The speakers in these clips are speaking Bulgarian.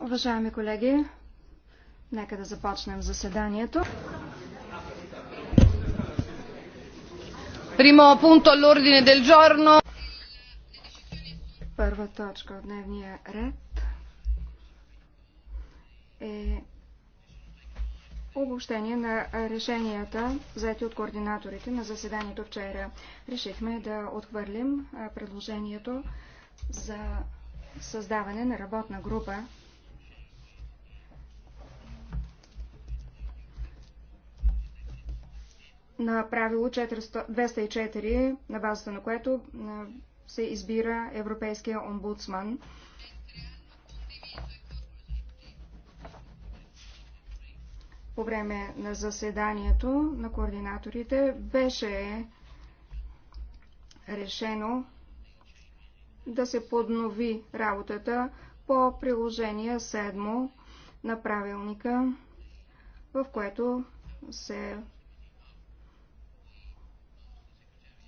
Уважаеми колеги, нека да започнем заседанието. Първа точка от дневния ред е обобщение на решенията, взети от координаторите на заседанието вчера. Решихме да отхвърлим предложението за създаване на работна група на правило 204, на базата на което се избира Европейския омбудсман. По време на заседанието на координаторите беше решено да се поднови работата по приложение 7 на правилника, в което се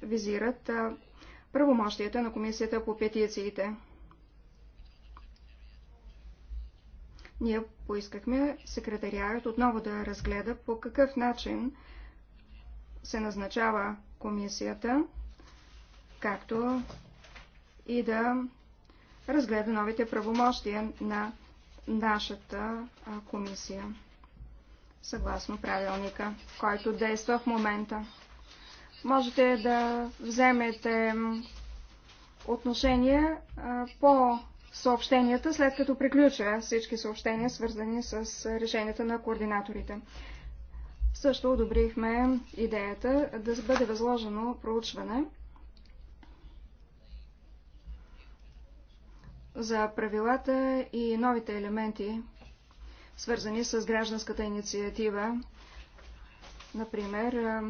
визират правомощията на Комисията по петициите. Ние поискахме секретарият отново да разгледа по какъв начин се назначава комисията, както и да разгледа новите правомощия на нашата комисия, съгласно правилника, който действа в момента. Можете да вземете отношение по съобщенията, след като приключа всички съобщения, свързани с решенията на координаторите. Също одобрихме идеята да бъде възложено проучване за правилата и новите елементи, свързани с гражданската инициатива, например,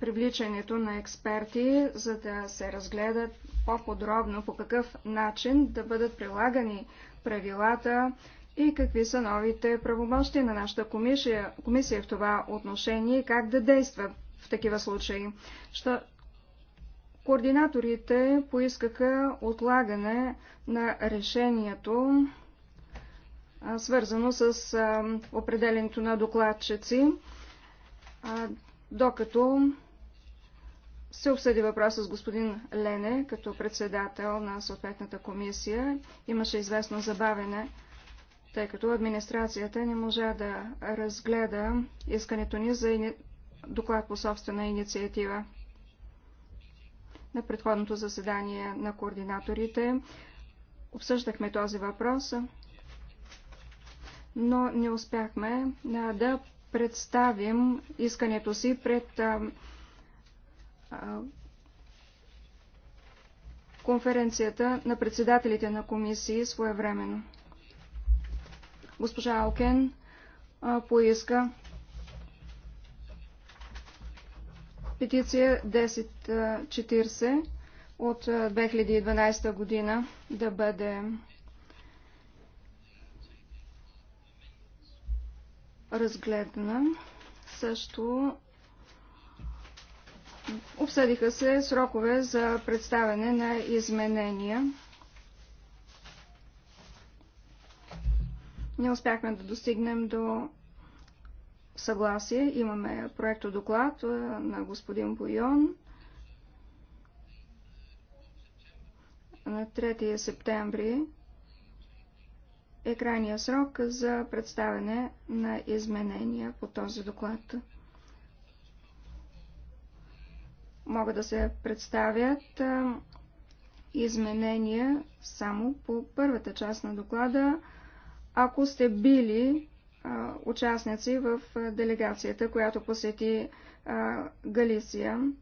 привличането на експерти, за да се разгледат по-подробно по какъв начин да бъдат прилагани правилата и какви са новите правомощи на нашата комисия, комисия в това отношение и как да действа в такива случаи. Що Координаторите поискаха отлагане на решението, свързано с определенето на докладчици, докато се обсъди въпроса с господин Лене като председател на съответната комисия. Имаше известно забавене, тъй като администрацията не можа да разгледа искането ни за доклад по собствена инициатива. На предходното заседание на координаторите обсъждахме този въпрос, но не успяхме да представим искането си пред конференцията на председателите на комисии своевременно. Госпожа Алкен поиска петиция 1040 от 2012 година да бъде разгледана. Също обсъдиха се срокове за представяне на изменения. Не успяхме да достигнем до съгласие. Имаме проекто доклад на господин Бойон. На 3 септември е крайния срок за представяне на изменения по този доклад. Могат да се представят изменения само по първата част на доклада, ако сте били участници в делегацията, която посети Галисия.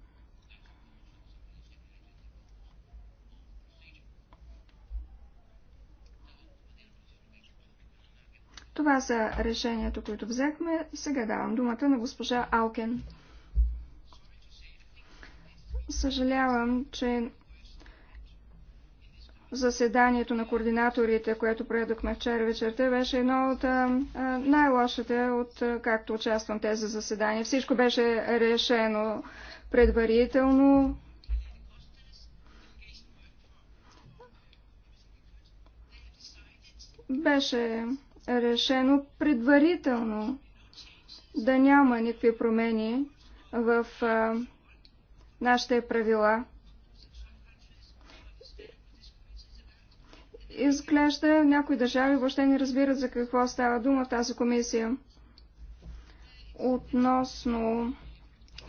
Това са решението, които взехме. Сега давам думата на госпожа Алкен. Съжалявам, че заседанието на координаторите, което проведохме вчера вечерта, беше едно от най-лошите, от както участвам тези заседания. Всичко беше решено предварително. Беше решено предварително да няма никакви промени в нашите правила. Изглежда някои държави въобще не разбират за какво става дума в тази комисия. Относно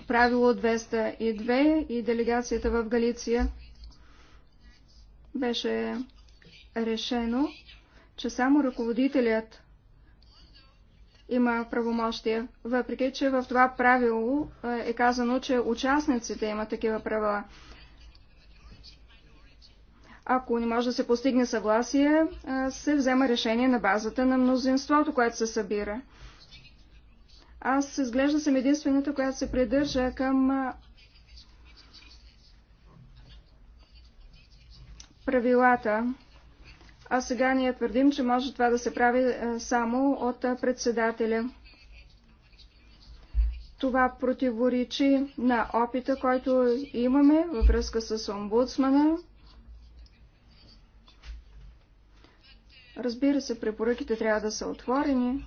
правило 202 и делегацията в Галиция беше решено, че само ръководителят има правомощия, въпреки че в това правило е казано, че участниците имат такива права. Ако не може да се постигне съгласие, се взема решение на базата на мнозинството, което се събира. Аз изглежда съм единствената, която се придържа към правилата. А сега ние твърдим, че може това да се прави само от председателя. Това противоречи на опита, който имаме във връзка с омбудсмана, Разбира се, препоръките трябва да са отворени.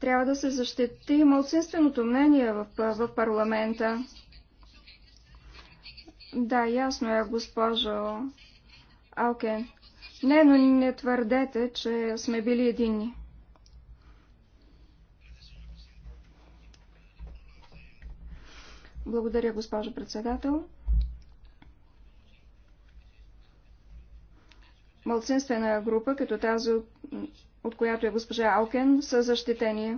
Трябва да се защити малцинственото мнение в, в парламента. Да, ясно е, госпожо Алкен. Не, но не твърдете, че сме били единни. Благодаря, госпожо председател. мълцинствена група, като тази, от, която е госпожа Алкен, са защитени.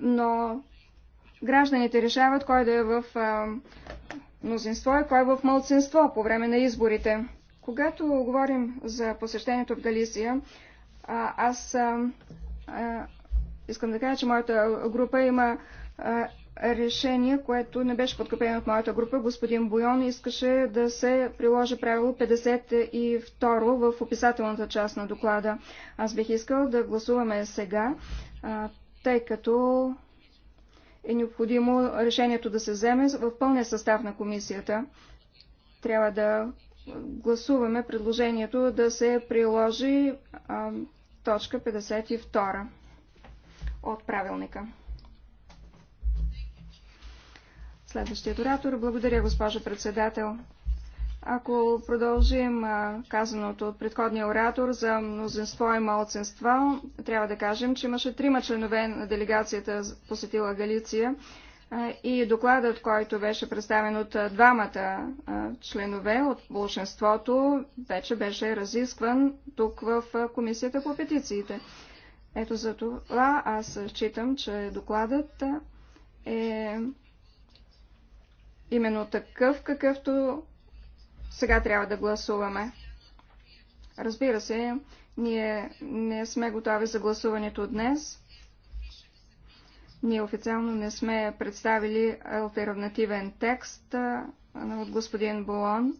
Но гражданите решават кой да е в а, мнозинство и кой е в мълцинство по време на изборите. Когато говорим за посещението в Галисия, а, аз а, а, искам да кажа, че моята група има решение, което не беше подкрепено от моята група. Господин Бойон искаше да се приложи правило 52 в описателната част на доклада. Аз бих искал да гласуваме сега, тъй като е необходимо решението да се вземе в пълния състав на комисията. Трябва да гласуваме предложението да се приложи а, точка 52 от правилника. Следващият оратор. Благодаря, госпожо председател. Ако продължим казаното от предходния оратор за мнозинство и малцинство, трябва да кажем, че имаше трима членове на делегацията посетила Галиция и докладът, който беше представен от двамата членове от большинството, вече беше разискван тук в Комисията по петициите. Ето за това аз считам, че докладът е именно такъв, какъвто сега трябва да гласуваме. Разбира се, ние не сме готови за гласуването днес. Ние официално не сме представили альтернативен текст от господин Болон.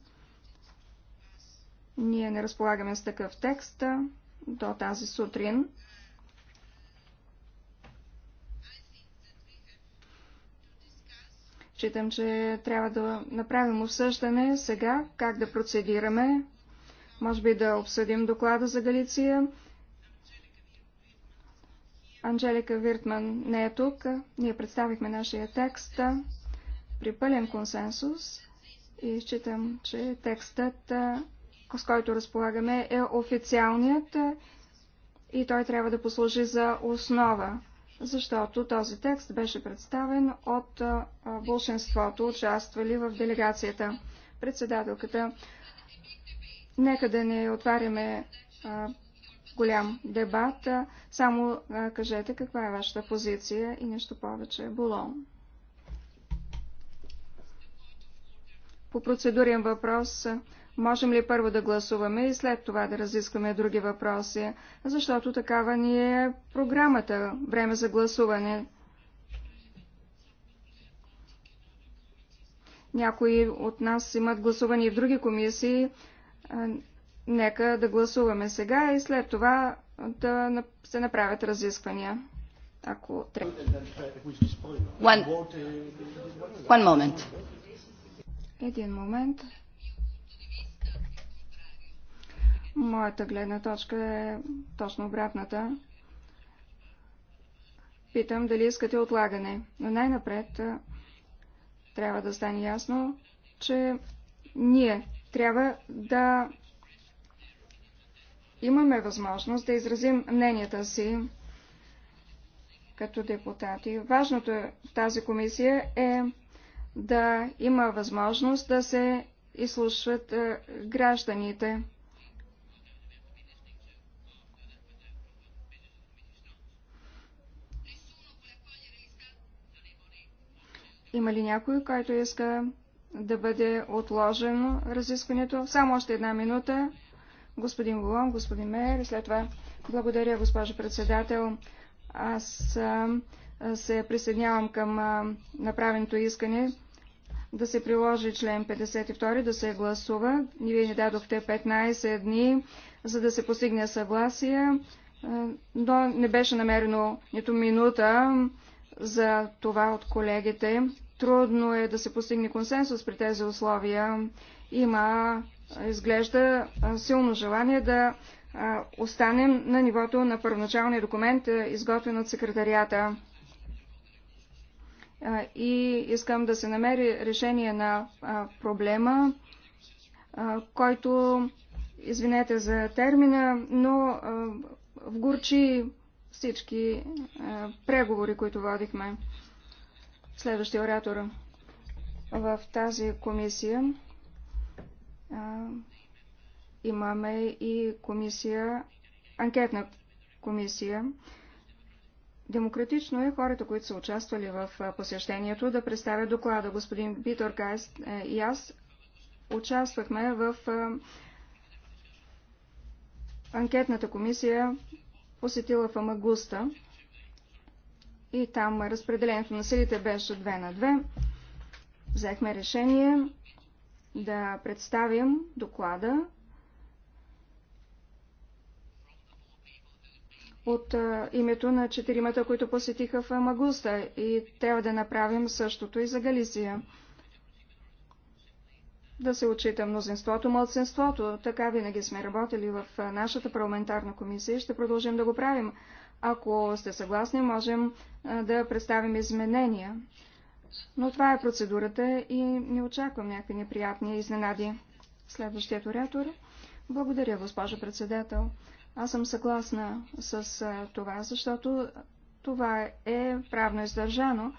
Ние не разполагаме с такъв текст до тази сутрин. Считам, че трябва да направим обсъждане сега, как да процедираме. Може би да обсъдим доклада за Галиция. Анжелика Виртман не е тук. Ние представихме нашия текст при пълен консенсус и считам, че текстът, с който разполагаме, е официалният и той трябва да послужи за основа защото този текст беше представен от большинството, участвали в делегацията. Председателката, нека да не отваряме голям дебат, само кажете каква е вашата позиция и нещо повече. Булон. По процедурен въпрос Можем ли първо да гласуваме и след това да разискваме други въпроси, защото такава ни е програмата, време за гласуване. Някои от нас имат гласувани в други комисии. Нека да гласуваме сега и след това да се направят разисквания, ако трябва. One. One moment. Един момент. Моята гледна точка е точно обратната. Питам дали искате отлагане. Но най-напред трябва да стане ясно, че ние трябва да имаме възможност да изразим мненията си като депутати. Важното е, в тази комисия е да има възможност да се изслушват гражданите. Има ли някой, който иска да бъде отложено разискването? Само още една минута. Господин Голон, господин Мейер и след това благодаря, госпожо председател. Аз се присъединявам към направеното искане да се приложи член 52, да се гласува. Вие ни дадохте 15 дни, за да се постигне съгласие, но не беше намерено нито минута за това от колегите. Трудно е да се постигне консенсус при тези условия. Има, изглежда, силно желание да останем на нивото на първоначалния документ, изготвен от секретарията. И искам да се намери решение на проблема, който, извинете за термина, но в Гурчи всички е, преговори, които водихме. Следващия оратор в тази комисия е, имаме и комисия, анкетна комисия. Демократично е хората, които са участвали в е, посещението, да представят доклада. Господин Питър Кайст и аз участвахме в анкетната комисия посетила Фамагуста и там разпределението на силите беше 2 на 2. Взехме решение да представим доклада от името на четиримата, които посетиха в Магуста и трябва да направим същото и за Галисия да се отчита мнозинството, младсинството. Така винаги сме работили в нашата парламентарна комисия и ще продължим да го правим. Ако сте съгласни, можем да представим изменения. Но това е процедурата и не очаквам някакви неприятни изненади. Следващият оратор. Благодаря, госпожо председател. Аз съм съгласна с това, защото това е правно издържано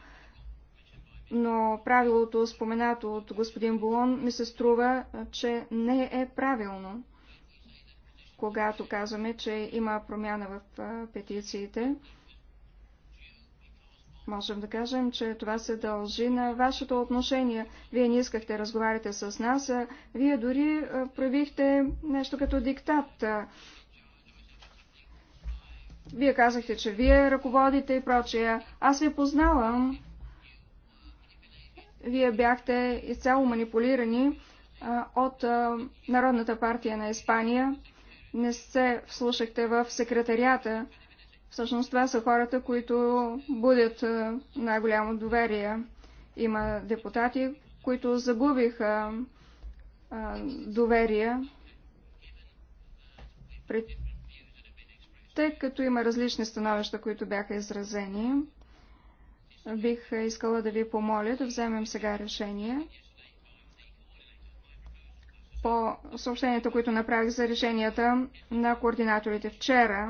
но правилото, споменато от господин Булон, ми се струва, че не е правилно. Когато казваме, че има промяна в петициите, можем да кажем, че това се дължи на вашето отношение. Вие не искахте да разговаряте с нас, а вие дори правихте нещо като диктат. Вие казахте, че вие ръководите и прочее. Аз ви познавам вие бяхте изцяло манипулирани от Народната партия на Испания. Не се вслушахте в секретарията. Всъщност това са хората, които будят най-голямо доверие. Има депутати, които загубиха доверие. Тъй като има различни становища, които бяха изразени, бих искала да ви помоля да вземем сега решение по съобщението, които направих за решенията на координаторите. Вчера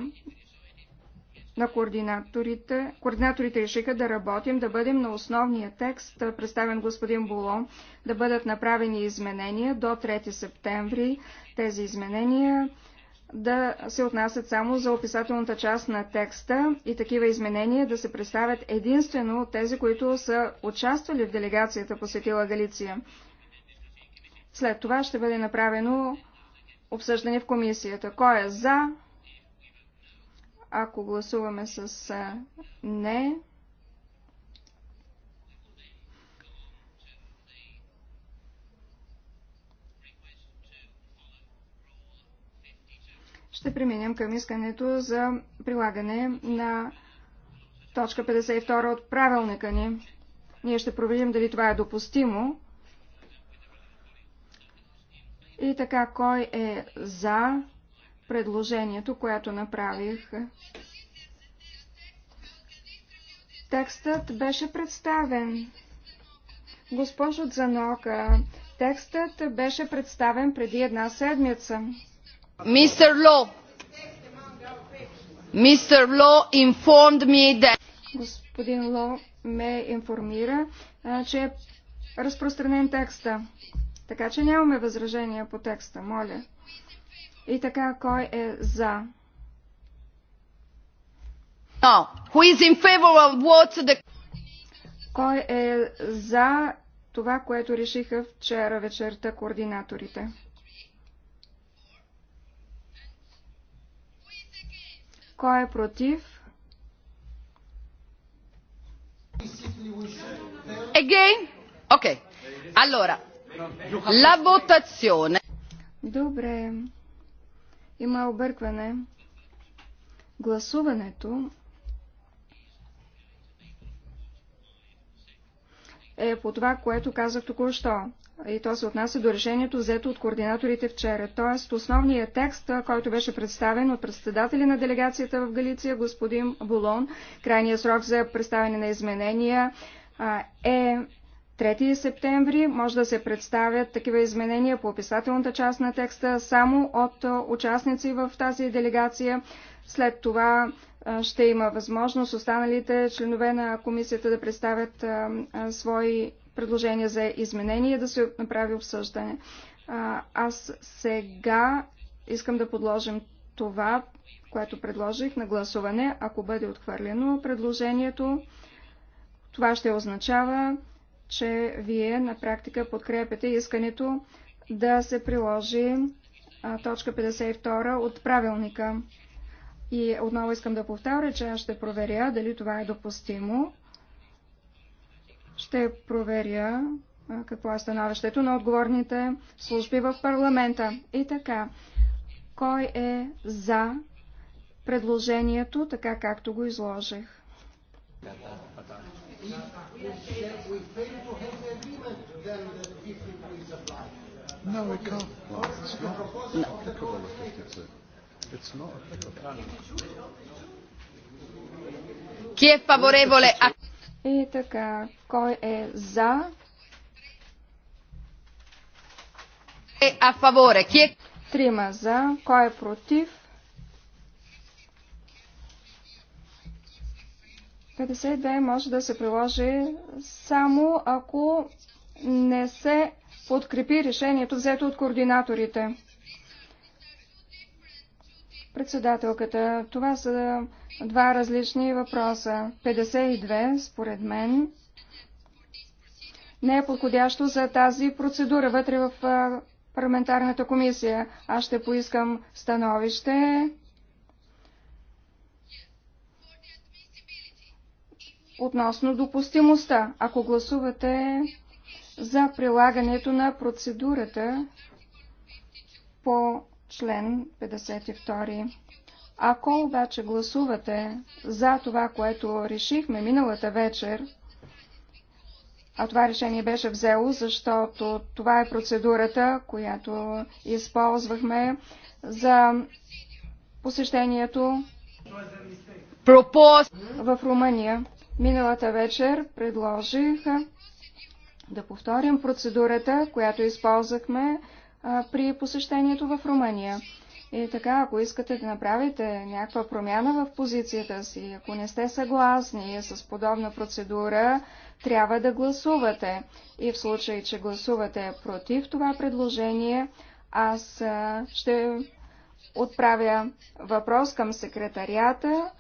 на координаторите. Координаторите решиха да работим, да бъдем на основния текст, представен господин Боло, да бъдат направени изменения до 3 септември. Тези изменения да се отнасят само за описателната част на текста и такива изменения да се представят единствено от тези, които са участвали в делегацията посетила Галиция. След това ще бъде направено обсъждане в комисията. Кой е за? Ако гласуваме с не, ще преминем към искането за прилагане на точка 52 от правилника ни. Ние ще проверим дали това е допустимо. И така, кой е за предложението, което направих? Текстът беше представен. Госпожо Занока, текстът беше представен преди една седмица. Господин Ло ме информира, че е разпространен текста. Така че нямаме възражения по текста, моля. И така, кой е за? Кой е за това, което решиха вчера вечерта координаторите? Кой е против? Again? Ok. Allora, la votazione. Добре. Има объркване. Гласуването е по това, което казах току-що и то се отнася до решението, взето от координаторите вчера. Тоест, основният текст, който беше представен от председателя на делегацията в Галиция, господин Болон, крайният срок за представяне на изменения е 3 септември. Може да се представят такива изменения по описателната част на текста само от участници в тази делегация. След това ще има възможност останалите членове на комисията да представят свои предложения за изменение, да се направи обсъждане. Аз сега искам да подложим това, което предложих на гласуване. Ако бъде отхвърлено предложението, това ще означава, че вие на практика подкрепяте искането да се приложи точка 52 от правилника. И отново искам да повторя, че аз ще проверя дали това е допустимо ще проверя какво е становището на отговорните служби в парламента. И така, кой е за предложението, така както го изложих? Chi è favorevole a... И така, кой е за? Е, а фаворе, ки е? Трима за, кой е против? 52 може да се приложи само ако не се подкрепи решението взето от координаторите. Председателката, това са два различни въпроса. 52, според мен, не е подходящо за тази процедура вътре в парламентарната комисия. Аз ще поискам становище относно допустимостта. Ако гласувате за прилагането на процедурата по член 52. Ако обаче гласувате за това, което решихме миналата вечер, а това решение беше взело, защото това е процедурата, която използвахме за посещението в Румъния. Миналата вечер предложих да повторим процедурата, която използвахме при посещението в Румъния. И така, ако искате да направите някаква промяна в позицията си, ако не сте съгласни с подобна процедура, трябва да гласувате. И в случай, че гласувате против това предложение, аз ще отправя въпрос към секретарията,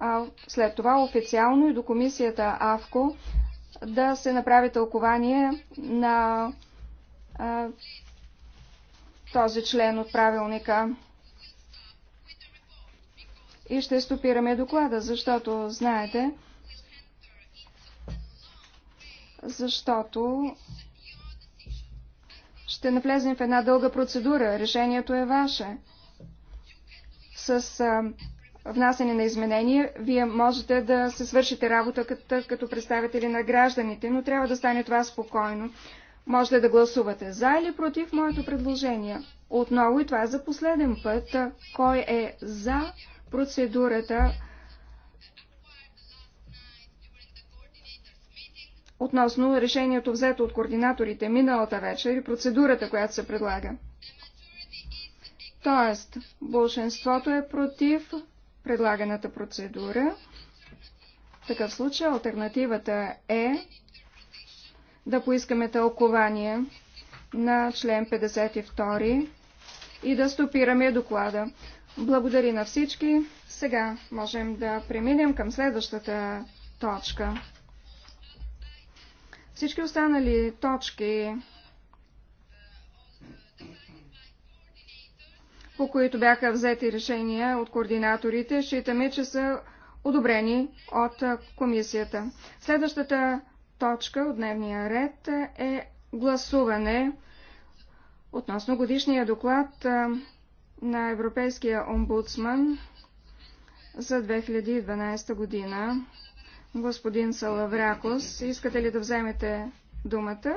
а след това официално и до комисията АВКО да се направи тълкование на този член от правилника. И ще стопираме доклада, защото, знаете, защото ще навлезем в една дълга процедура. Решението е ваше. С а, внасяне на изменения, вие можете да се свършите работа като, като представители на гражданите, но трябва да стане това спокойно. Може ли да гласувате за или против моето предложение? Отново и това е за последен път. Кой е за процедурата относно решението взето от координаторите миналата вечер и процедурата, която се предлага? Тоест, большинството е против предлаганата процедура. В такъв случай альтернативата е да поискаме тълкование на член 52 и да стопираме доклада. Благодаря на всички. Сега можем да преминем към следващата точка. Всички останали точки, по които бяха взети решения от координаторите, считаме, че са одобрени от комисията. Следващата точка от дневния ред е гласуване относно годишния доклад на Европейския омбудсман за 2012 година. Господин Салаврякос, искате ли да вземете думата?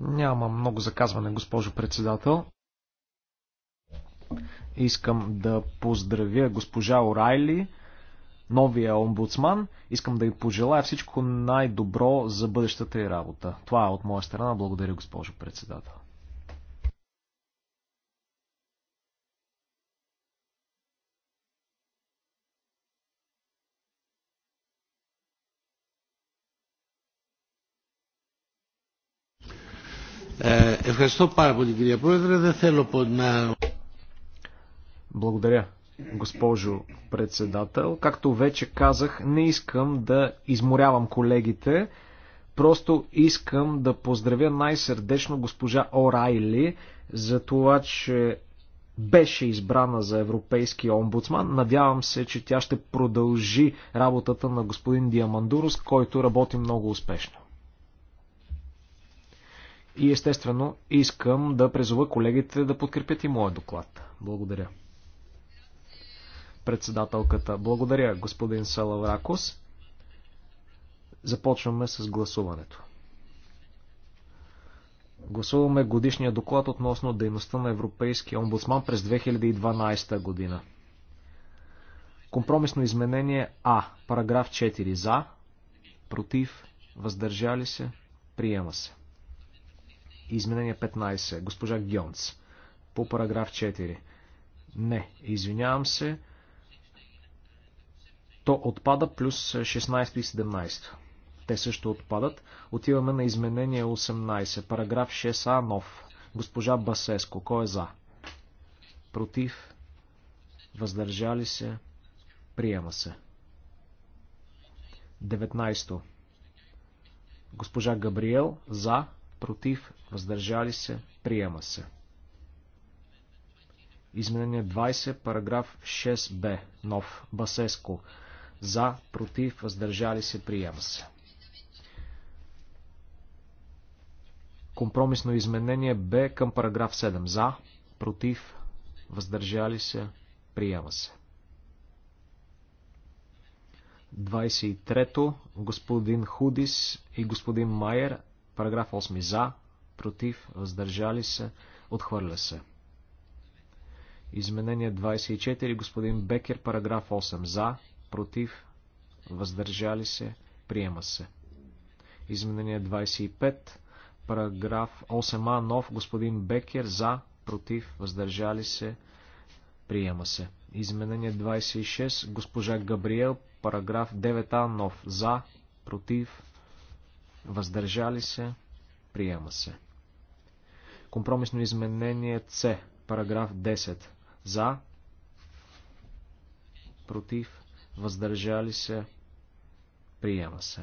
Няма много заказване, госпожо председател. Искам да поздравя госпожа Орайли, новия омбудсман. Искам да й пожелая всичко най-добро за бъдещата й работа. Това е от моя страна. Благодаря, госпожо председател. Eh, ευχαριστώ πάρα πολύ κυρία Πρόεδρε. Δεν θέλω να... Благодаря, госпожо председател. Както вече казах, не искам да изморявам колегите. Просто искам да поздравя най-сърдечно госпожа Орайли за това, че беше избрана за европейски омбудсман. Надявам се, че тя ще продължи работата на господин Диамандурус, който работи много успешно. И естествено, искам да призова колегите да подкрепят и моя доклад. Благодаря. Председателката. Благодаря, господин Салавракос. Започваме с гласуването. Гласуваме годишния доклад относно дейността на Европейския омбудсман през 2012 година. Компромисно изменение А. Параграф 4. За. Против. Въздържали се. Приема се. Изменение 15. Госпожа Гьонц. По параграф 4. Не. Извинявам се. То отпада плюс 16 и 17. Те също отпадат. Отиваме на изменение 18. Параграф 6а нов. Госпожа Басеско. Кой е за? Против? Въздържали се? Приема се. 19. Госпожа Габриел. За? Против? Въздържали се? Приема се. Изменение 20, параграф 6б, нов, Басеско. За, против, въздържали се, приема се. Компромисно изменение Б към параграф 7. За, против, въздържали се, приема се. 23-то, господин Худис и господин Майер, параграф 8 за, против, въздържали се, отхвърля се. Изменение 24, господин Бекер, параграф 8 за, против, въздържали се, приема се. Изменение 25, параграф 8а, нов, господин Бекер, за, против, въздържали се, приема се. Изменение 26, госпожа Габриел, параграф 9а, нов, за, против, въздържали се, приема се. Компромисно изменение С, параграф 10, за, против, въздържали се, приема се.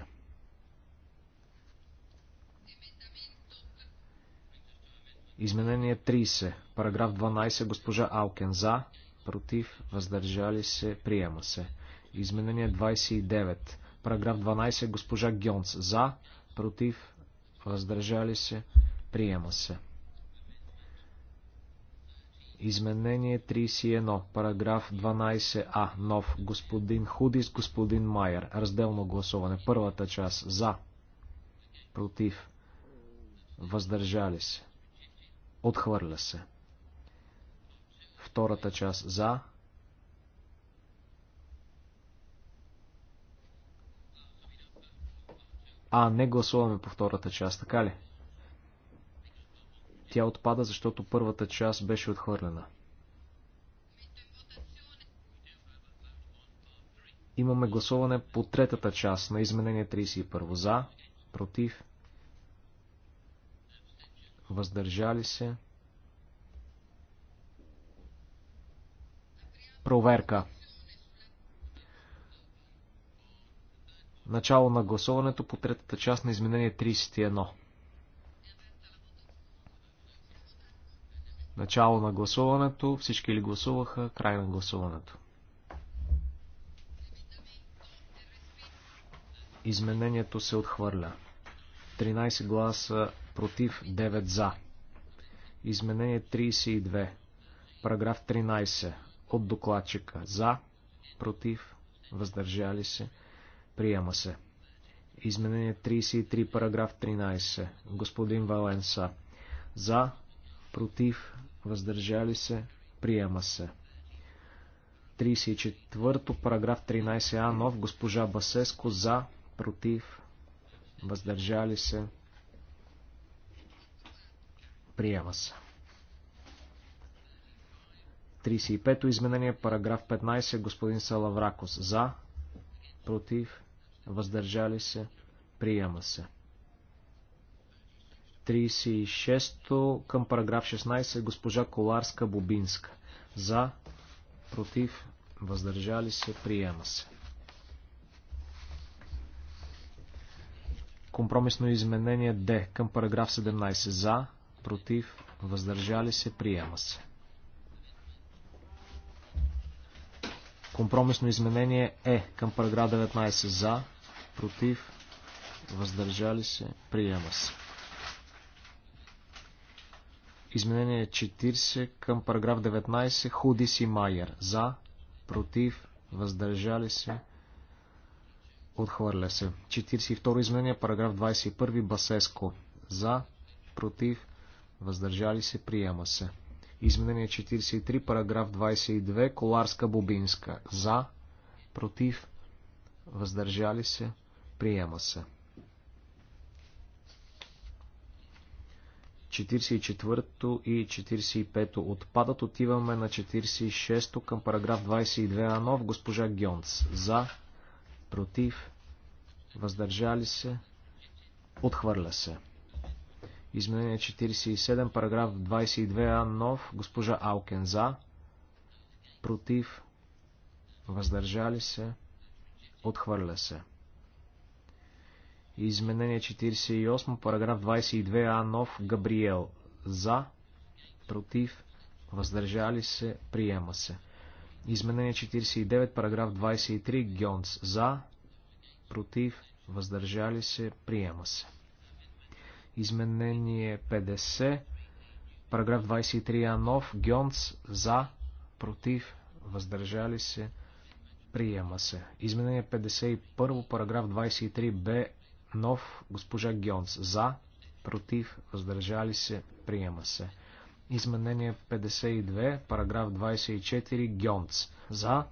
Изменение 30, параграф 12, госпожа Алкен за, против, въздържали се, приема се. Изменение 29, параграф 12, госпожа Гьонц за, против, въздържали се, приема се. Изменение 31, параграф 12а, нов, господин Худис, господин Майер. Разделно гласуване. Първата част. За. Против. Въздържали се. Отхвърля се. Втората част. За. А, не гласуваме по втората част, така ли? Тя отпада, защото първата част беше отхвърлена. Имаме гласуване по третата част на изменение 31. За, против, въздържали се. Проверка. Начало на гласуването по третата част на изменение 31. Начало на гласуването. Всички ли гласуваха? Край на гласуването. Изменението се отхвърля. 13 гласа против, 9 за. Изменение 32. Параграф 13. От докладчика. За, против, въздържали се. Приема се. Изменение 33, параграф 13. Господин Валенса. За, против, въздържали се, приема се. 34 параграф 13а, нов госпожа Басеско за, против, въздържали се, приема се. 35-то изменение, параграф 15, господин Салавракос за, против, въздържали се, приема се. 36 към параграф 16 госпожа Коларска-Бубинска. За, против, въздържали се, приема се. Компромисно изменение Д към параграф 17. За, против, въздържали се, приема се. Компромисно изменение Е към параграф 19. За, против, въздържали се, приема се. Изменение 40 към параграф 19. Худи си Майер. За, против, въздържали се, отхвърля се. 42 изменение, параграф 21. Басеско. За, против, въздържали се, приема се. Изменение 43, параграф 22. Коларска Бубинска. За, против, въздържали се, приема се. 44-то и 45-то отпадат. Отиваме на 46-то към параграф 22 а нов. Госпожа Гьонц. За, против, въздържали се, отхвърля се. Изменение 47, параграф 22а нов. Госпожа Алкен за, против, въздържали се, отхвърля се. Изменение 48, параграф 22а, нов Габриел. За, против, въздържали се, приема се. Изменение 49, параграф 23, Гьонц. За, против, въздържали се, приема се. Изменение 50, параграф 23а, нов Гьонц. За, против, въздържали се, приема се. Изменение 51, параграф 23б, нов госпожа Гьонс. За, против, въздържали се, приема се. Изменение 52, параграф 24, Гьонц. За,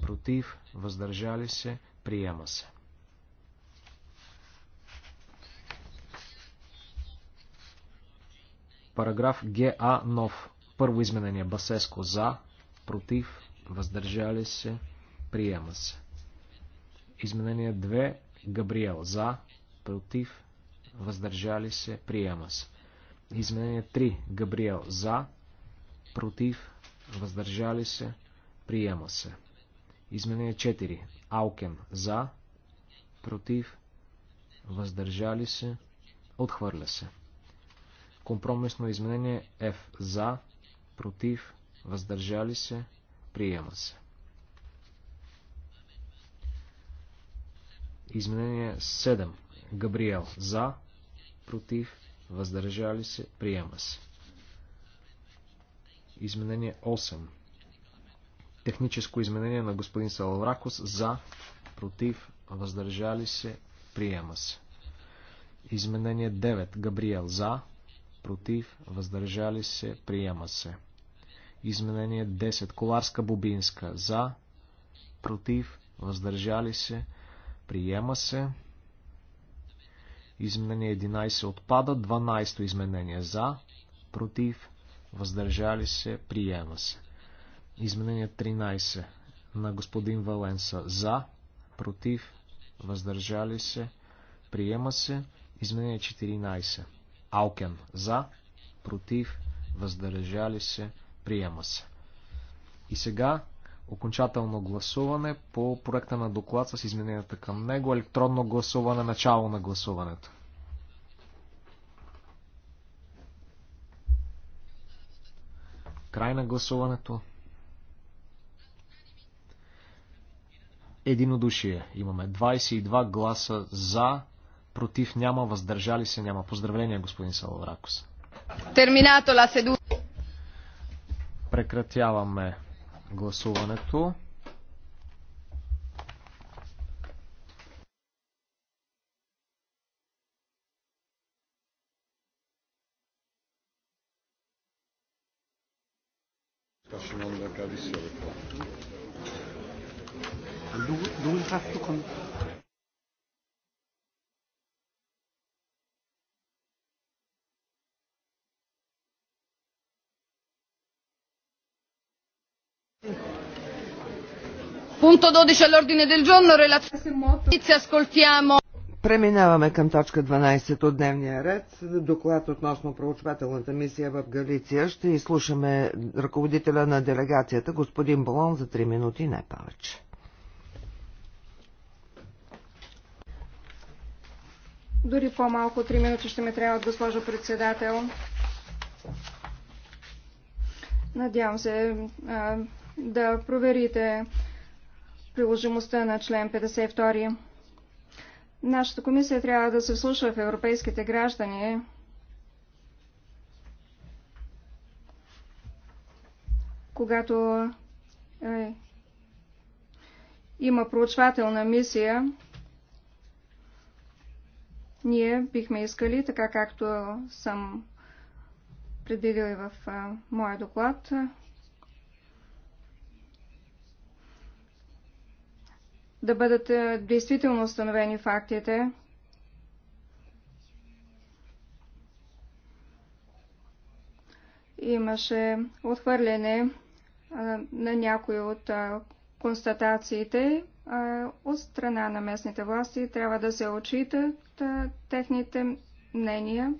против, въздържали се, приема се. Параграф ГА нов. Първо изменение. Басеско за, против, въздържали се, приема се. Изменение 2 Габриел за, против, въздържали се, приема се. Изменение 3. Габриел за, против, въздържали се, приема се. Изменение 4. Алкен за, против, въздържали се, отхвърля се. Компромисно изменение F за, против, въздържали се, приема се. Изменение 7. Габриел. За. Против. Въздържали се. Приема се. Изменение 8. Техническо изменение на господин Салавракос. За. Против. Въздържали се. Приема се. Изменение 9. Габриел. За. Против. Въздържали се. Приема се. Изменение 10. Коларска Бубинска. За. Против. Въздържали се. Приема се Приема се. Изменение 11 отпада. 12 изменение за. Против. Въздържали се. Приема се. Изменение 13 на господин Валенса за. Против. Въздържали се. Приема се. Изменение 14. Алкен за. Против. Въздържали се. Приема се. И сега окончателно гласуване по проекта на доклад с измененията към него, електронно гласуване, начало на гласуването. Край на гласуването. Единодушие. Имаме 22 гласа за, против няма, въздържали се няма. Поздравления, господин Салавракос. Терминато ла седу. Прекратяваме гласуването. Discussion on the Punto 12 all'ordine del giorno, relazione. Ascoltiamo. Преминаваме към точка 12 от дневния ред. Доклад относно проучвателната мисия в Галиция. Ще изслушаме ръководителя на делегацията, господин Болон, за 3 минути, не повече. Дори по-малко 3 минути ще ми трябва, госпожо председател. Надявам се да проверите приложимостта на член 52. Нашата комисия трябва да се вслуша в европейските граждани. Когато е, има проучвателна мисия, ние бихме искали, така както съм предвидил и в е, моя доклад, да бъдат е, действително установени фактите. Имаше отхвърляне е, на някои от е, констатациите от страна на местните власти. Трябва да се отчитат техните мнения.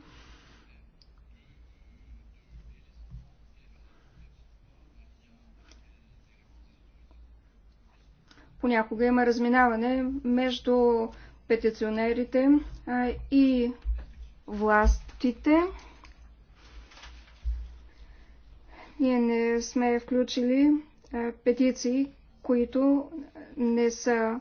Понякога има разминаване между петиционерите и властите. Ние не сме включили петиции, които не са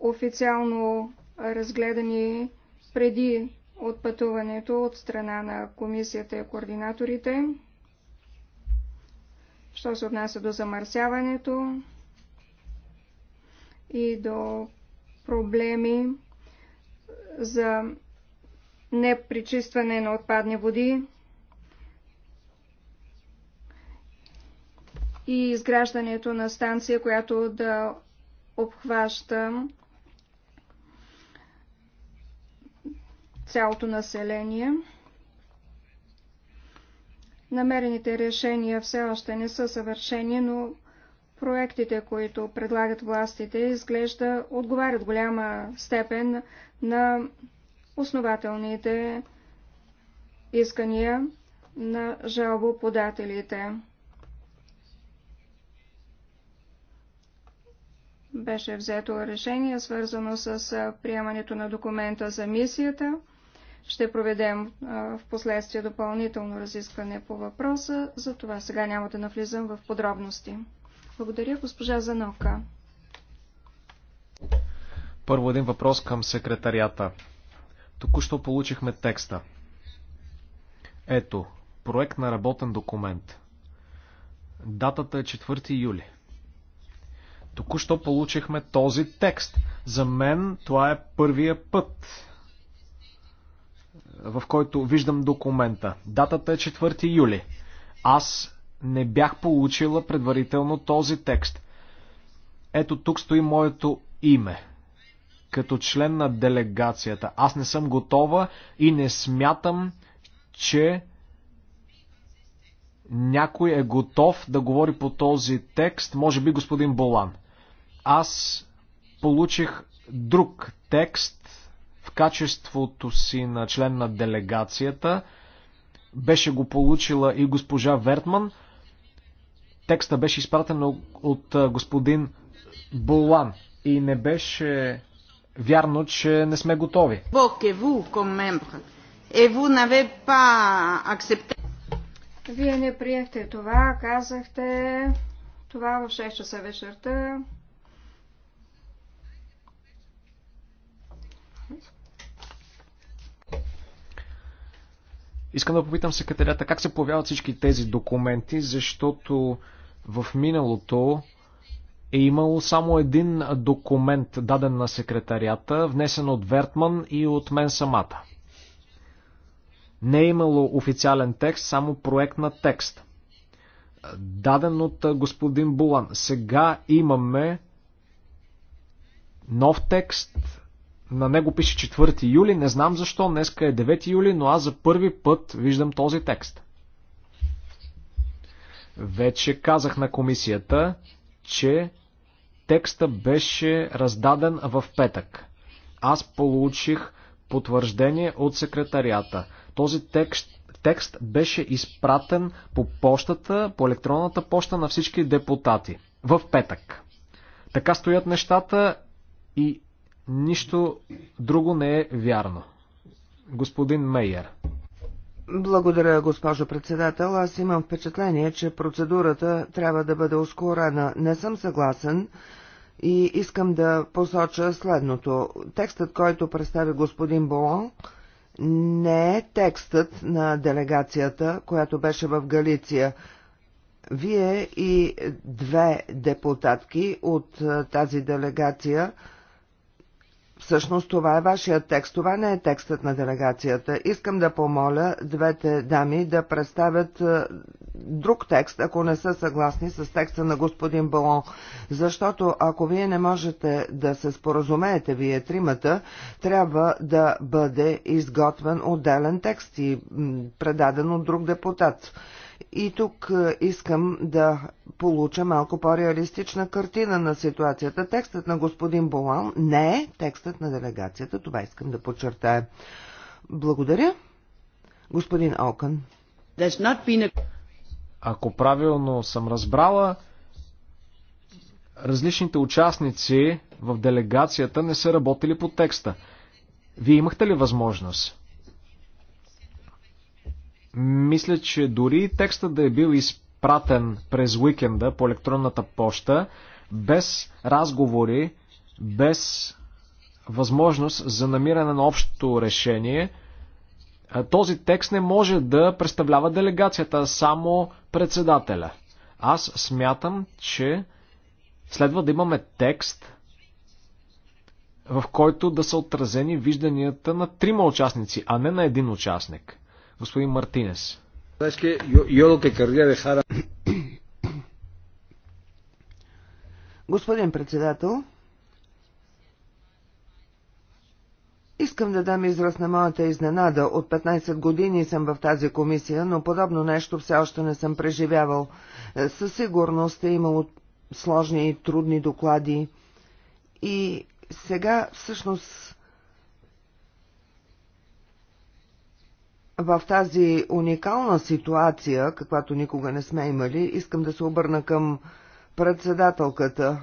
официално разгледани преди отпътуването от страна на комисията и координаторите. Що се отнася до замърсяването, и до проблеми за непричистване на отпадни води и изграждането на станция, която да обхваща цялото население. Намерените решения все още не са съвършени, но проектите, които предлагат властите, изглежда отговарят голяма степен на основателните искания на жалбоподателите. Беше взето решение, свързано с приемането на документа за мисията. Ще проведем в последствие допълнително разискване по въпроса, за това сега няма да навлизам в подробности. Благодаря, госпожа Занока. Първо един въпрос към секретарията. Току-що получихме текста. Ето, проект на работен документ. Датата е 4 юли. Току-що получихме този текст. За мен това е първия път, в който виждам документа. Датата е 4 юли. Аз не бях получила предварително този текст. Ето тук стои моето име. Като член на делегацията. Аз не съм готова и не смятам, че някой е готов да говори по този текст, може би господин Болан. Аз получих друг текст в качеството си на член на делегацията. Беше го получила и госпожа Вертман. Текста беше изпратен от господин Болан и не беше вярно, че не сме готови. Е е Вие не приехте това, казахте това в 6 часа вечерта, Искам да попитам секретарята как се появяват всички тези документи, защото в миналото е имало само един документ, даден на секретарията, внесен от Вертман и от мен самата. Не е имало официален текст, само проект на текст. Даден от господин Булан. Сега имаме нов текст, на него пише 4 юли, не знам защо, днеска е 9 юли, но аз за първи път виждам този текст. Вече казах на комисията, че текста беше раздаден в петък. Аз получих потвърждение от секретарията. Този текст, текст беше изпратен по почтата, по електронната почта на всички депутати. В петък. Така стоят нещата и Нищо друго не е вярно. Господин Мейер. Благодаря, госпожо председател. Аз имам впечатление, че процедурата трябва да бъде ускорена. Не съм съгласен и искам да посоча следното. Текстът, който представи господин Болон, не е текстът на делегацията, която беше в Галиция. Вие и две депутатки от тази делегация Всъщност това е вашият текст, това не е текстът на делегацията. Искам да помоля двете дами да представят е, друг текст, ако не са съгласни с текста на господин Балон. Защото ако вие не можете да се споразумеете, вие тримата, трябва да бъде изготвен отделен текст и предаден от друг депутат. И тук е, искам да получа малко по-реалистична картина на ситуацията. Текстът на господин Болан не е текстът на делегацията, това искам да подчертая. Благодаря, господин Окън. Ако правилно съм разбрала, различните участници в делегацията не са работили по текста. Вие имахте ли възможност? Мисля, че дори текста да е бил изпратен през уикенда по електронната поща, без разговори, без възможност за намиране на общото решение, този текст не може да представлява делегацията, а само председателя. Аз смятам, че следва да имаме текст, в който да са отразени вижданията на трима участници, а не на един участник. Господин Мартинес. Господин председател, Искам да дам израз на моята изненада. От 15 години съм в тази комисия, но подобно нещо все още не съм преживявал. Със сигурност е имало сложни и трудни доклади. И сега всъщност в тази уникална ситуация, каквато никога не сме имали, искам да се обърна към председателката.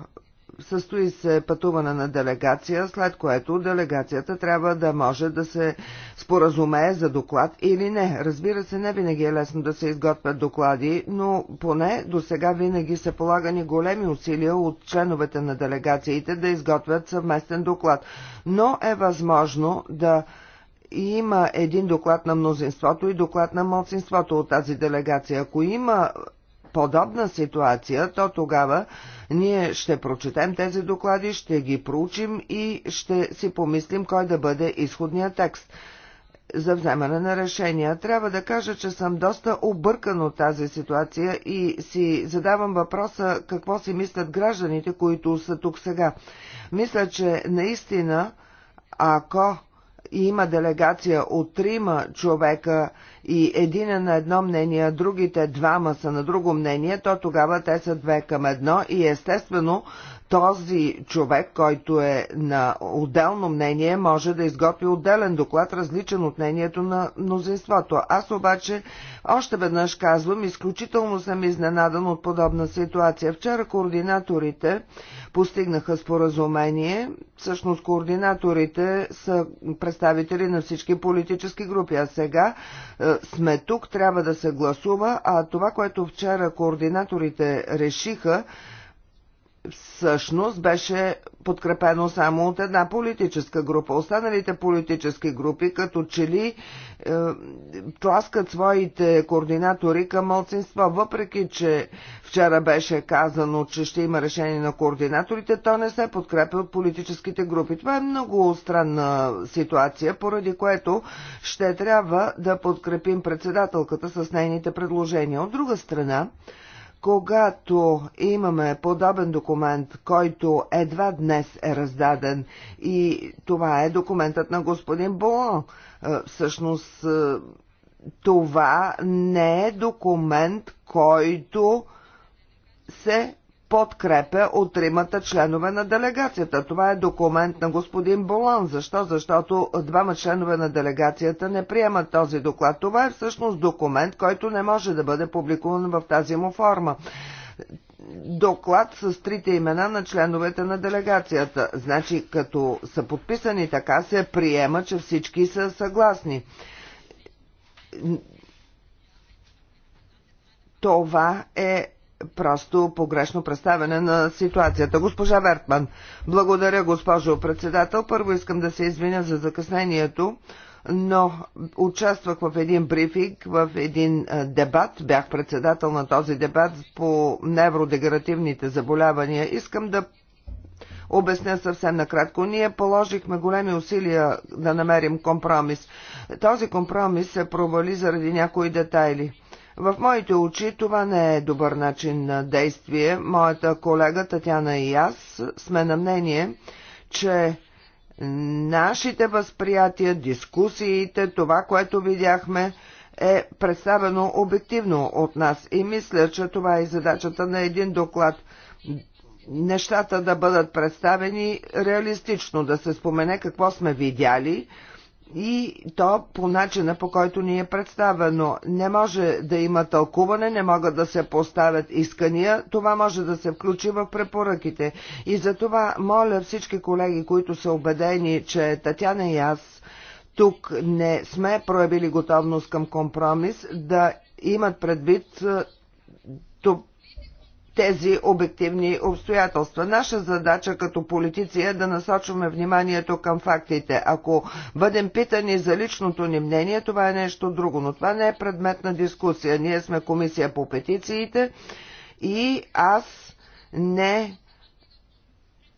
Състои се пътуване на делегация, след което делегацията трябва да може да се споразумее за доклад или не. Разбира се, не винаги е лесно да се изготвят доклади, но поне до сега винаги са полагани големи усилия от членовете на делегациите да изготвят съвместен доклад. Но е възможно да и има един доклад на мнозинството и доклад на младсинството от тази делегация. Ако има подобна ситуация, то тогава ние ще прочетем тези доклади, ще ги проучим и ще си помислим кой да бъде изходният текст за вземане на решения. Трябва да кажа, че съм доста объркан от тази ситуация и си задавам въпроса какво си мислят гражданите, които са тук сега. Мисля, че наистина, ако има делегация от трима човека и един е на едно мнение, другите двама са на друго мнение, то тогава те са две към едно и естествено този човек, който е на отделно мнение, може да изготви отделен доклад, различен от мнението на мнозинството. Аз обаче още веднъж казвам, изключително съм изненадан от подобна ситуация. Вчера координаторите постигнаха споразумение. Всъщност координаторите са представители на всички политически групи, а сега е, сме тук, трябва да се гласува, а това, което вчера координаторите решиха, всъщност беше подкрепено само от една политическа група. Останалите политически групи като че ли е, тласкат своите координатори към мълцинство, Въпреки, че вчера беше казано, че ще има решение на координаторите, то не се подкрепя от политическите групи. Това е много странна ситуация, поради което ще трябва да подкрепим председателката с нейните предложения. От друга страна, когато имаме подобен документ, който едва днес е раздаден и това е документът на господин Болон, е, всъщност е, това не е документ, който се подкрепя от тримата членове на делегацията. Това е документ на господин Болан. Защо? Защото двама членове на делегацията не приемат този доклад. Това е всъщност документ, който не може да бъде публикуван в тази му форма доклад с трите имена на членовете на делегацията. Значи, като са подписани така, се приема, че всички са съгласни. Това е просто погрешно представяне на ситуацията. Госпожа Вертман, благодаря, госпожо председател. Първо искам да се извиня за закъснението, но участвах в един брифинг, в един дебат, бях председател на този дебат по невродегеративните заболявания. Искам да Обясня съвсем накратко. Ние положихме големи усилия да намерим компромис. Този компромис се провали заради някои детайли. В моите очи това не е добър начин на действие. Моята колега Татяна и аз сме на мнение, че нашите възприятия, дискусиите, това, което видяхме, е представено обективно от нас и мисля, че това е задачата на един доклад. Нещата да бъдат представени реалистично, да се спомене какво сме видяли, и то по начина по който ни е представено. Не може да има тълкуване, не могат да се поставят искания, това може да се включи в препоръките. И за това моля всички колеги, които са убедени, че Татяна и аз тук не сме проявили готовност към компромис, да имат предвид е, тези обективни обстоятелства. Наша задача като политици е да насочваме вниманието към фактите. Ако бъдем питани за личното ни мнение, това е нещо друго, но това не е предмет на дискусия. Ние сме комисия по петициите и аз не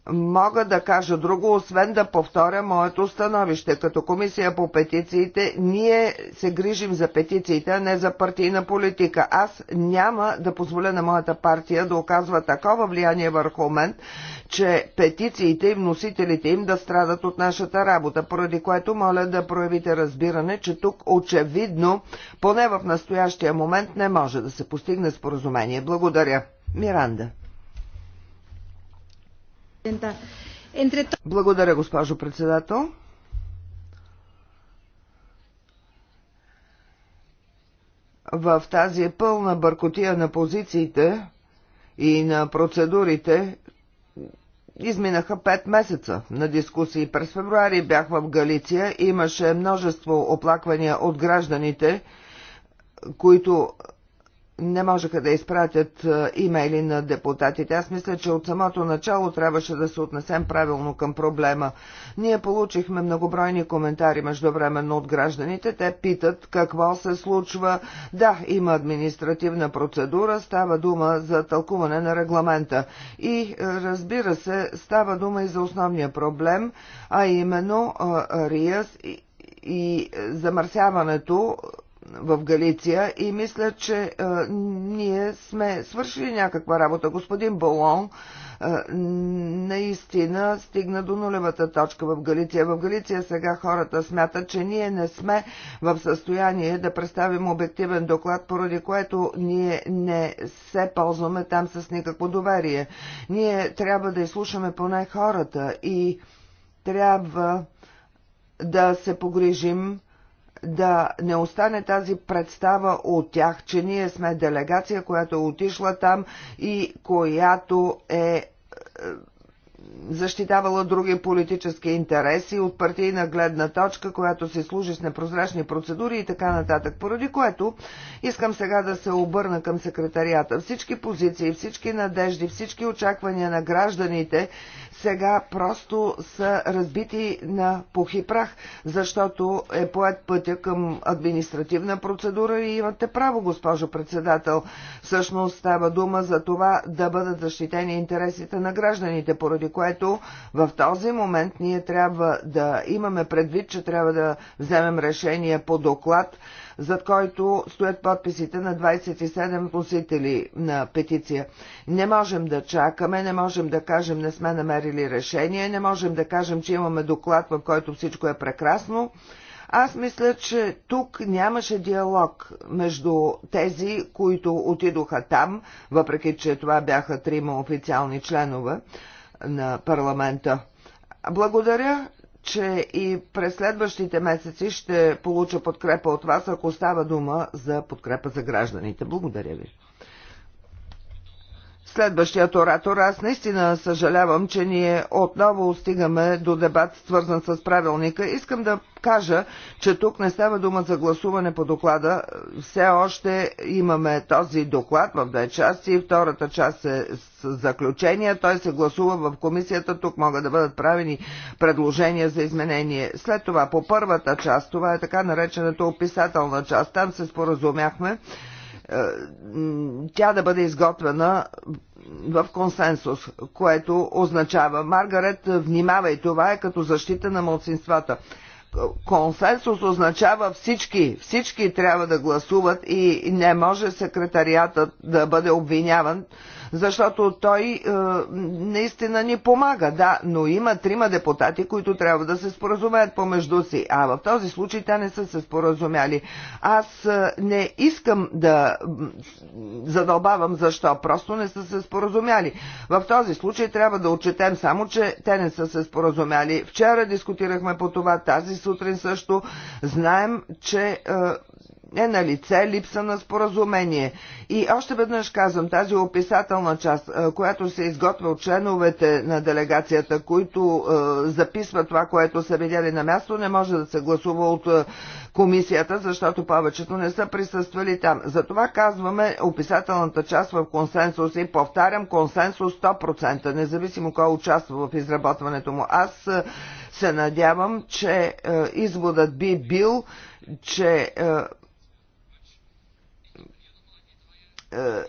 мога да кажа друго, освен да повторя моето становище. Като комисия по петициите, ние се грижим за петициите, а не за партийна политика. Аз няма да позволя на моята партия да оказва такова влияние върху мен, че петициите и вносителите им да страдат от нашата работа, поради което моля да проявите разбиране, че тук очевидно, поне в настоящия момент, не може да се постигне споразумение. Благодаря. Миранда. Благодаря, госпожо председател. В тази пълна бъркотия на позициите и на процедурите изминаха 5 месеца на дискусии. През февруари бях в Галиция, имаше множество оплаквания от гражданите, които не можеха да изпратят имейли на депутатите. Аз мисля, че от самото начало трябваше да се отнесем правилно към проблема. Ние получихме многобройни коментари междувременно от гражданите. Те питат какво се случва. Да, има административна процедура, става дума за тълкуване на регламента. И разбира се, става дума и за основния проблем, а именно РИАС и замърсяването в Галиция и мисля, че а, ние сме свършили някаква работа. Господин Болон а, наистина стигна до нулевата точка в Галиция. В Галиция сега хората смятат, че ние не сме в състояние да представим обективен доклад, поради което ние не се ползваме там с никакво доверие. Ние трябва да изслушаме поне хората и трябва да се погрижим да не остане тази представа от тях, че ние сме делегация, която е отишла там и която е, е защитавала други политически интереси от партийна гледна точка, която се служи с непрозрачни процедури и така нататък. Поради което искам сега да се обърна към секретарията. Всички позиции, всички надежди, всички очаквания на гражданите, сега просто са разбити на пух и прах, защото е поет пътя към административна процедура и имате право, госпожо председател. Всъщност става дума за това да бъдат защитени интересите на гражданите, поради което в този момент ние трябва да имаме предвид, че трябва да вземем решение по доклад, зад който стоят подписите на 27 вносители на петиция. Не можем да чакаме, не можем да кажем не сме намерили решение, не можем да кажем, че имаме доклад, в който всичко е прекрасно. Аз мисля, че тук нямаше диалог между тези, които отидоха там, въпреки че това бяха трима официални членове на парламента. Благодаря, че и през следващите месеци ще получа подкрепа от вас, ако става дума за подкрепа за гражданите. Благодаря ви. Следващият оратор, аз наистина съжалявам, че ние отново стигаме до дебат, свързан с правилника. Искам да кажа, че тук не става дума за гласуване по доклада. Все още имаме този доклад в две части. Втората част е с заключения. Той се гласува в комисията. Тук могат да бъдат правени предложения за изменение. След това по първата част, това е така наречената описателна част. Там се споразумяхме е, тя да бъде изготвена в консенсус, което означава Маргарет, внимавай, това е като защита на младсинствата. Консенсус означава всички, всички трябва да гласуват и не може секретариатът да бъде обвиняван, защото той е, наистина ни помага, да, но има трима депутати, които трябва да се споразумеят помежду си, а в този случай те не са се споразумяли. Аз е, не искам да задълбавам защо, просто не са се споразумяли. В този случай трябва да отчетем само, че те не са се споразумяли. Вчера дискутирахме по това, тази сутрин също. Знаем, че е, е на лице липса на споразумение. И още веднъж казвам, тази описателна част, която се изготвя от членовете на делегацията, които записват това, което са видяли на място, не може да се гласува от комисията, защото повечето не са присъствали там. Затова казваме описателната част в консенсус и повтарям консенсус 100%, независимо кой участва в изработването му. Аз се надявам, че изводът би бил, че Е,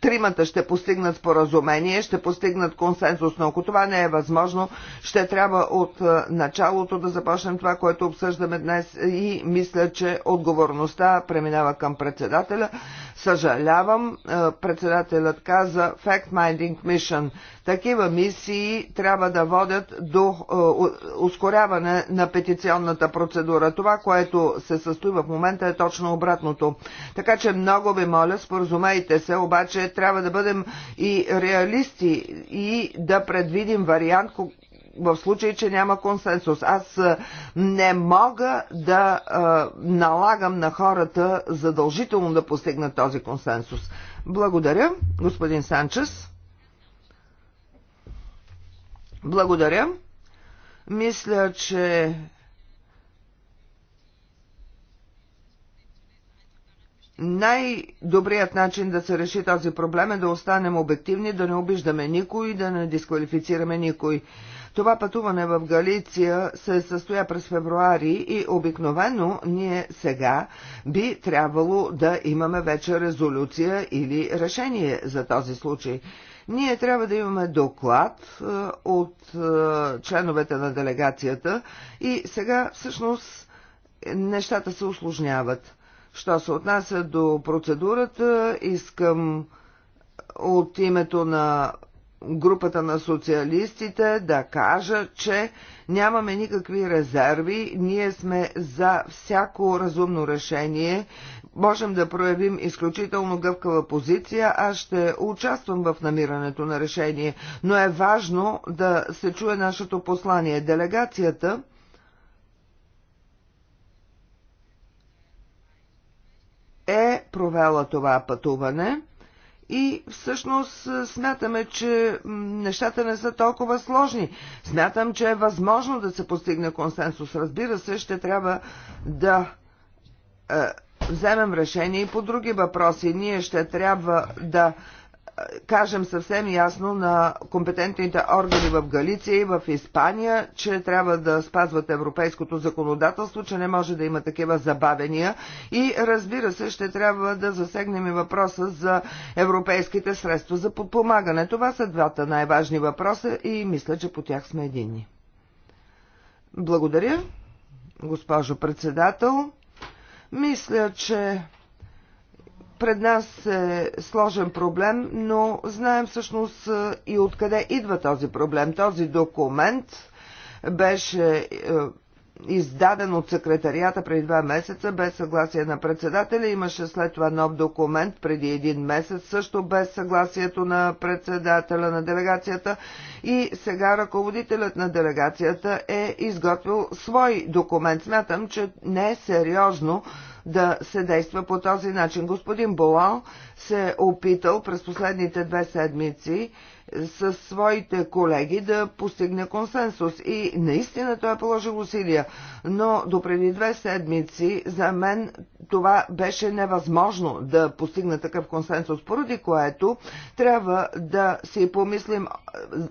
тримата ще постигнат споразумение, ще постигнат консенсус, но ако това не е възможно, ще трябва от е, началото да започнем това, което обсъждаме днес и мисля, че отговорността преминава към председателя. Съжалявам, е, председателят каза Fact Minding Mission. Такива мисии трябва да водят до е, ускоряване на петиционната процедура. Това, което се състои в момента е точно обратното. Така че много ви моля, споразумейте се, обаче трябва да бъдем и реалисти и да предвидим вариант, в случай, че няма консенсус. Аз е, не мога да а, е, налагам на хората задължително да постигнат този консенсус. Благодаря, господин Санчес. Благодаря. Мисля, че най-добрият начин да се реши този проблем е да останем обективни, да не обиждаме никой, да не дисквалифицираме никой. Това пътуване в Галиция се състоя през февруари и обикновено ние сега би трябвало да имаме вече резолюция или решение за този случай. Ние трябва да имаме доклад е, от е, членовете на делегацията и сега всъщност нещата се усложняват. Що се отнася до процедурата, искам от името на групата на социалистите да кажа, че нямаме никакви резерви, ние сме за всяко разумно решение, можем да проявим изключително гъвкава позиция. Аз ще участвам в намирането на решение, но е важно да се чуе нашето послание. Делегацията е провела това пътуване и всъщност смятаме, че нещата не са толкова сложни. Смятам, че е възможно да се постигне консенсус. Разбира се, ще трябва да е, вземем решение и по други въпроси. Ние ще трябва да е, кажем съвсем ясно на компетентните органи в Галиция и в Испания, че трябва да спазват европейското законодателство, че не може да има такива забавения и разбира се ще трябва да засегнем и въпроса за европейските средства за подпомагане. Това са двата най-важни въпроса и мисля, че по тях сме единни. Благодаря, госпожо председател. Мисля, че пред нас е сложен проблем, но знаем всъщност е, и откъде идва този проблем. Този документ беше е, издаден от секретарията преди два месеца без съгласие на председателя. Имаше след това нов документ преди един месец, също без съгласието на председателя на делегацията. И сега ръководителят на делегацията е изготвил свой документ. Смятам, че не е сериозно да се действа по този начин. Господин Болал се е опитал през последните две седмици със своите колеги да постигне консенсус. И наистина той е положил усилия. Но до преди две седмици за мен това беше невъзможно да постигна такъв консенсус, поради което трябва да си помислим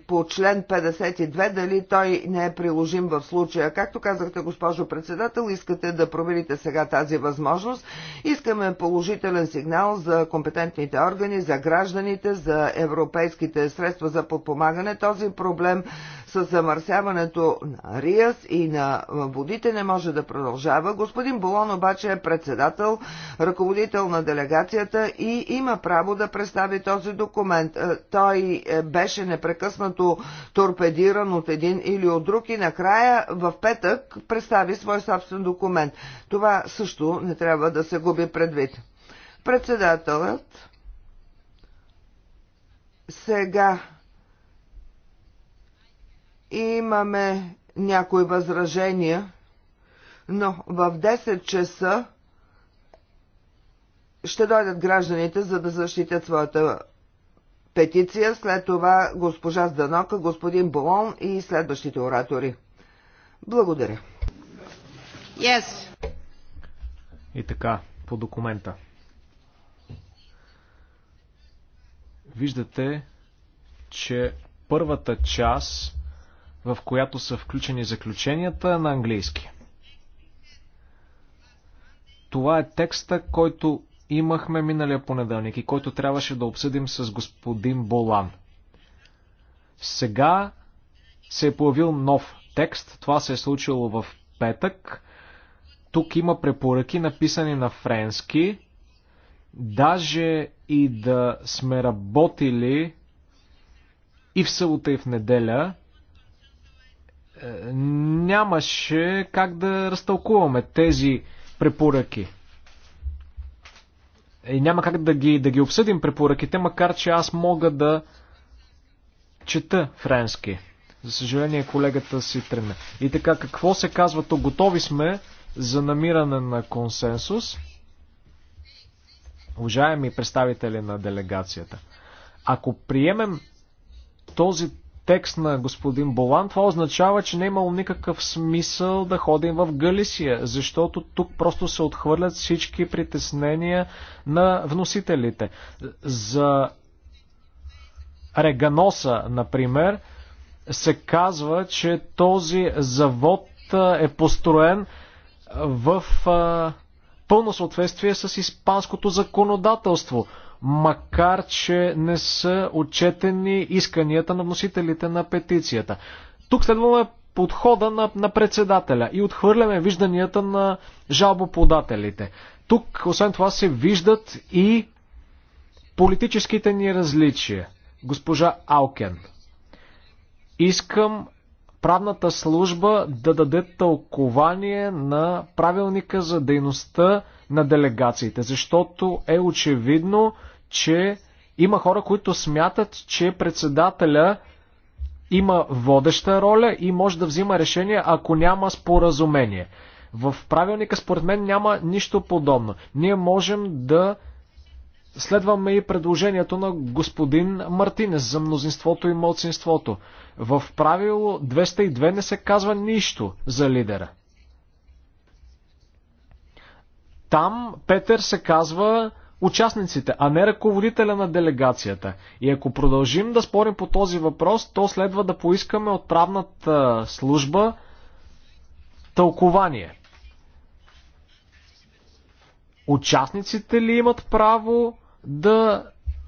по член 52 дали той не е приложим в случая. Както казахте, госпожо председател, искате да проверите сега тази възможност. Искаме положителен сигнал за компетентните органи, за гражданите, за европейските средства средства за подпомагане, този проблем с замърсяването на Риас и на водите не може да продължава. Господин Болон обаче е председател, ръководител на делегацията и има право да представи този документ. Е, той е, беше непрекъснато торпедиран от един или от друг и накрая в петък представи свой собствен документ. Това също не трябва да се губи предвид. Председателът сега имаме някои възражения, но в 10 часа ще дойдат гражданите, за да защитят своята петиция, след това госпожа Зданока, господин Болон и следващите оратори. Благодаря. Yes. И така, по документа. виждате, че първата част, в която са включени заключенията, е на английски. Това е текста, който имахме миналия понеделник и който трябваше да обсъдим с господин Болан. Сега се е появил нов текст, това се е случило в петък. Тук има препоръки написани на френски. Даже и да сме работили и в събота и в неделя, е, нямаше как да разтълкуваме тези препоръки. И няма как да ги, да ги обсъдим препоръките, макар че аз мога да чета френски. За съжаление, колегата си тръгна. И така, какво се казва то Готови сме за намиране на консенсус уважаеми представители на делегацията, ако приемем този текст на господин Болан, това означава, че не е имало никакъв смисъл да ходим в Галисия, защото тук просто се отхвърлят всички притеснения на вносителите. За Реганоса, например, се казва, че този завод е построен в пълно съответствие с испанското законодателство, макар че не са отчетени исканията на вносителите на петицията. Тук следваме подхода на, на председателя и отхвърляме вижданията на жалбоподателите. Тук, освен това, се виждат и политическите ни различия. Госпожа Алкен. Искам правната служба да даде тълкование на правилника за дейността на делегациите, защото е очевидно, че има хора, които смятат, че председателя има водеща роля и може да взима решение, ако няма споразумение. В правилника, според мен, няма нищо подобно. Ние можем да Следваме и предложението на господин Мартинес за мнозинството и младсинството. В правило 202 не се казва нищо за лидера. Там Петър се казва участниците, а не ръководителя на делегацията. И ако продължим да спорим по този въпрос, то следва да поискаме от правната служба тълкование. Участниците ли имат право да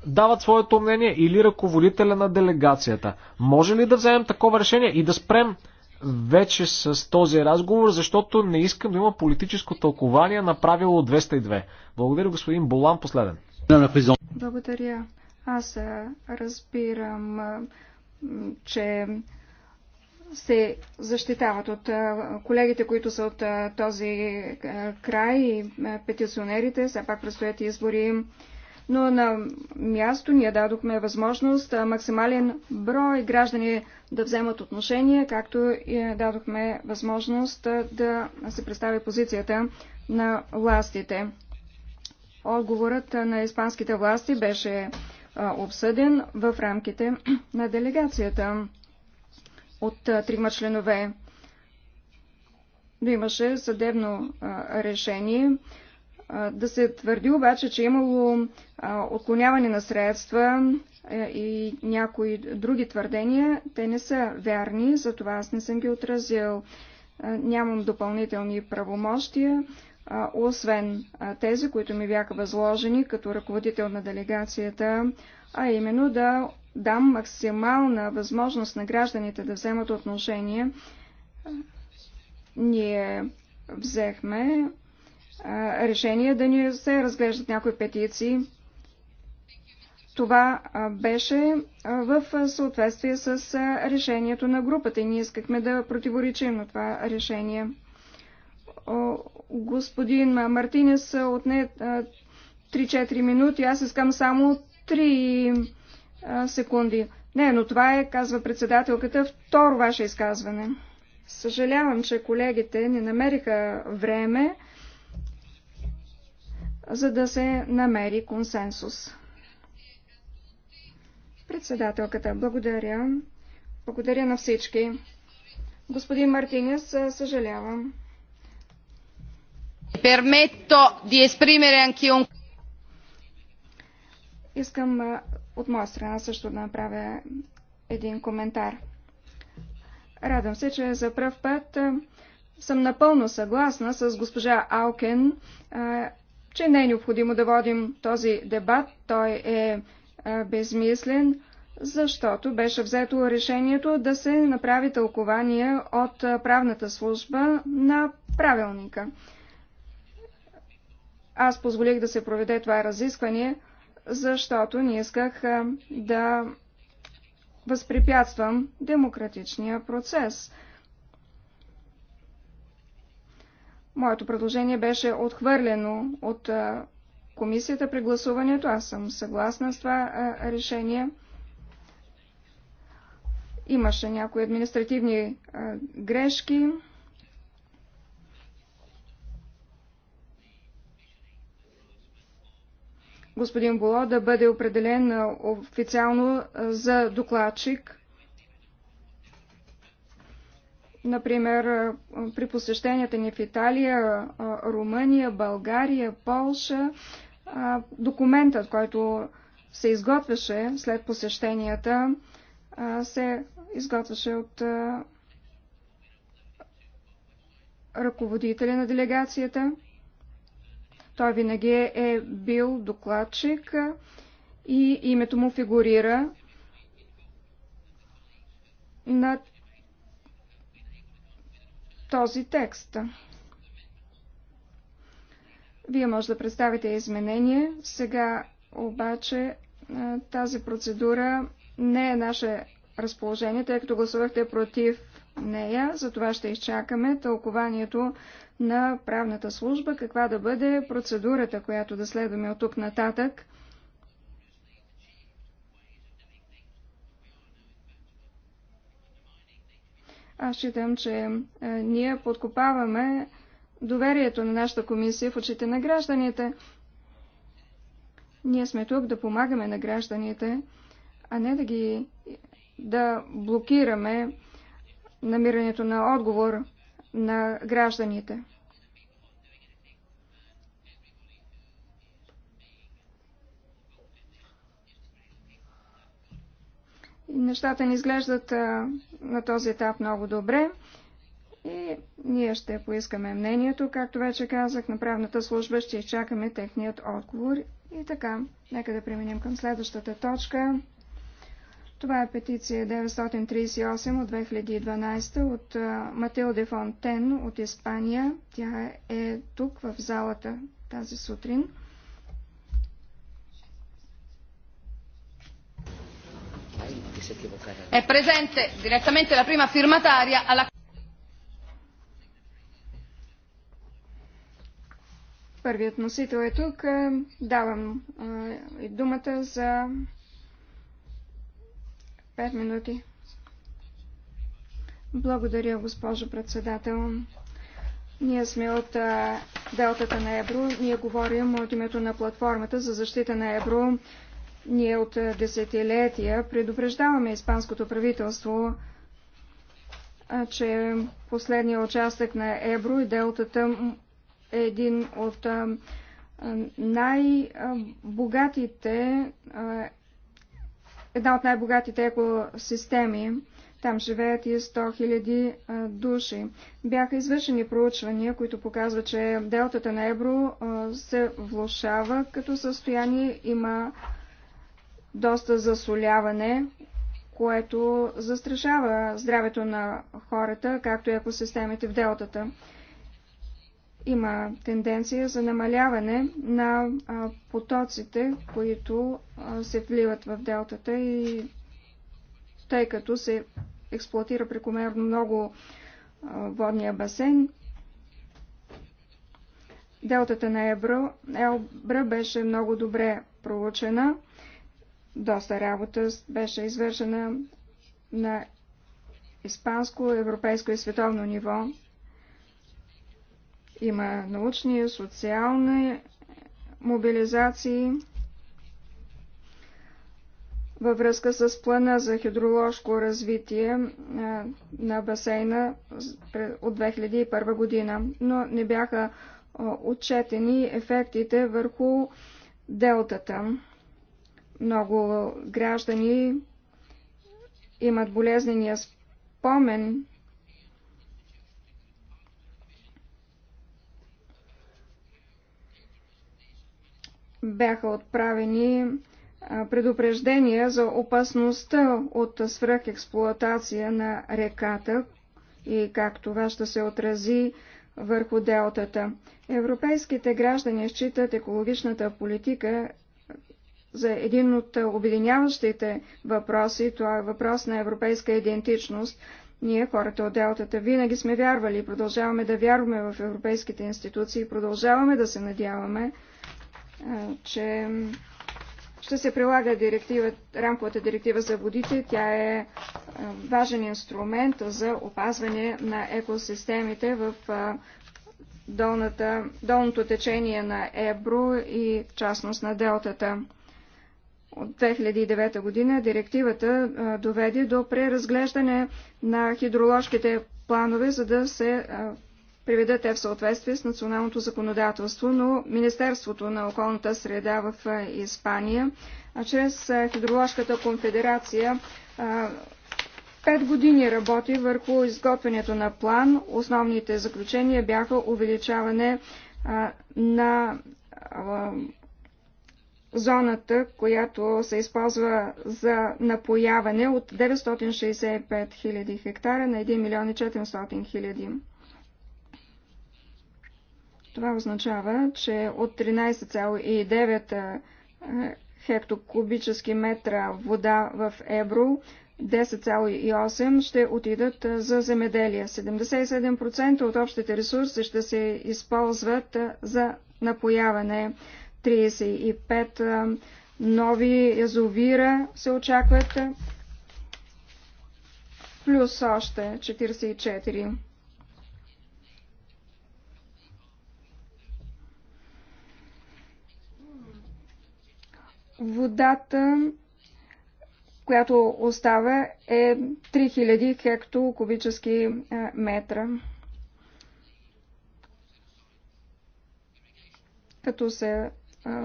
дават своето мнение или ръководителя на делегацията? Може ли да вземем такова решение и да спрем вече с този разговор, защото не искам да има политическо тълкование на правило 202. Благодаря, господин Болан, последен. Благодаря. Аз разбирам, че се защитават от колегите, които са от този край и петиционерите, все пак предстоят избори. Но на място ние дадохме възможност максимален брой граждани да вземат отношение, както и дадохме възможност да се представи позицията на властите. Отговорът на испанските власти беше обсъден в рамките на делегацията от трима членове. Но имаше съдебно решение да се твърди обаче, че е имало отклоняване на средства и някои други твърдения, те не са вярни, затова аз не съм ги отразил. Нямам допълнителни правомощия, освен тези, които ми бяха възложени като ръководител на делегацията, а именно да дам максимална възможност на гражданите да вземат отношение. Ние взехме решение да ни се разглеждат някои петиции. Това беше в съответствие с решението на групата и ние искахме да противоречим на това решение. Господин Мартинес отне 3-4 минути, аз искам само 3 секунди. Не, но това е, казва председателката, второ ваше изказване. Съжалявам, че колегите не намериха време, за да се намери консенсус. Председателката, благодаря. Благодаря на всички. Господин Мартинес, съжалявам. Permetto di esprimere anche un... Искам от моя страна също да направя един коментар. Радвам се, че за пръв път съм напълно съгласна с госпожа Алкен, че не е необходимо да водим този дебат. Той е безмислен, защото беше взето решението да се направи тълкование от правната служба на правилника. Аз позволих да се проведе това разискване, защото не исках да възпрепятствам демократичния процес. Моето предложение беше отхвърлено от комисията при гласуването. Аз съм съгласна с това решение. Имаше някои административни грешки. господин Боло да бъде определен официално за докладчик. Например, при посещенията ни в Италия, Румъния, България, Полша, документът, който се изготвяше след посещенията, се изготвяше от ръководителя на делегацията. Той винаги е, е бил докладчик и името му фигурира на този текст. Вие може да представите изменение. Сега обаче тази процедура не е наше разположение, тъй като гласувахте против нея, за това ще изчакаме тълкованието на правната служба, каква да бъде процедурата, която да следваме от тук нататък. Аз считам, че е, ние подкопаваме доверието на нашата комисия в очите на гражданите. Ние сме тук да помагаме на гражданите, а не да ги да блокираме намирането на отговор на гражданите. Нещата не изглеждат а, на този етап много добре и ние ще поискаме мнението, както вече казах, на правната служба ще изчакаме техният отговор. И така, нека да преминем към следващата точка. Това е петиция 938 от 2012 от Матилде Фонтен от Испания. Тя е тук в залата тази сутрин. È presente direttamente la prima firmataria alla Първият носител е тук. Давам думата за 5 минути. Благодаря, госпожо председател. Ние сме от а, Делтата на Ебро. Ние говорим от името на платформата за защита на Ебро. Ние от а, десетилетия предупреждаваме испанското правителство, а, че последният участък на Ебро и Делтата е един от най-богатите една от най-богатите екосистеми. Там живеят и 100 хиляди души. Бяха извършени проучвания, които показват, че делтата на Ебро се влушава като състояние. Има доста засоляване, което застрашава здравето на хората, както и екосистемите в делтата има тенденция за намаляване на потоците, които се вливат в делтата и тъй като се експлуатира прекомерно много водния басейн, Делтата на Ебро, Елбра беше много добре проучена. Доста работа беше извършена на испанско, европейско и световно ниво. Има научни, социални мобилизации във връзка с плана за хидроложко развитие на басейна от 2001 година, но не бяха отчетени ефектите върху делтата. Много граждани имат болезнения спомен бяха отправени предупреждения за опасността от свръхексплуатация на реката и как това ще се отрази върху делтата. Европейските граждани считат екологичната политика за един от обединяващите въпроси, това е въпрос на европейска идентичност. Ние, хората от Делтата, винаги сме вярвали и продължаваме да вярваме в европейските институции, продължаваме да се надяваме, че ще се прилага директива, рамковата директива за водите. Тя е важен инструмент за опазване на екосистемите в долната, долното течение на Ебро и в частност на Делтата. От 2009 година директивата доведе до преразглеждане на хидроложките планове, за да се приведа те в съответствие с националното законодателство, но Министерството на околната среда в Испания, а чрез Хидроложката конфедерация, пет години работи върху изготвянето на план. Основните заключения бяха увеличаване на зоната, която се използва за напояване от 965 000 хектара на 1 милион 400 хиляди това означава, че от 13,9 хектокубически метра вода в евро, 10,8 ще отидат за земеделие. 77% от общите ресурси ще се използват за напояване. 35 нови язовира се очакват, плюс още 44. Водата, която остава, е 3000 хекто кубически е, метра. Като се а,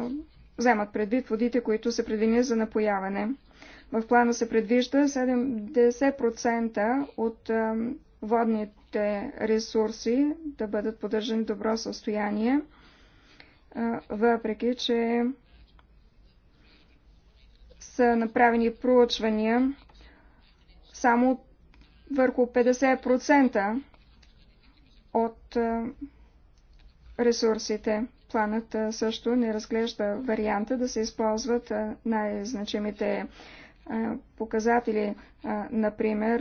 е, вземат предвид водите, които се предвини за напояване. В плана се предвижда 70% от а, е, водните ресурси да бъдат поддържани в добро състояние, а, въпреки че са направени проучвания само върху 50% от ресурсите. Планът също не разглежда варианта да се използват най-значимите показатели, например,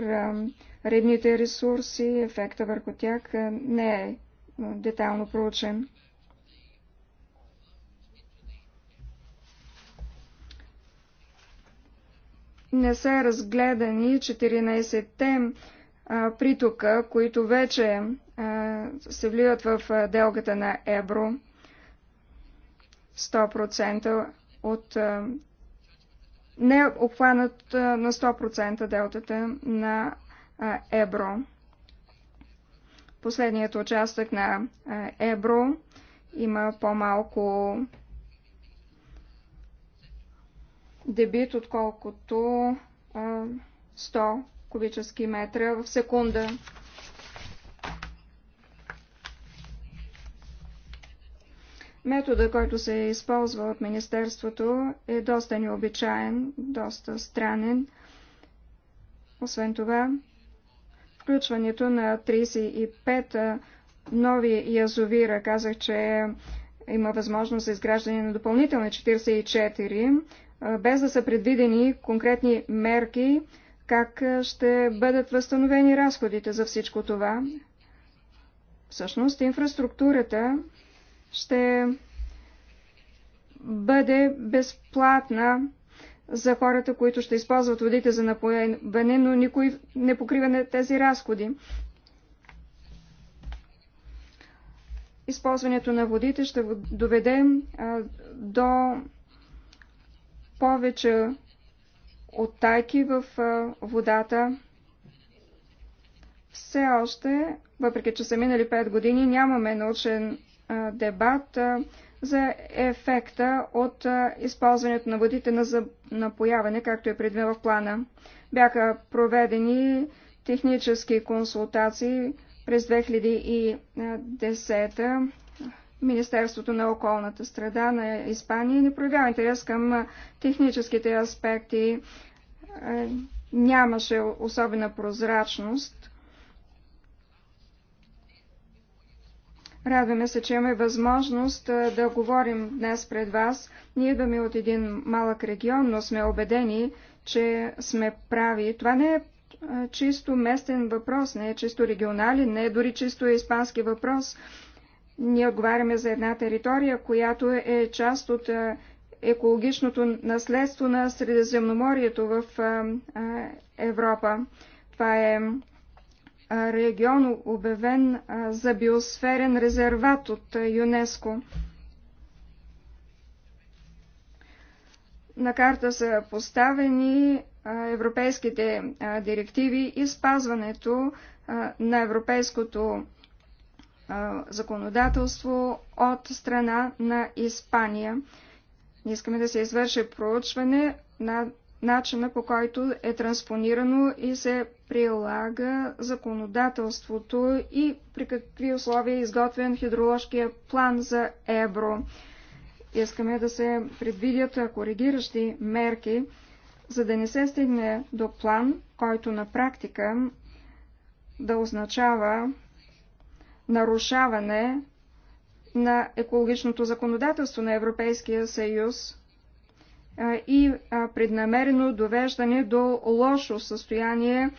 редните ресурси, ефекта върху тях не е детайлно проучен. не са разгледани 14-те притока, които вече се вливат в делгата на Ебро. 100% от не обхванат на 100% делтата на Ебро. Последният участък на Ебро има по-малко дебит, отколкото 100 кубически метра в секунда. Метода, който се използва от Министерството, е доста необичаен, доста странен. Освен това, включването на 35 та нови язовира, казах, че има възможност за изграждане на допълнителни 44, без да са предвидени конкретни мерки, как ще бъдат възстановени разходите за всичко това. Всъщност, инфраструктурата ще бъде безплатна за хората, които ще използват водите за напояване, но никой не покрива на тези разходи. Използването на водите ще доведе до повече оттайки в водата. Все още, въпреки че са минали 5 години, нямаме научен дебат за ефекта от използването на водите на напояване, както е предвидено в плана. Бяха проведени технически консултации през 2010 Министерството на околната среда на Испания не проявява интерес към техническите аспекти. Нямаше особена прозрачност. Радваме се, че имаме възможност да говорим днес пред вас. Ние идваме от един малък регион, но сме убедени, че сме прави. Това не е чисто местен въпрос, не е чисто регионален, не е дори чисто испански въпрос. Ние отговаряме за една територия, която е част от екологичното наследство на Средиземноморието в Европа. Това е регион, обявен за биосферен резерват от ЮНЕСКо. На карта са поставени европейските директиви и спазването на европейското законодателство от страна на Испания. искаме да се извърши проучване на начина по който е транспонирано и се прилага законодателството и при какви условия е изготвен хидроложкия план за Ебро. Искаме да се предвидят коригиращи мерки, за да не се стигне до план, който на практика да означава нарушаване на екологичното законодателство на Европейския съюз и преднамерено довеждане до лошо състояние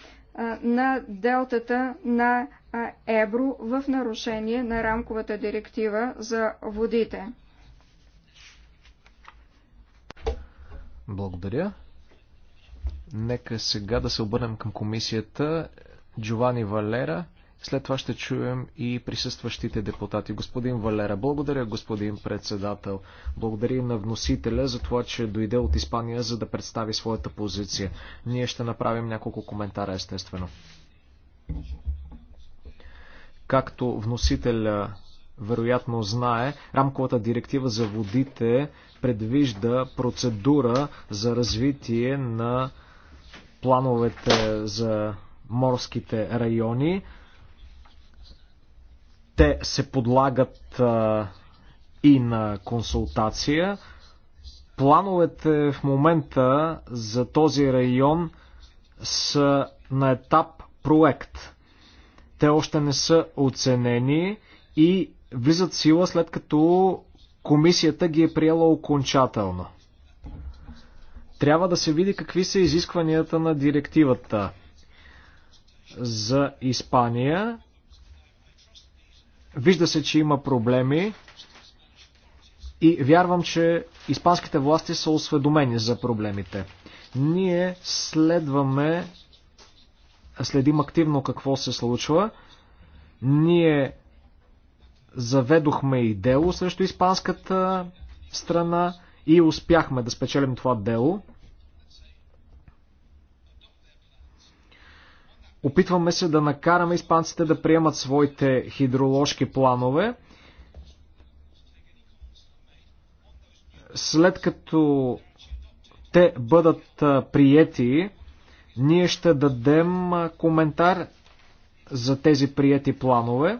на делтата на Ебро в нарушение на рамковата директива за водите. Благодаря. Нека сега да се обърнем към комисията. Джовани Валера – след това ще чуем и присъстващите депутати. Господин Валера, благодаря, господин председател. Благодаря на вносителя за това, че дойде от Испания, за да представи своята позиция. Ние ще направим няколко коментара, естествено. Както вносителя вероятно знае, рамковата директива за водите предвижда процедура за развитие на плановете за морските райони. Те се подлагат а, и на консултация. Плановете в момента за този район са на етап проект. Те още не са оценени и влизат сила след като комисията ги е приела окончателно. Трябва да се види какви са изискванията на директивата за Испания Вижда се, че има проблеми и вярвам, че испанските власти са осведомени за проблемите. Ние следваме, следим активно какво се случва. Ние заведохме и дело срещу испанската страна и успяхме да спечелим това дело. Опитваме се да накараме испанците да приемат своите хидроложки планове. След като те бъдат приети, ние ще дадем коментар за тези приети планове.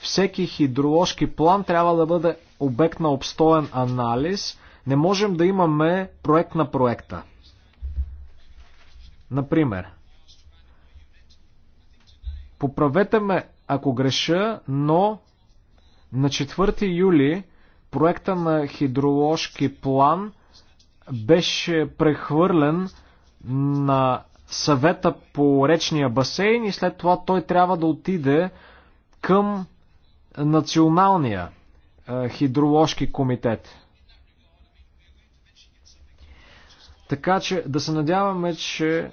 Всеки хидроложки план трябва да бъде обект на обстоен анализ. Не можем да имаме проект на проекта. Например, поправете ме, ако греша, но на 4 юли проекта на хидроложки план беше прехвърлен на съвета по речния басейн и след това той трябва да отиде към националния е, хидроложки комитет. Така че да се надяваме, че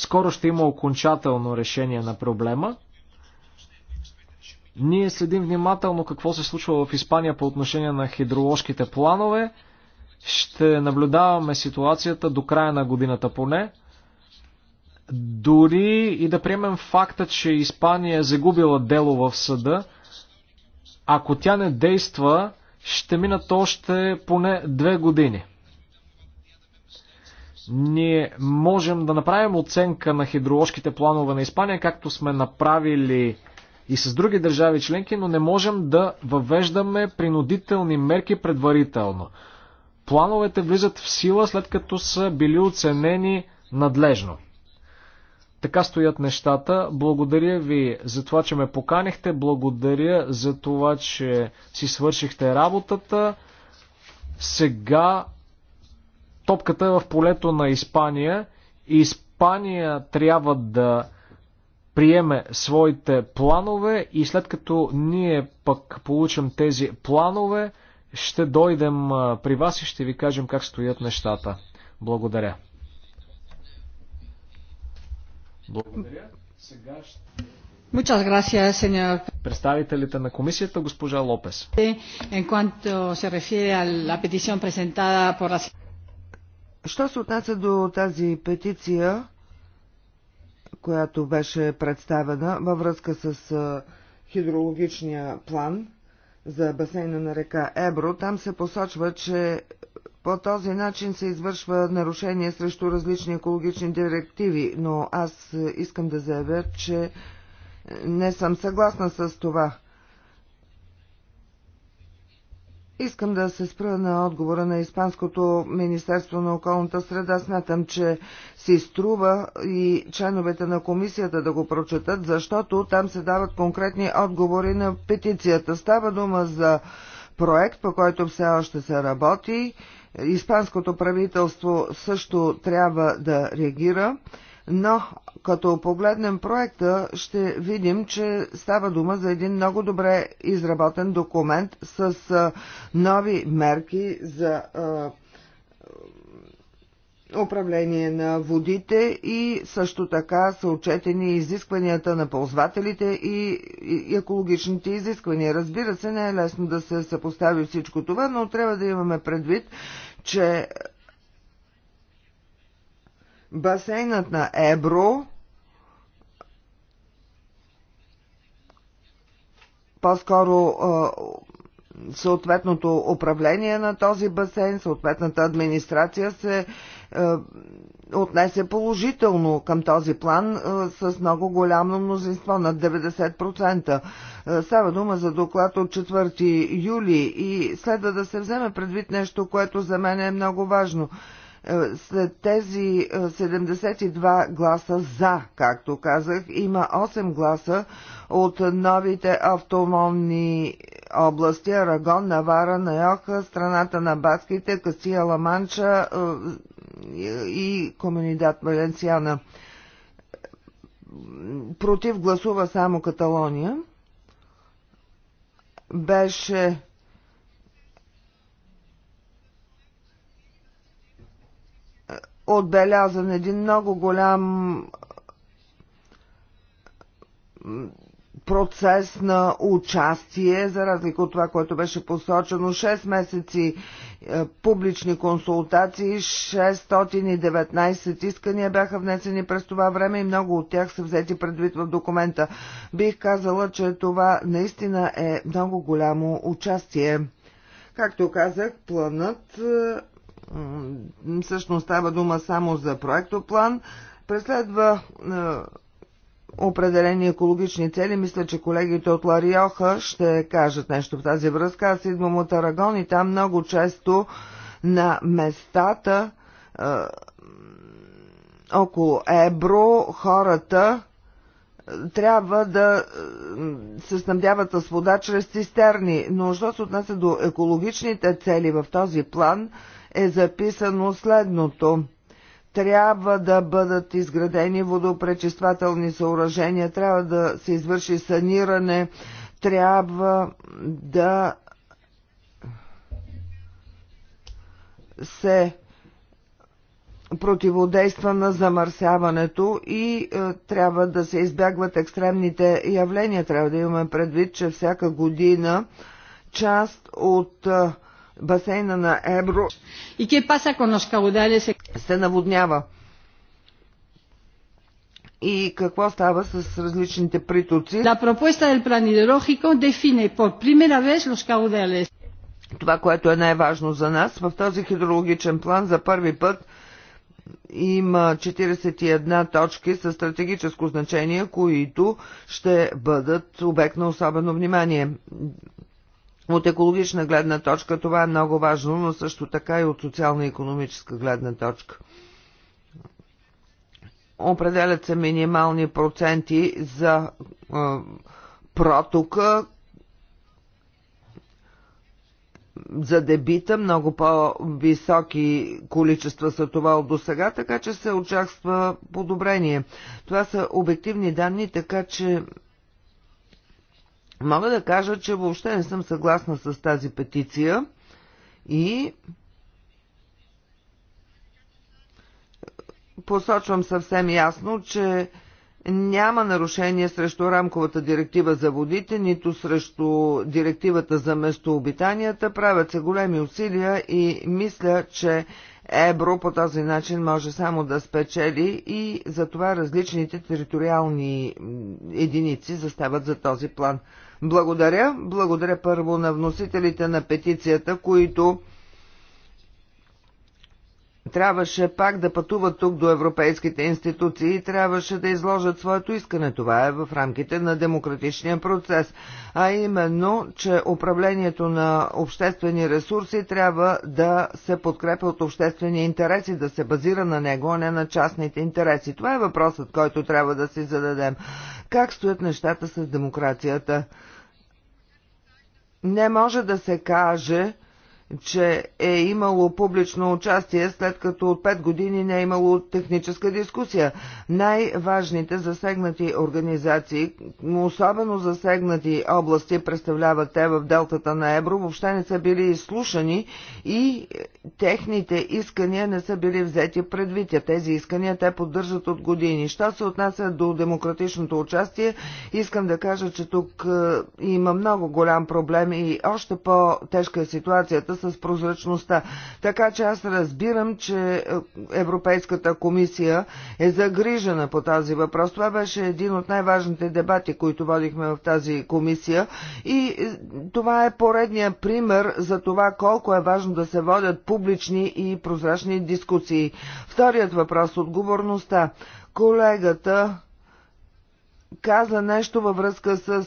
скоро ще има окончателно решение на проблема. Ние следим внимателно какво се случва в Испания по отношение на хидроложките планове. Ще наблюдаваме ситуацията до края на годината поне. Дори и да приемем факта, че Испания е загубила дело в съда, ако тя не действа, ще минат още поне две години. Ние можем да направим оценка на хидроложките планове на Испания, както сме направили и с други държави членки, но не можем да въвеждаме принудителни мерки предварително. Плановете влизат в сила след като са били оценени надлежно. Така стоят нещата. Благодаря ви за това, че ме поканихте. Благодаря за това, че си свършихте работата. Сега топката е в полето на Испания и Испания трябва да приеме своите планове и след като ние пък получим тези планове, ще дойдем при вас и ще ви кажем как стоят нещата. Благодаря. Благодаря. Сега ще... Muchas gracias, señor. Представителите на комисията, госпожа Лопес. En cuanto se refiere a la petición presentada por la Що се отнася до тази петиция, която беше представена във връзка с хидрологичния план за басейна на река Ебро, там се посочва, че по този начин се извършва нарушение срещу различни екологични директиви, но аз искам да заявя, че не съм съгласна с това. Искам да се спра на отговора на Испанското Министерство на околната среда. Смятам, че си струва и членовете на комисията да го прочетат, защото там се дават конкретни отговори на петицията. Става дума за проект, по който все още се работи. Испанското правителство също трябва да реагира, но като погледнем проекта, ще видим, че става дума за един много добре изработен документ с нови мерки за управление на водите и също така са отчетени изискванията на ползвателите и екологичните изисквания. Разбира се, не е лесно да се съпостави всичко това, но трябва да имаме предвид, че басейнът на Ебро по-скоро съответното управление на този басейн, съответната администрация се отнесе положително към този план с много голямо мнозинство, над 90%. Става дума за доклад от 4 юли и следва да се вземе предвид нещо, което за мен е много важно – е, след тези 72 е, гласа за, както казах, има 8 гласа от новите автономни области Арагон, Навара, Найоха, страната на Баските, Кастия Ламанча е, и Комунидат Валенсиана. Против гласува само Каталония. Беше отбелязан един много голям процес на участие, за разлика от това, което беше посочено. 6 месеци е, публични консултации, 619 искания бяха внесени през това време и много от тях са взети предвид в документа. Бих казала, че това наистина е много голямо участие. Както казах, планът е, всъщност става дума само за проектоплан. Преследва е, определени екологични цели. Мисля, че колегите от Лариоха ще кажат нещо в тази връзка. Аз идвам от Арагон и там много често на местата е, около Ебро хората е, трябва да се снабдяват с вода чрез цистерни, но що се отнася до екологичните цели в този план, е записано следното трябва да бъдат изградени водопречиствателни съоръжения, трябва да се извърши саниране, трябва да се противодейства на замърсяването и е, трябва да се избягват екстремните явления. Трябва да имаме предвид, че всяка година част от е, басейна на Ебро и ке паса кон los caudales? се наводнява. И какво става с различните притоци? La propuesta del plan hidrológico define por primera vez los caudales. Това, което е най-важно за нас, в този хидрологичен план за първи път има 41 точки със стратегическо значение, които ще бъдат обект на особено внимание. От екологична гледна точка това е много важно, но също така и от социално-економическа гледна точка. Определят се минимални проценти за е, протока, за дебита, много по-високи количества са това от досега, така че се очаква подобрение. Това са обективни данни, така че Мога да кажа, че въобще не съм съгласна с тази петиция и посочвам съвсем ясно, че няма нарушение срещу рамковата директива за водите, нито срещу директивата за местообитанията. Правят се големи усилия и мисля, че Ебро по този начин може само да спечели и затова различните териториални единици застават за този план. Благодаря. Благодаря първо на вносителите на петицията, които трябваше пак да пътуват тук до европейските институции и трябваше да изложат своето искане. Това е в рамките на демократичния процес, а именно, че управлението на обществени ресурси трябва да се подкрепя от обществени интереси, да се базира на него, а не на частните интереси. Това е въпросът, който трябва да си зададем. Как стоят нещата с демокрацията? не може да се каже, че е имало публично участие, след като от 5 години не е имало техническа дискусия. Най-важните засегнати организации, особено засегнати области, представляват те в делтата на Евро, въобще не са били изслушани и техните искания не са били взети предвид. Тези искания те поддържат от години. Що се отнася до демократичното участие, искам да кажа, че тук е, има много голям проблем и още по-тежка е ситуацията с прозрачността. Така че аз разбирам, че е, Европейската комисия е загрижена по този въпрос. Това беше един от най-важните дебати, които водихме в тази комисия и е, това е поредния пример за това колко е важно да се водят публични и прозрачни дискусии. Вторият въпрос – отговорността. Колегата каза нещо във връзка с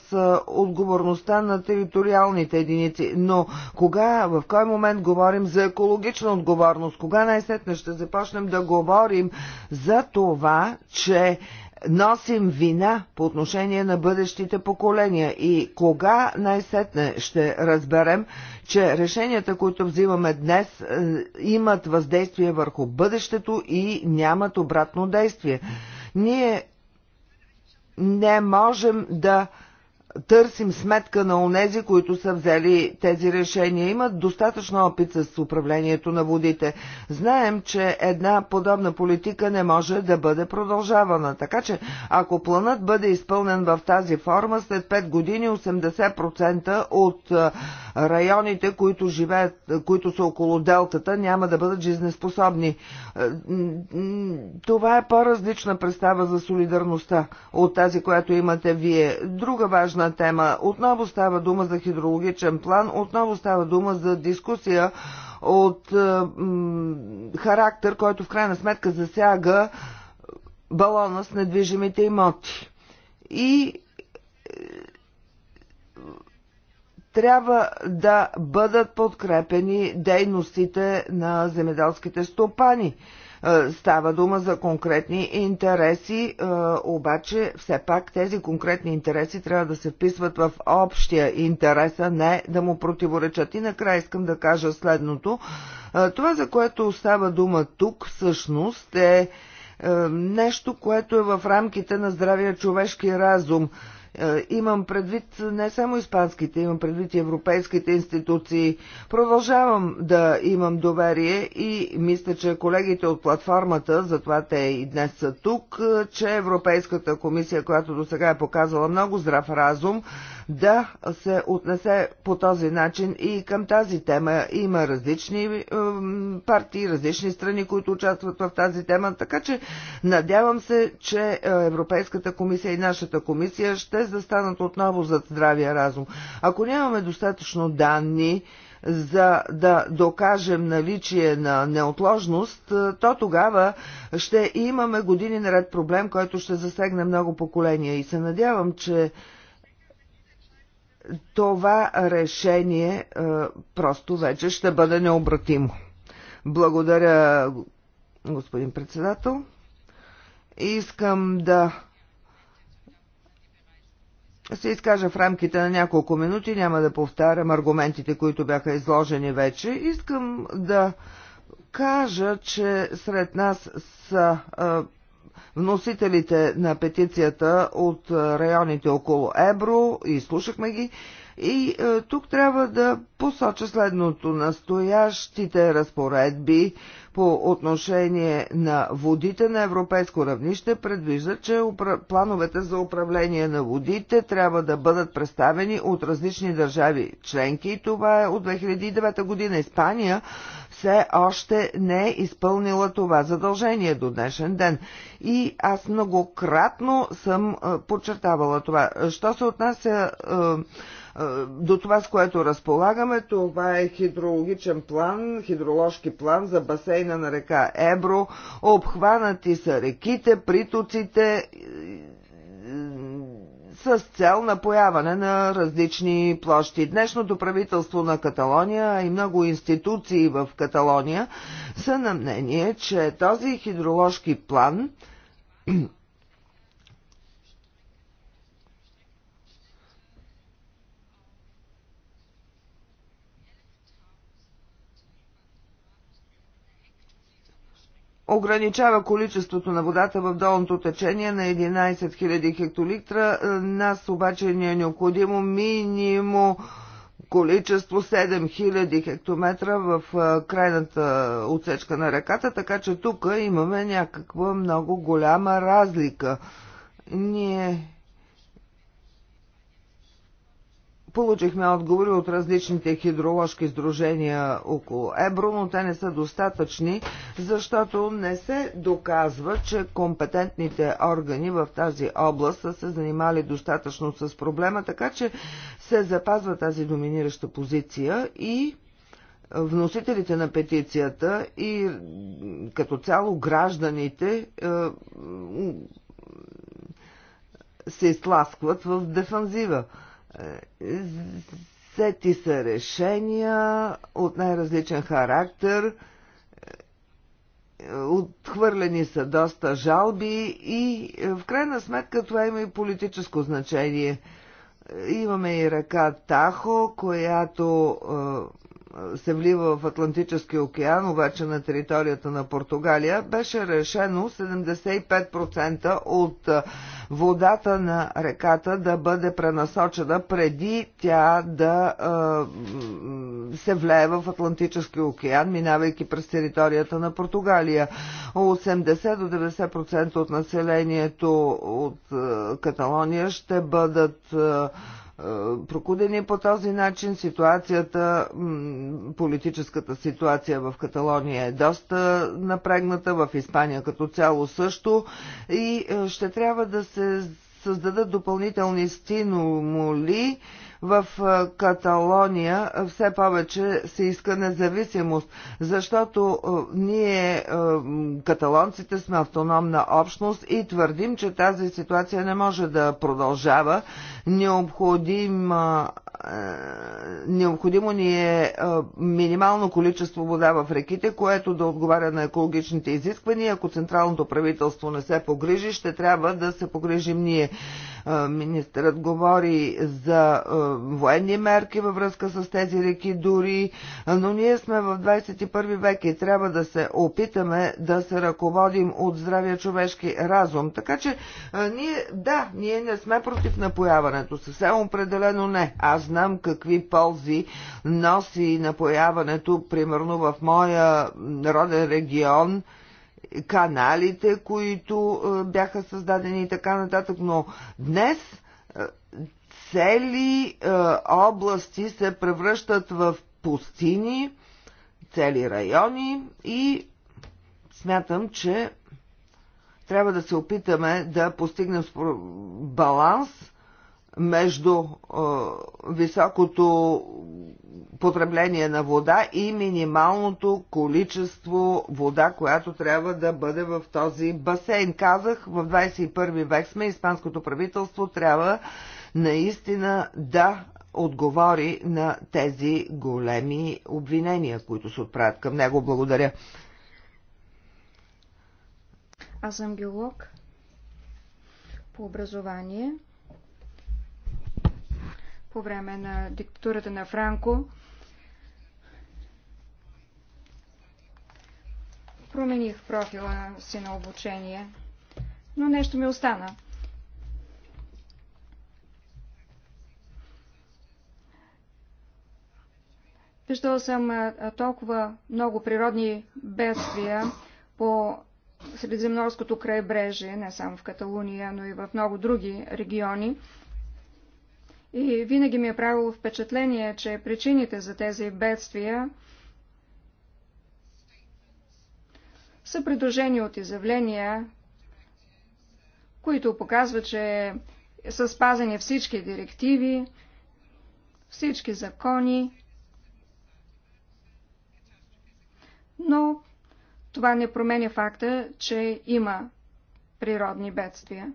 отговорността на териториалните единици, но кога, в кой момент говорим за екологична отговорност? Кога най-сетне ще започнем да говорим за това, че носим вина по отношение на бъдещите поколения и кога най-сетне ще разберем, че решенията, които взимаме днес, е, имат въздействие върху бъдещето и нямат обратно действие. Ние не можем да търсим сметка на онези, които са взели тези решения. Имат достатъчно опит с управлението на водите. Знаем, че една подобна политика не може да бъде продължавана. Така че, ако планът бъде изпълнен в тази форма, след 5 години 80% от районите, които живеят, които са около делтата, няма да бъдат жизнеспособни. Това е по-различна представа за солидарността от тази, която имате вие. Друга важна важна тема. Отново става дума за хидрологичен план, отново става дума за дискусия от е, характер, който в крайна сметка засяга балона с недвижимите имоти. И е, трябва да бъдат подкрепени дейностите на земеделските стопани. Е, става дума за конкретни интереси, е, обаче все пак тези конкретни интереси трябва да се вписват в общия интерес, а не да му противоречат. И накрая искам да кажа следното. Е, това, за което става дума тук, всъщност е нещо, което е в рамките на здравия човешки разум. Е, имам предвид не само испанските, имам предвид и европейските институции. Продължавам да имам доверие и мисля, че колегите от платформата, затова те и днес са тук, е, че Европейската комисия, която до сега е показала много здрав разум, да се отнесе по този начин и към тази тема. Има различни партии, различни страни, които участват в тази тема, така че надявам се, че е, Европейската комисия и нашата комисия ще застанат отново зад здравия разум. Ако нямаме достатъчно данни, за да докажем наличие на неотложност, е, то тогава ще имаме години наред проблем, който ще засегне много поколения. И се надявам, че това решение е, просто вече ще бъде необратимо. Благодаря, господин председател. Искам да се изкажа в рамките на няколко минути, няма да повтарям аргументите, които бяха изложени вече. Искам да кажа, че сред нас са е, вносителите на петицията от районите около Ебро и слушахме ги. И е, тук трябва да посоча следното. Настоящите разпоредби по отношение на водите на европейско равнище предвижда, че упра... плановете за управление на водите трябва да бъдат представени от различни държави членки. това е от 2009 година. Испания все още не е изпълнила това задължение до днешен ден. И аз многократно съм е, подчертавала това. Що се отнася е, е, до това, с което разполагаме, това е хидрологичен план, хидроложки план за басейна на река Ебро. Обхванати са реките, притоците с цел напояване на различни площи. Днешното правителство на Каталония и много институции в Каталония са на мнение, че този хидроложки план ограничава количеството на водата в долното течение на 11 000 хектолитра. Е, Нас обаче ни е необходимо минимум количество 7000 хектометра в е, крайната отсечка на реката, така че тук имаме някаква много голяма разлика. Ние Получихме отговори от различните хидроложки сдружения около Ебро, но те не са достатъчни, защото не се доказва, че компетентните органи в тази област са се занимали достатъчно с проблема, така че се запазва тази доминираща позиция и вносителите на петицията и като цяло гражданите е, се изтласкват в дефанзива. Сети са решения от най-различен характер, отхвърлени са доста жалби и в крайна сметка това има и политическо значение. Имаме и ръка Тахо, която е, се влива в Атлантическия океан, обаче на територията на Португалия, беше решено 75% от водата на реката да бъде пренасочена преди тя да е, се влее в Атлантическия океан, минавайки през територията на Португалия. 80 до 90% от населението от Каталония ще бъдат е, е, прокудени по този начин. Ситуацията, политическата ситуация в Каталония е доста напрегната, в Испания като цяло също и е, ще трябва да се създадат допълнителни стимули в Каталония все повече се иска независимост, защото ние, каталонците, сме автономна общност и твърдим, че тази ситуация не може да продължава. Необходим, необходимо ни е минимално количество вода в реките, което да отговаря на екологичните изисквания. Ако централното правителство не се погрижи, ще трябва да се погрижим ние. Министърът говори за военни мерки във връзка с тези реки дори, но ние сме в 21 век и трябва да се опитаме да се ръководим от здравия човешки разум. Така че ние, да, ние не сме против напояването, съвсем определено не. Аз знам какви ползи носи напояването, примерно в моя народен регион, каналите, които бяха създадени и така нататък, но днес цели е, области се превръщат в пустини, цели райони и смятам, че трябва да се опитаме да постигнем баланс между е, високото потребление на вода и минималното количество вода, която трябва да бъде в този басейн. Казах, в 21 век сме, испанското правителство трябва наистина да отговори на тези големи обвинения, които се отправят към него. Благодаря. Аз съм биолог по образование. По време на диктатурата на Франко промених профила си на обучение, но нещо ми остана. Виждал съм толкова много природни бедствия по Средиземнорското крайбрежие, не само в Каталуния, но и в много други региони. И винаги ми е правило впечатление, че причините за тези бедствия са придружени от изявления, които показват, че са спазени всички директиви, всички закони, но това не променя факта, че има природни бедствия.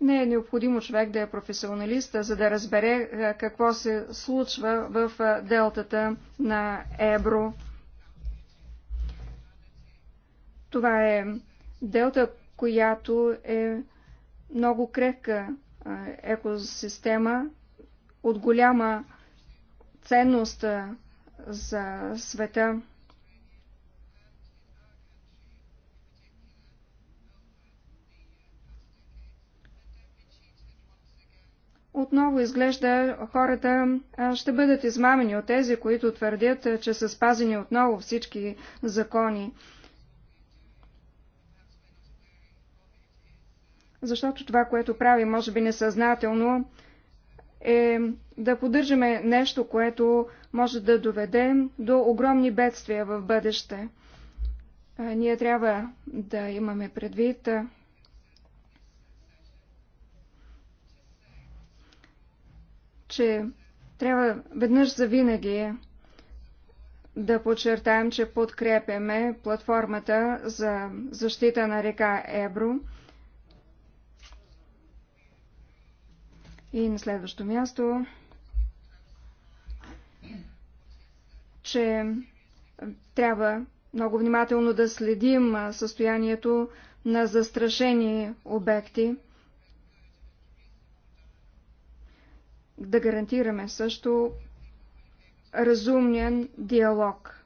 Не е необходимо човек да е професионалист, за да разбере какво се случва в делтата на Ебро. Това е делта, която е много крехка екосистема, от голяма ценност за света. Отново изглежда хората ще бъдат измамени от тези, които твърдят, че са спазени отново всички закони. Защото това, което прави, може би несъзнателно, е да поддържаме нещо, което може да доведе до огромни бедствия в бъдеще. Ние трябва да имаме предвид че трябва веднъж за винаги да подчертаем, че подкрепяме платформата за защита на река Ебро И на следващо място, че трябва много внимателно да следим състоянието на застрашени обекти, да гарантираме също разумен диалог.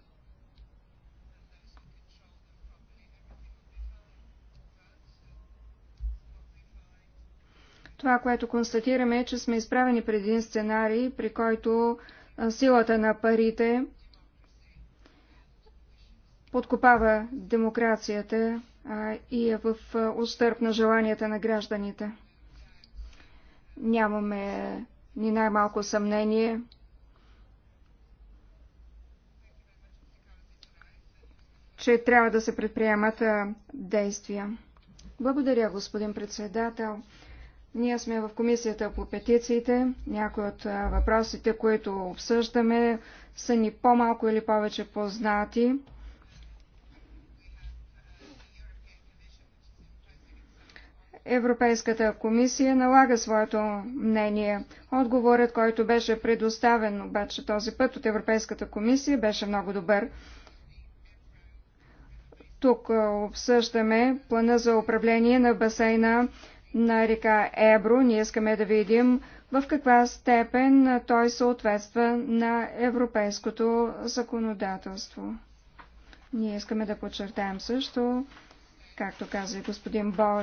Това, което констатираме е, че сме изправени пред един сценарий, при който силата на парите подкопава демокрацията и е в устърп на желанията на гражданите. Нямаме ни най-малко съмнение, че трябва да се предприемат действия. Благодаря, господин председател. Ние сме в комисията по петициите. Някои от въпросите, които обсъждаме, са ни по-малко или повече познати. Европейската комисия налага своето мнение. Отговорът, който беше предоставен обаче този път от Европейската комисия, беше много добър. Тук обсъждаме плана за управление на басейна на река Ебро. Ние искаме да видим в каква степен той съответства на европейското законодателство. Ние искаме да подчертаем също, както каза и господин Бол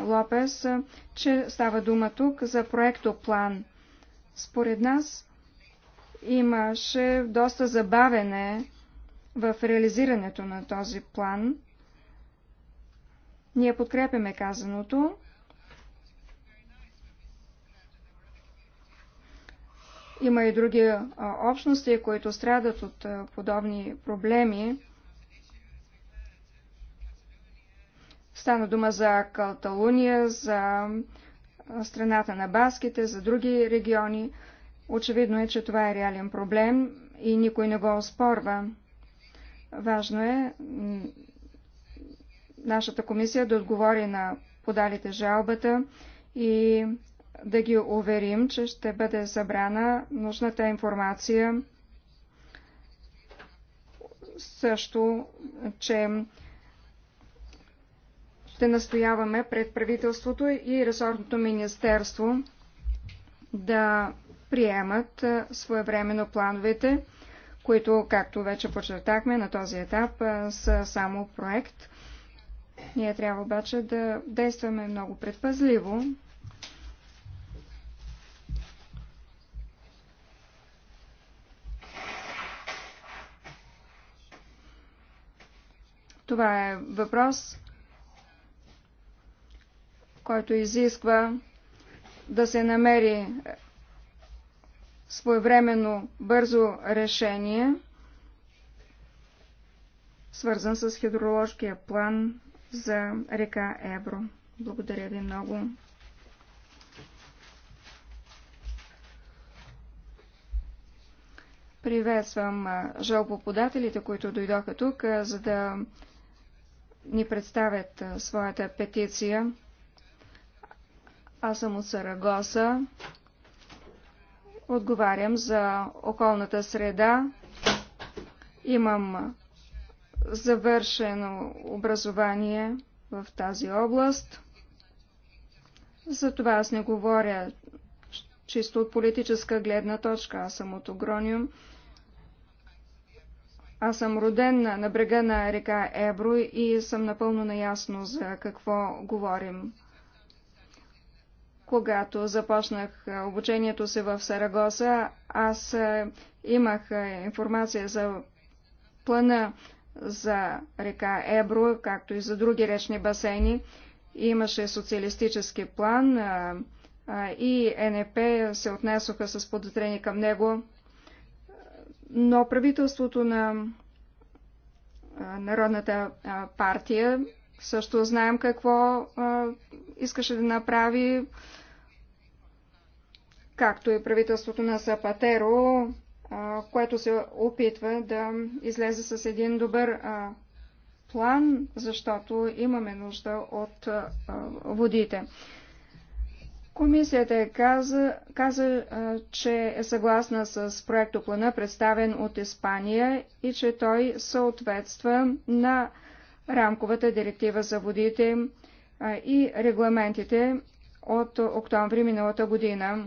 Лопес, че става дума тук за проектоплан. Според нас имаше доста забавене в реализирането на този план. Ние подкрепяме казаното, Има и други общности, които страдат от подобни проблеми. Стана дума за Калталуния, за страната на баските, за други региони. Очевидно е, че това е реален проблем и никой не го оспорва. Важно е нашата комисия да отговори на подалите жалбата и да ги уверим, че ще бъде събрана нужната информация. Също, че ще настояваме пред правителството и ресортното министерство да приемат своевременно плановете, които, както вече подчертахме на този етап, са само проект. Ние трябва обаче да действаме много предпазливо, Това е въпрос, който изисква да се намери своевременно бързо решение, свързан с хидроложкия план за река Ебро. Благодаря ви много. Приветствам жалбоподателите, които дойдоха тук, за да ни представят своята петиция. Аз съм от Сарагоса. Отговарям за околната среда. Имам завършено образование в тази област. Затова аз не говоря чисто от политическа гледна точка. Аз съм от Огрониум. Аз съм роден на брега на река Ебро и съм напълно наясно за какво говорим. Когато започнах обучението си в Сарагоса, аз имах информация за плана за река Ебро, както и за други речни басейни. Имаше социалистически план и НП се отнесоха с подозрение към него. Но правителството на Народната партия също знаем какво искаше да направи, както и правителството на Сапатеро, което се опитва да излезе с един добър план, защото имаме нужда от водите. Комисията е каза, каза че е съгласна с проектоплана, представен от Испания и че той съответства на рамковата директива за водите и регламентите от октомври миналата година.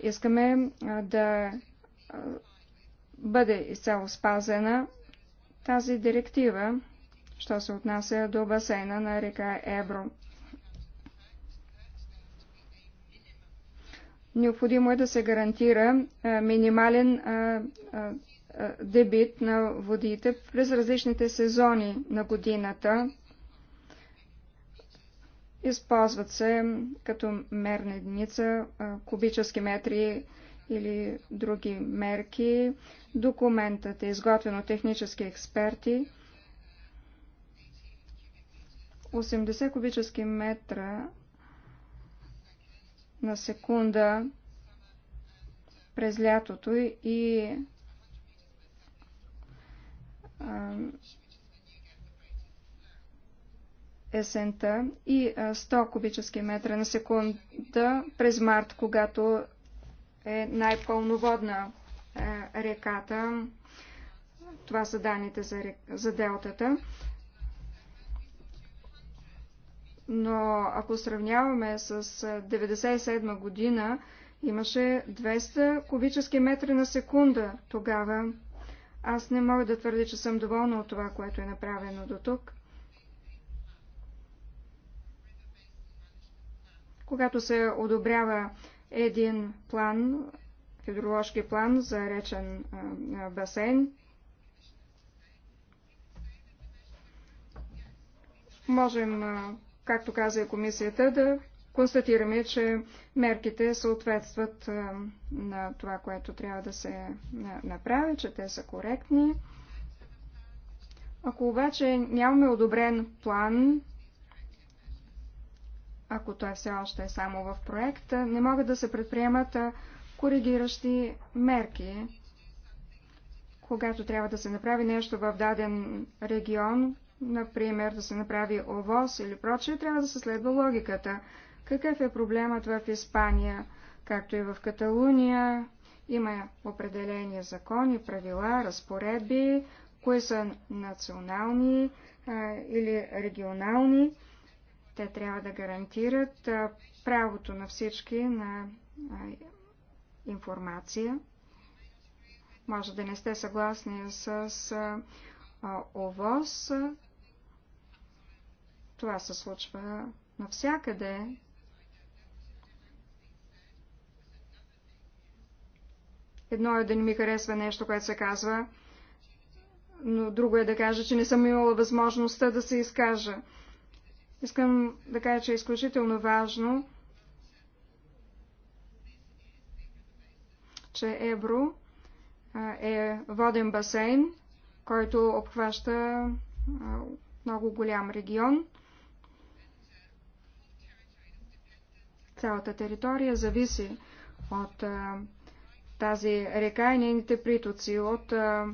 Искаме да бъде изцяло спазена тази директива, що се отнася до басейна на река Евро. Необходимо е да се гарантира минимален дебит на водите през различните сезони на годината. Използват се като мерна единица кубически метри или други мерки. Документът е изготвен от технически експерти. 80 кубически метра на секунда през лятото и есента и 100 кубически метра на секунда през март, когато е най-пълноводна реката. Това са данните за, рек... за делтата но ако сравняваме с 1997 е, година, имаше 200 кубически метри на секунда тогава. Аз не мога да твърдя, че съм доволна от това, което е направено до тук. Когато се одобрява един план, хидроложки план за речен е, басейн, можем е, както каза и комисията, да констатираме, че мерките съответстват на това, което трябва да се направи, че те са коректни. Ако обаче нямаме одобрен план, ако той все още е само в проект, не могат да се предприемат коригиращи мерки. Когато трябва да се направи нещо в даден регион, например, да се направи овоз или прочее, трябва да се следва логиката. Какъв е проблемът в Испания, както и в Каталуния? Има определени закони, правила, разпоредби, кои са национални а, или регионални. Те трябва да гарантират а, правото на всички на а, информация. Може да не сте съгласни с а, ОВОС, това се случва навсякъде. Едно е да не ми харесва нещо, което се казва, но друго е да кажа, че не съм имала възможността да се изкажа. Искам да кажа, че е изключително важно, че Евро е воден басейн, който обхваща много голям регион – Цялата територия зависи от а, тази река и нейните притоци, от а,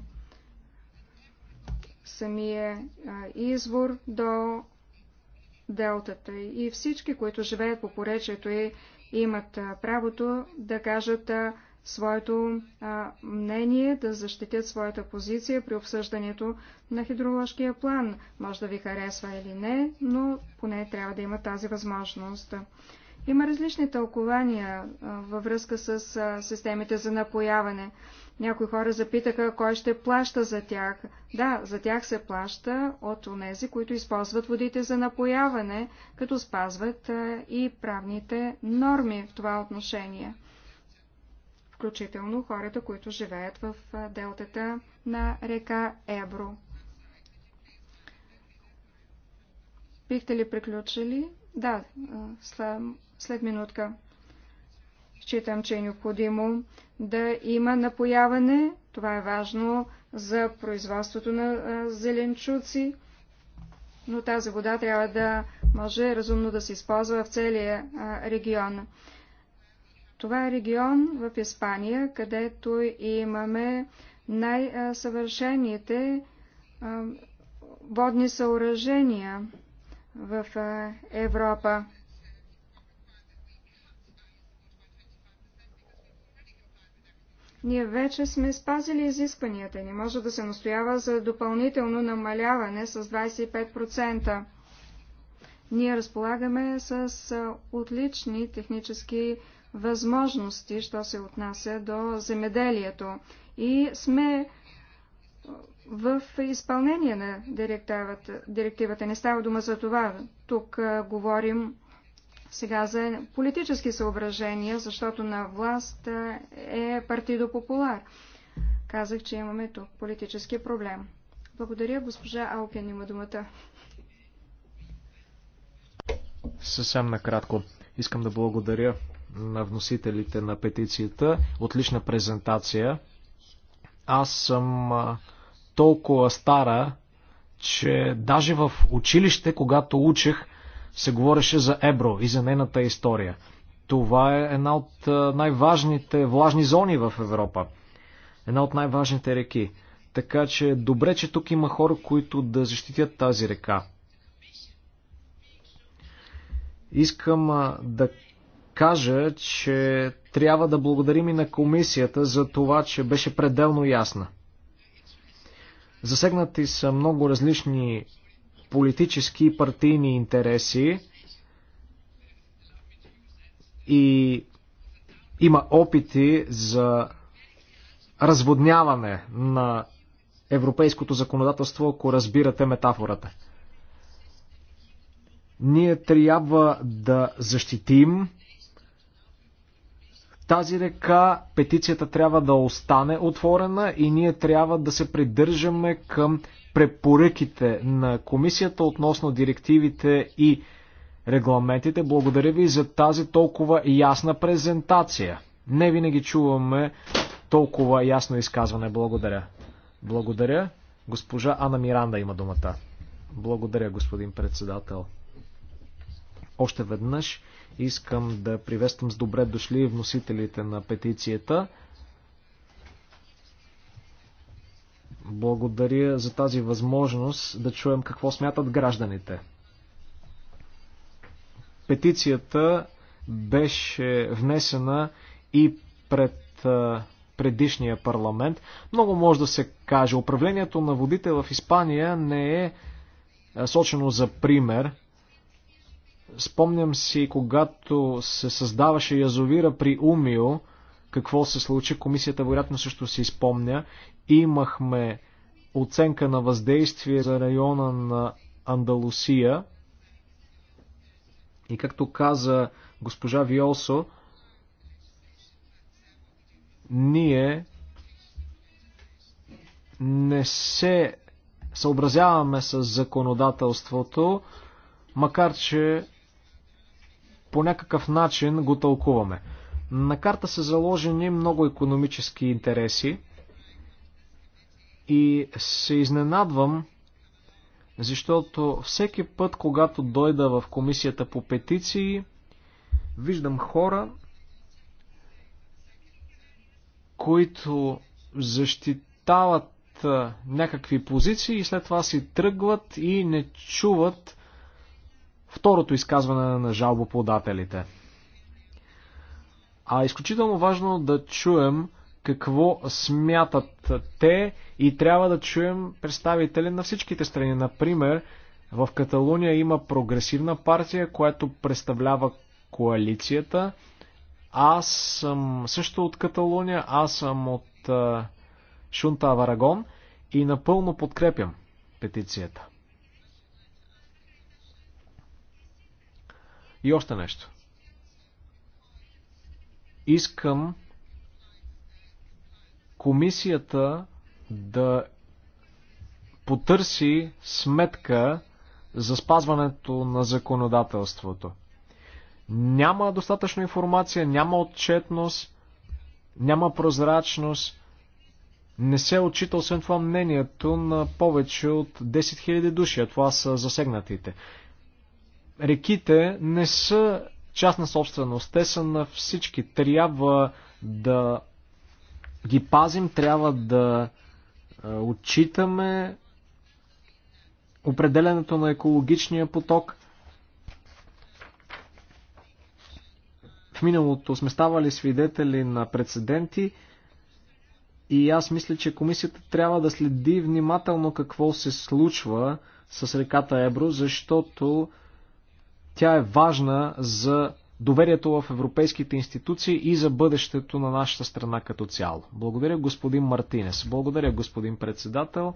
самия а, извор до делтата. И всички, които живеят по поречието и имат а, правото да кажат а, своето а, мнение, да защитят своята позиция при обсъждането на хидроложкия план. Може да ви харесва или не, но поне трябва да има тази възможност. Има различни тълкования във връзка с системите за напояване. Някои хора запитаха, кой ще плаща за тях. Да, за тях се плаща от онези, които използват водите за напояване, като спазват и правните норми в това отношение. Включително хората, които живеят в делтата на река Ебро. Бихте ли приключили? Да, след минутка. Считам, че е необходимо да има напояване. Това е важно за производството на зеленчуци, но тази вода трябва да може разумно да се използва в целия регион. Това е регион в Испания, където имаме най-съвършените водни съоръжения в Европа. Ние вече сме спазили изискванията. Не може да се настоява за допълнително намаляване с 25%. Ние разполагаме с отлични технически възможности, що се отнася до земеделието. И сме в изпълнение на директивата. Не става дума за това. Тук говорим сега за политически съображения, защото на власт е партидо популар. Казах, че имаме тук политически проблем. Благодаря, госпожа Алкен има думата. Съвсем накратко. Искам да благодаря на вносителите на петицията. Отлична презентация. Аз съм толкова стара, че даже в училище, когато учех, се говореше за Ебро и за нейната история. Това е една от най-важните влажни зони в Европа. Една от най-важните реки. Така че е добре, че тук има хора, които да защитят тази река. Искам да кажа, че трябва да благодарим и на комисията за това, че беше пределно ясна. Засегнати са много различни политически и партийни интереси и има опити за разводняване на европейското законодателство, ако разбирате метафората. Ние трябва да защитим тази река, петицията трябва да остане отворена и ние трябва да се придържаме към препоръките на комисията относно директивите и регламентите. Благодаря ви за тази толкова ясна презентация. Не винаги чуваме толкова ясно изказване. Благодаря. Благодаря. Госпожа Ана Миранда има думата. Благодаря, господин председател. Още веднъж искам да приветствам с добре дошли вносителите на петицията. Благодаря за тази възможност да чуем какво смятат гражданите. Петицията беше внесена и пред предишния парламент. Много може да се каже. Управлението на водите в Испания не е сочено за пример. Спомням си, когато се създаваше язовира при Умио, какво се случи. Комисията вероятно също си спомня. Имахме оценка на въздействие за района на Андалусия. И както каза госпожа Виосо, ние не се съобразяваме с законодателството, макар че по някакъв начин го тълкуваме. На карта са заложени много економически интереси и се изненадвам, защото всеки път, когато дойда в комисията по петиции, виждам хора, които защитават някакви позиции и след това си тръгват и не чуват второто изказване на жалбоподателите. А изключително важно е да чуем какво смятат те и трябва да чуем представители на всичките страни. Например, в Каталуния има прогресивна партия, която представлява коалицията. Аз съм също от Каталуния, аз съм от а, Шунта Варагон и напълно подкрепям петицията. И още нещо. Искам комисията да потърси сметка за спазването на законодателството. Няма достатъчно информация, няма отчетност, няма прозрачност, не се отчита освен това мнението на повече от 10 000 души, а това са засегнатите. Реките не са частна собственост. Те са на всички. Трябва да ги пазим, трябва да е, отчитаме определенето на екологичния поток. В миналото сме ставали свидетели на прецеденти и аз мисля, че комисията трябва да следи внимателно какво се случва с реката Ебро, защото тя е важна за доверието в европейските институции и за бъдещето на нашата страна като цяло. Благодаря господин Мартинес. Благодаря господин председател.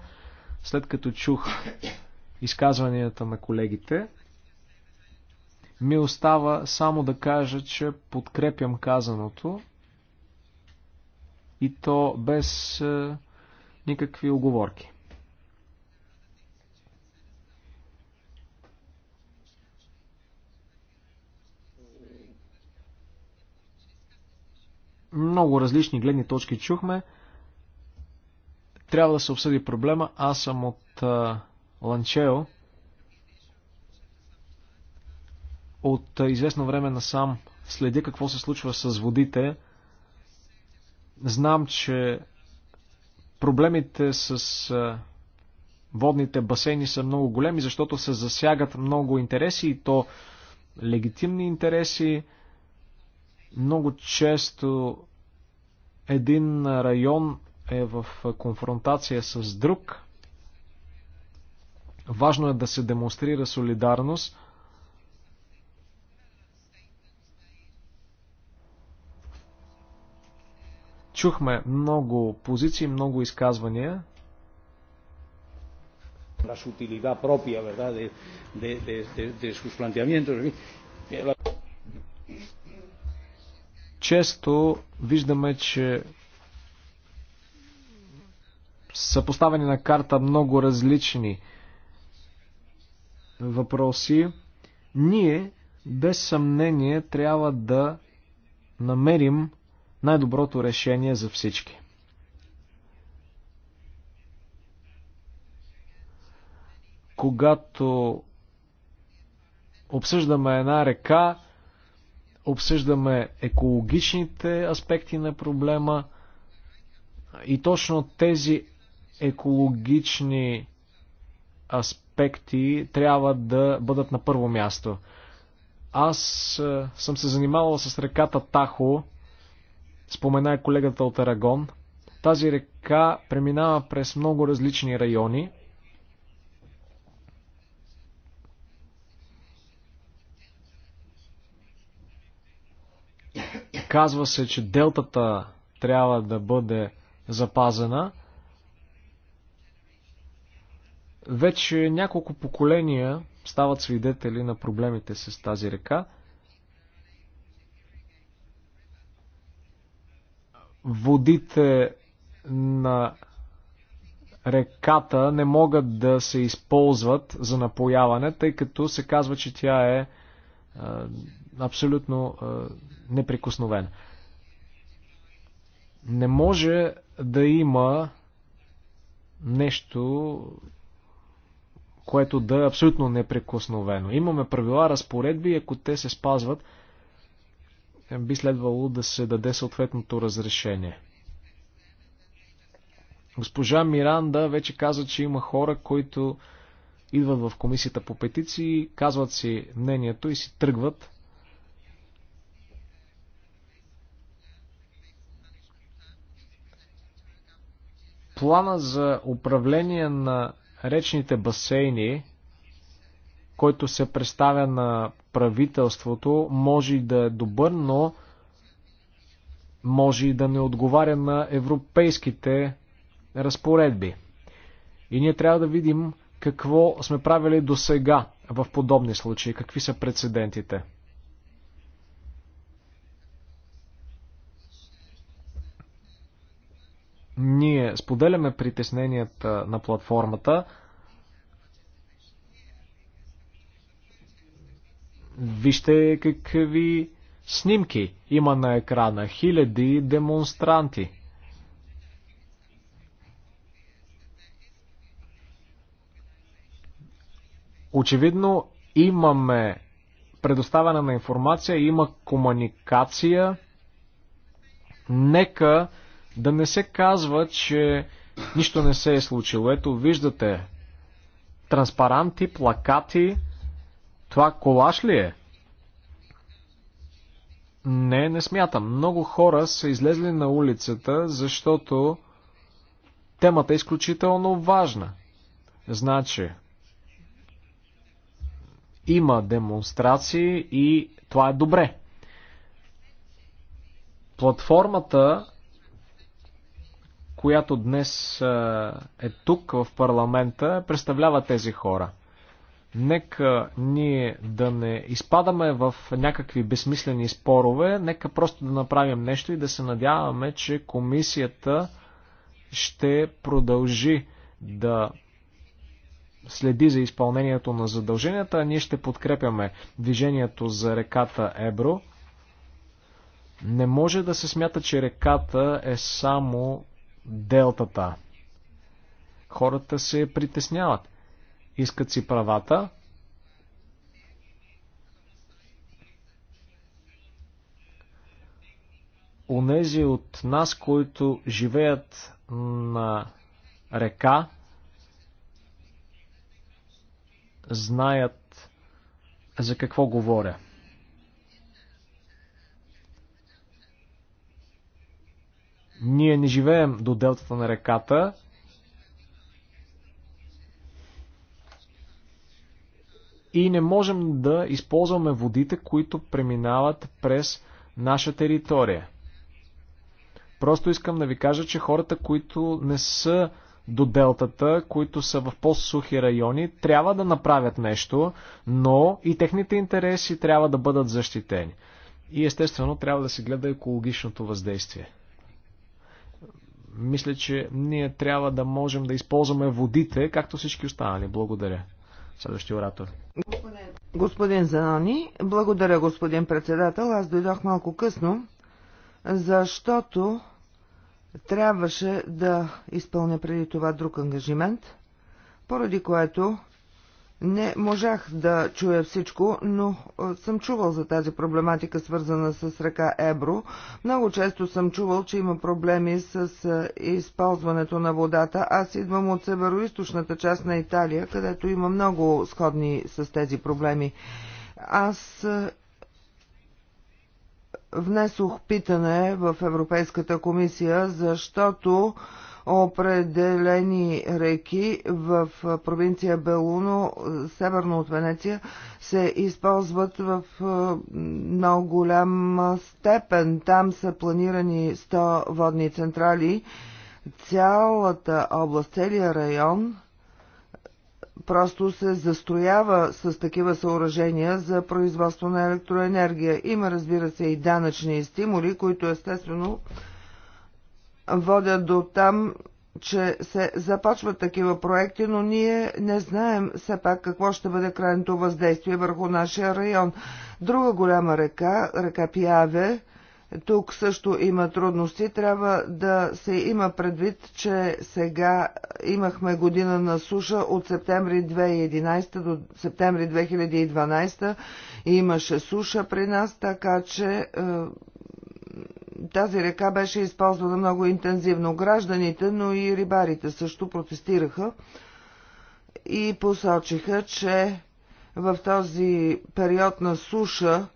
След като чух изказванията на колегите, ми остава само да кажа, че подкрепям казаното и то без е, никакви оговорки. Много различни гледни точки чухме. Трябва да се обсъди проблема. Аз съм от Ланчео. От известно време насам следя какво се случва с водите. Знам, че проблемите с водните басейни са много големи, защото се засягат много интереси и то легитимни интереси. Много често един район е в конфронтация с друг. Важно е да се демонстрира солидарност. Чухме много позиции, много изказвания. La sutilidad propia, ¿verdad? de, de, de, de sus planteamientos. Често виждаме, че са поставени на карта много различни въпроси. Ние, без съмнение, трябва да намерим най-доброто решение за всички. Когато обсъждаме една река, обсъждаме екологичните аспекти на проблема и точно тези екологични аспекти трябва да бъдат на първо място. Аз е, съм се занимавал с реката Тахо, спомена е колегата от Арагон. Тази река преминава през много различни райони. Казва се, че делтата трябва да бъде запазена. Вече няколко поколения стават свидетели на проблемите с тази река. Водите на реката не могат да се използват за напояване, тъй като се казва, че тя е абсолютно неприкосновен. Не може да има нещо, което да е абсолютно неприкосновено. Имаме правила, разпоредби и ако те се спазват, би следвало да се даде съответното разрешение. Госпожа Миранда вече каза, че има хора, които идват в комисията по петиции, казват си мнението и си тръгват. Плана за управление на речните басейни, който се представя на правителството, може и да е добър, но може и да не отговаря на европейските разпоредби. И ние трябва да видим какво сме правили до сега в подобни случаи, какви са прецедентите. Ние споделяме притесненията на платформата. Вижте какви снимки има на екрана. Хиляди демонстранти – Очевидно имаме предоставяне на информация, има комуникация. Нека да не се казва, че нищо не се е случило. Ето, виждате транспаранти, плакати. Това колаш ли е? Не, не смятам. Много хора са излезли на улицата, защото темата е изключително важна. Значи, има демонстрации и това е добре. Платформата, която днес е, е тук в парламента, представлява тези хора. Нека ние да не изпадаме в някакви безсмислени спорове, нека просто да направим нещо и да се надяваме, че комисията ще продължи да следи за изпълнението на задълженията, а ние ще подкрепяме движението за реката Ебро. Не може да се смята, че реката е само делтата. Хората се притесняват. Искат си правата. Онези от нас, които живеят на река, знаят за какво говоря. Ние не живеем до делтата на реката. И не можем да използваме водите, които преминават през наша територия. Просто искам да ви кажа, че хората, които не са до делтата, които са в по-сухи райони, трябва да направят нещо, но и техните интереси трябва да бъдат защитени. И естествено трябва да се гледа екологичното въздействие. Мисля, че ние трябва да можем да използваме водите, както всички останали. Благодаря. Следващия оратор. Господин Занони, благодаря господин председател. Аз дойдох малко късно, защото трябваше да изпълня преди това друг ангажимент, поради което не можах да чуя всичко, но съм чувал за тази проблематика, свързана с река Ебро. Много често съм чувал, че има проблеми с използването на водата. Аз идвам от северо част на Италия, където има много сходни с тези проблеми. Аз внесох питане в Европейската комисия, защото определени реки в провинция Белуно, северно от Венеция, се използват в е, много голяма степен. Там са планирани 100 водни централи. Цялата област, целият район просто се застоява с такива съоръжения за производство на електроенергия. Има, разбира се, и данъчни стимули, които естествено водят до там, че се започват такива проекти, но ние не знаем все пак какво ще бъде крайното въздействие върху нашия район. Друга голяма река, река Пиаве, тук също има трудности. Трябва да се има предвид, че сега имахме година на суша от септември 2011 до септември 2012. Имаше суша при нас, така че е, тази река беше използвана много интензивно. Гражданите, но и рибарите също протестираха и посочиха, че в този период на суша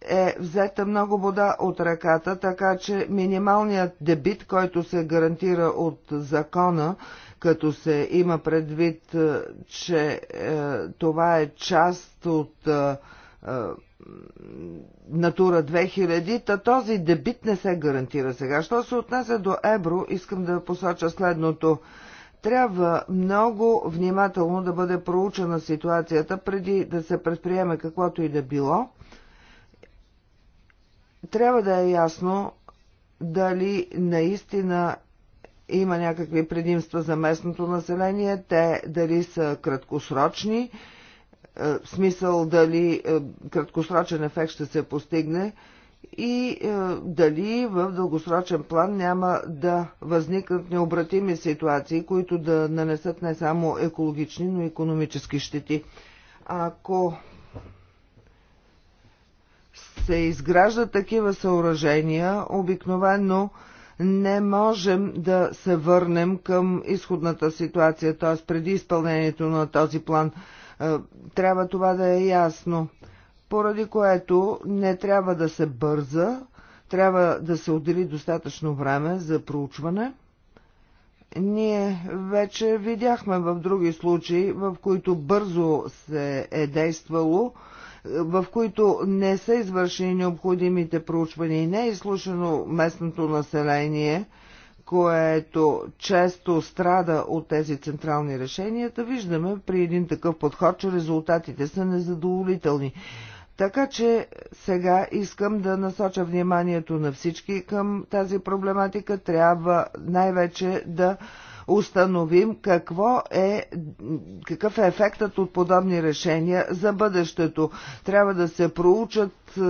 е взета много вода от ръката, така че минималният дебит, който се гарантира от закона, като се има предвид, е, че е, това е част от е, е Натура 2000, та този дебит не се гарантира сега. Що се отнася до евро, искам да посоча следното. Трябва много внимателно да бъде проучена ситуацията преди да се предприеме каквото и да било трябва да е ясно дали наистина има някакви предимства за местното население, те дали са краткосрочни, е, в смисъл дали е, краткосрочен ефект ще се постигне и е, дали в дългосрочен план няма да възникнат необратими ситуации, които да нанесат не само екологични, но и економически щети. Ако се изграждат такива съоръжения, обикновено не можем да се върнем към изходната ситуация, т.е. преди изпълнението на този план. Е, трябва това да е ясно, поради което не трябва да се бърза, трябва да се отдели достатъчно време за проучване. Ние вече видяхме в други случаи, в които бързо се е действало, в които не са извършени необходимите проучвания и не е изслушано местното население, което често страда от тези централни решения, да виждаме при един такъв подход, че резултатите са незадоволителни. Така че сега искам да насоча вниманието на всички към тази проблематика. Трябва най-вече да установим какво е, какъв е ефектът от подобни решения за бъдещето. Трябва да се проучат е,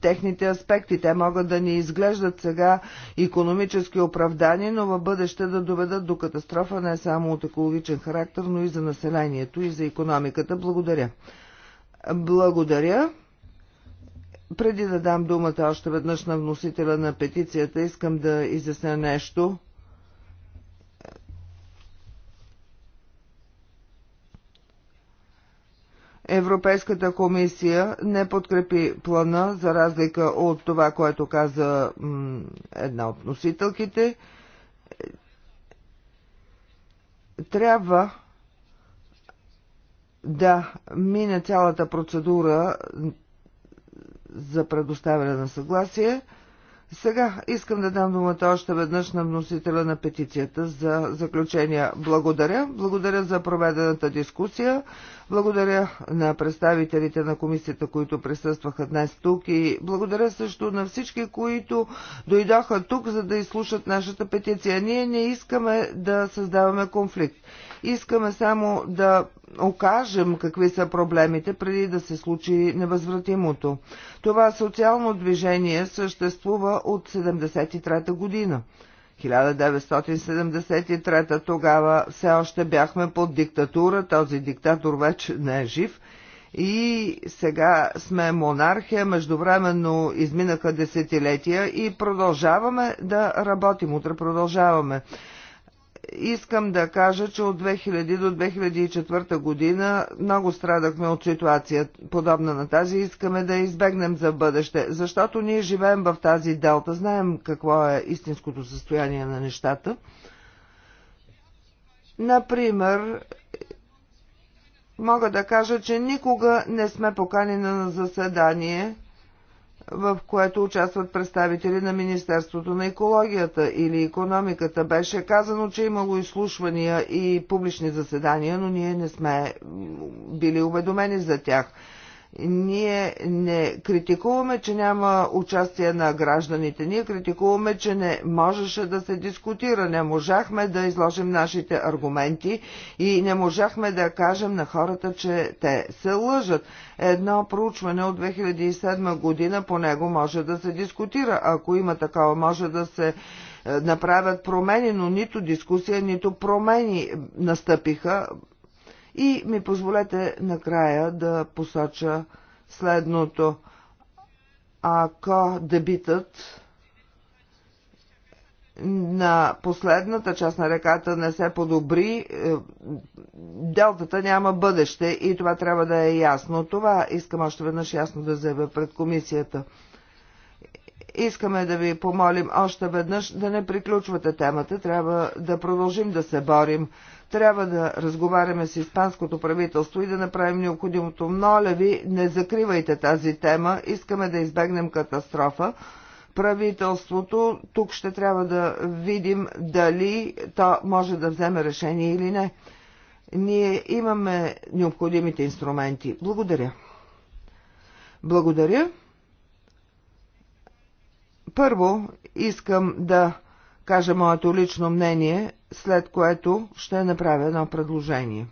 техните аспекти. Те могат да ни изглеждат сега економически оправдани, но в бъдеще да доведат до катастрофа не само от екологичен характер, но и за населението и за економиката. Благодаря. Благодаря. Преди да дам думата още веднъж на вносителя на петицията, искам да изясня нещо. Европейската комисия не подкрепи плана, за разлика от това, което каза една от носителките. Трябва да мине цялата процедура за предоставяне на съгласие. Сега искам да дам думата още веднъж на вносителя на петицията за заключения. Благодаря. Благодаря за проведената дискусия. Благодаря на представителите на комисията, които присъстваха днес тук и благодаря също на всички, които дойдоха тук, за да изслушат нашата петиция. Ние не искаме да създаваме конфликт. Искаме само да окажем какви са проблемите преди да се случи невъзвратимото. Това социално движение съществува от 73 година. 1973 тогава все още бяхме под диктатура, този диктатор вече не е жив и сега сме монархия, междувременно изминаха десетилетия и продължаваме да работим, утре продължаваме искам да кажа, че от 2000 до 2004 година много страдахме от ситуация подобна на тази. Искаме да избегнем за бъдеще, защото ние живеем в тази делта, знаем какво е истинското състояние на нещата. Например, мога да кажа, че никога не сме поканени на заседание в което участват представители на Министерството на екологията или економиката. Беше казано, че имало изслушвания и публични заседания, но ние не сме били уведомени за тях. Ние не критикуваме, че няма участие на гражданите. Ние критикуваме, че не можеше да се дискутира. Не можахме да изложим нашите аргументи и не можахме да кажем на хората, че те се лъжат. Едно проучване от 2007 година по него може да се дискутира. Ако има такова, може да се е, направят промени, но нито дискусия, нито промени настъпиха и ми позволете накрая да посоча следното. Ако дебитът на последната част на реката не се подобри, е, делтата няма бъдеще и това трябва да е ясно. Това искам още веднъж ясно да заявя пред комисията. Искаме да ви помолим още веднъж да не приключвате темата, трябва да продължим да се борим. Трябва да разговаряме с испанското правителство и да направим необходимото. Моля ви, не закривайте тази тема. Искаме да избегнем катастрофа правителството, тук ще трябва да видим дали то може да вземе решение или не. Ние имаме необходимите инструменти. Благодаря. Благодаря. Първо искам да кажа моето лично мнение, след което ще направя едно предложение.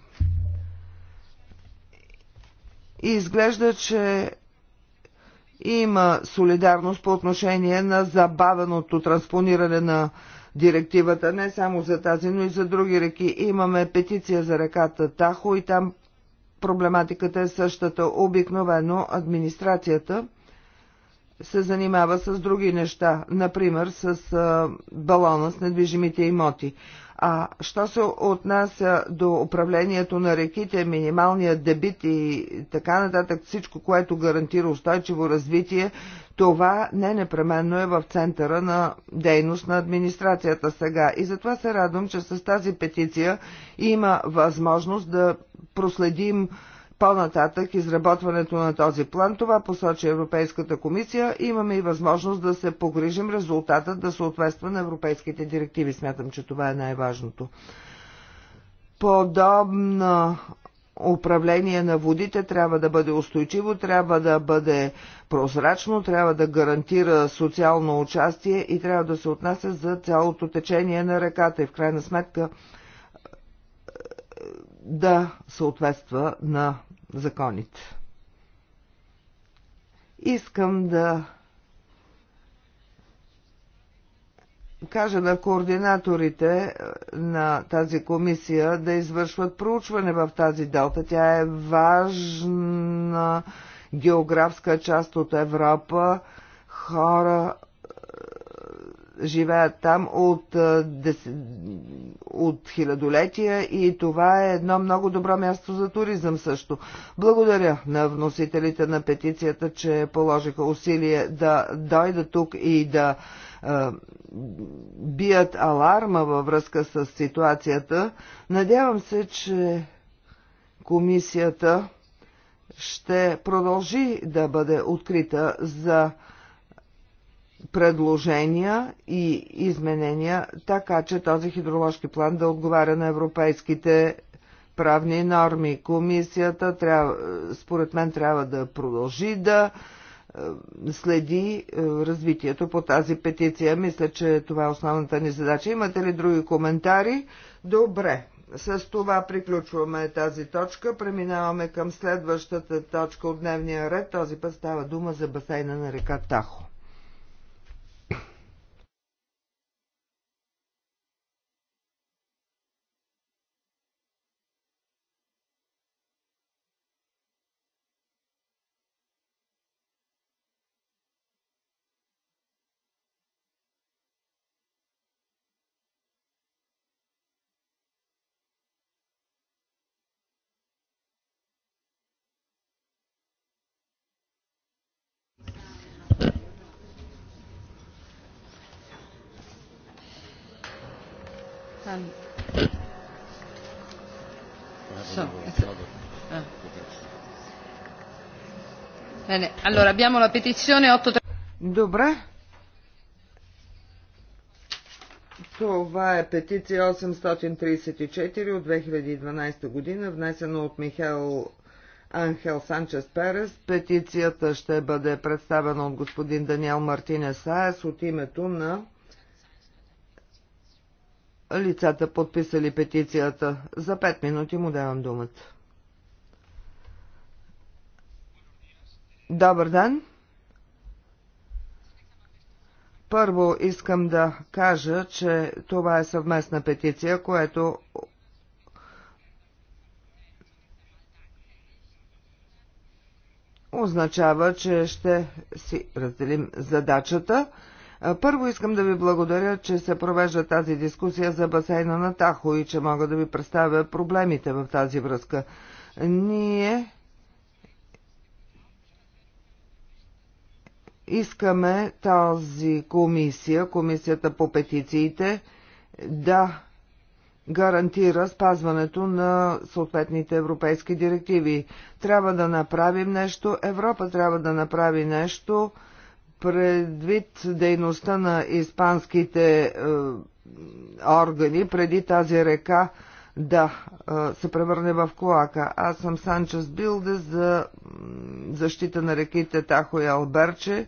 И изглежда, че има солидарност по отношение на забавеното транспониране на директивата, не само за тази, но и за други реки. Имаме петиция за реката Тахо и там проблематиката е същата. Обикновено администрацията – се занимава с други неща, например с балона с недвижимите имоти. А що се отнася до управлението на реките, минималният дебит и така нататък, всичко, което гарантира устойчиво развитие, това не непременно е в центъра на дейност на администрацията сега. И затова се радвам, че с тази петиция има възможност да проследим по-нататък изработването на този план. Това посочи Европейската комисия. Имаме и възможност да се погрижим резултата да съответства на европейските директиви. Смятам, че това е най-важното. Подобно управление на водите трябва да бъде устойчиво, трябва да бъде прозрачно, трябва да гарантира социално участие и трябва да се отнася за цялото течение на реката и в крайна сметка е, е, да съответства на законите. Искам да кажа на координаторите е, на тази комисия да извършват проучване в тази делта. Тя е важна географска част от Европа. Хора живеят там от, от хилядолетия и това е едно много добро място за туризъм също. Благодаря на вносителите на петицията, че положиха усилие да дойдат тук и да бият аларма във връзка с ситуацията. Надявам се, че комисията ще продължи да бъде открита за предложения и изменения, така че този хидроложки план да отговаря на европейските правни норми. Комисията, трябва, според мен, трябва да продължи да е, следи е, развитието по тази петиция. Мисля, че това е основната ни задача. Имате ли други коментари? Добре. С това приключваме тази точка. Преминаваме към следващата точка от дневния ред. Този път става дума за басейна на река Тахо. Um, so, ah. Bene, allora abbiamo la petizione Добре. Това е петиция 834 от 2012 година, внесена от Михаил Анхел Санчес Перес. Петицията ще бъде представена от господин Даниел Мартинес Аес от името на лицата подписали петицията. За пет минути му давам думата. Добър ден! Първо искам да кажа, че това е съвместна петиция, което означава, че ще си разделим задачата. Първо искам да ви благодаря, че се провежда тази дискусия за басейна на Тахо и че мога да ви представя проблемите в тази връзка. Ние искаме тази комисия, комисията по петициите, да гарантира спазването на съответните европейски директиви. Трябва да направим нещо, Европа трябва да направи нещо, предвид дейността на испанските е, органи преди тази река да е, се превърне в Коака. Аз съм Санчес Билде за защита на реките Тахо и Алберче.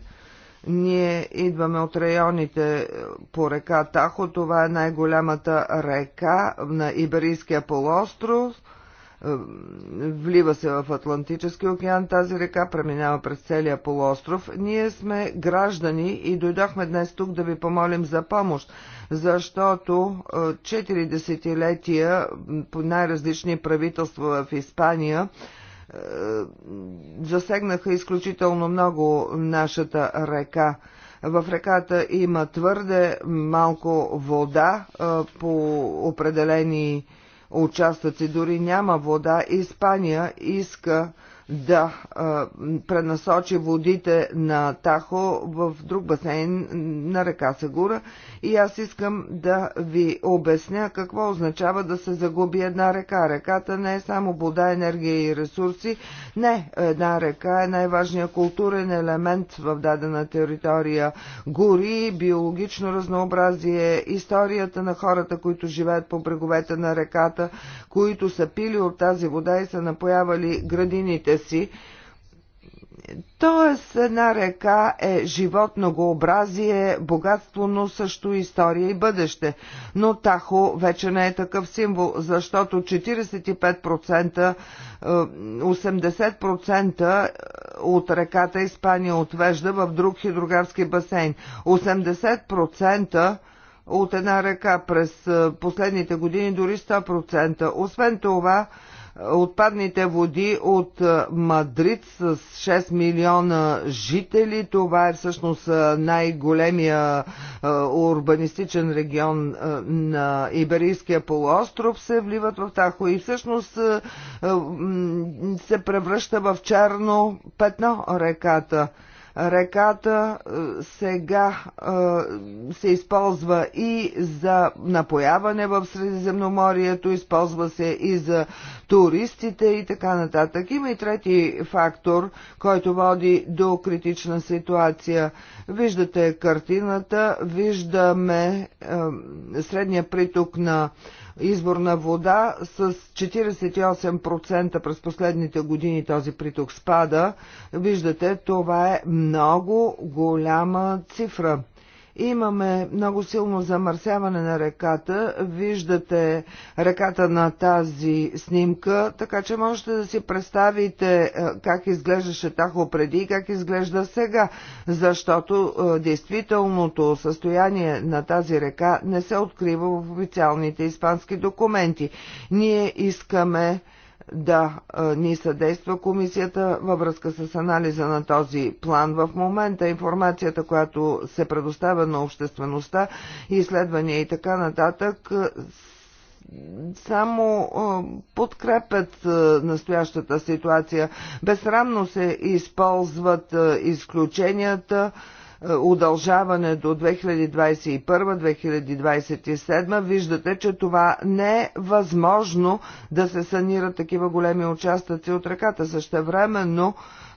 Ние идваме от районите е, по река Тахо. Това е най-голямата река на Иберийския полуостров – е, влива се в Атлантически океан, тази река преминава през целия полуостров. Ние сме граждани и дойдохме днес тук да ви помолим за помощ, защото 4 е, десетилетия по най-различни правителства в Испания е, засегнаха изключително много нашата река. В реката има твърде малко вода по определени участъци, дори няма вода. Испания иска да а, пренасочи водите на Тахо в друг басейн на река Сегура и аз искам да ви обясня какво означава да се загуби една река. Реката не е само вода, енергия и ресурси. Не, една река е най-важният културен елемент в дадена територия. Гори, биологично разнообразие, историята на хората, които живеят по бреговете на реката, които са пили от тази вода и са напоявали градините си. Тоест една река е живот, многообразие, богатство, но също история и бъдеще. Но Тахо вече не е такъв символ, защото 45%, 80% е, от реката Испания отвежда в друг хидрографски басейн. 80% от една река през е, последните години дори 100%. Освен това, отпадните води от Мадрид с 6 милиона жители. Това е всъщност най-големия урбанистичен регион на Иберийския полуостров се вливат в Тахо и всъщност се превръща в черно петно реката. Реката е, сега е, се използва и за напояване в Средиземноморието, използва се и за туристите и така нататък. Има и трети фактор, който води до критична ситуация. Виждате картината, виждаме е, средния приток на на вода. С 48% през последните години този приток спада. Виждате, това е много голяма цифра. Имаме много силно замърсяване на реката. Виждате реката на тази снимка, така че можете да си представите е, как изглеждаше Тахо преди и как изглежда сега, защото е, действителното състояние на тази река не се открива в официалните испански документи. Ние искаме да ни съдейства комисията във връзка с анализа на този план. В момента информацията, която се предоставя на обществеността, изследвания и така нататък, само подкрепят настоящата ситуация. Безсрамно се използват изключенията, е, удължаване до 2021-2027, виждате, че това не е възможно да се санират такива големи участъци от ръката. Същевременно но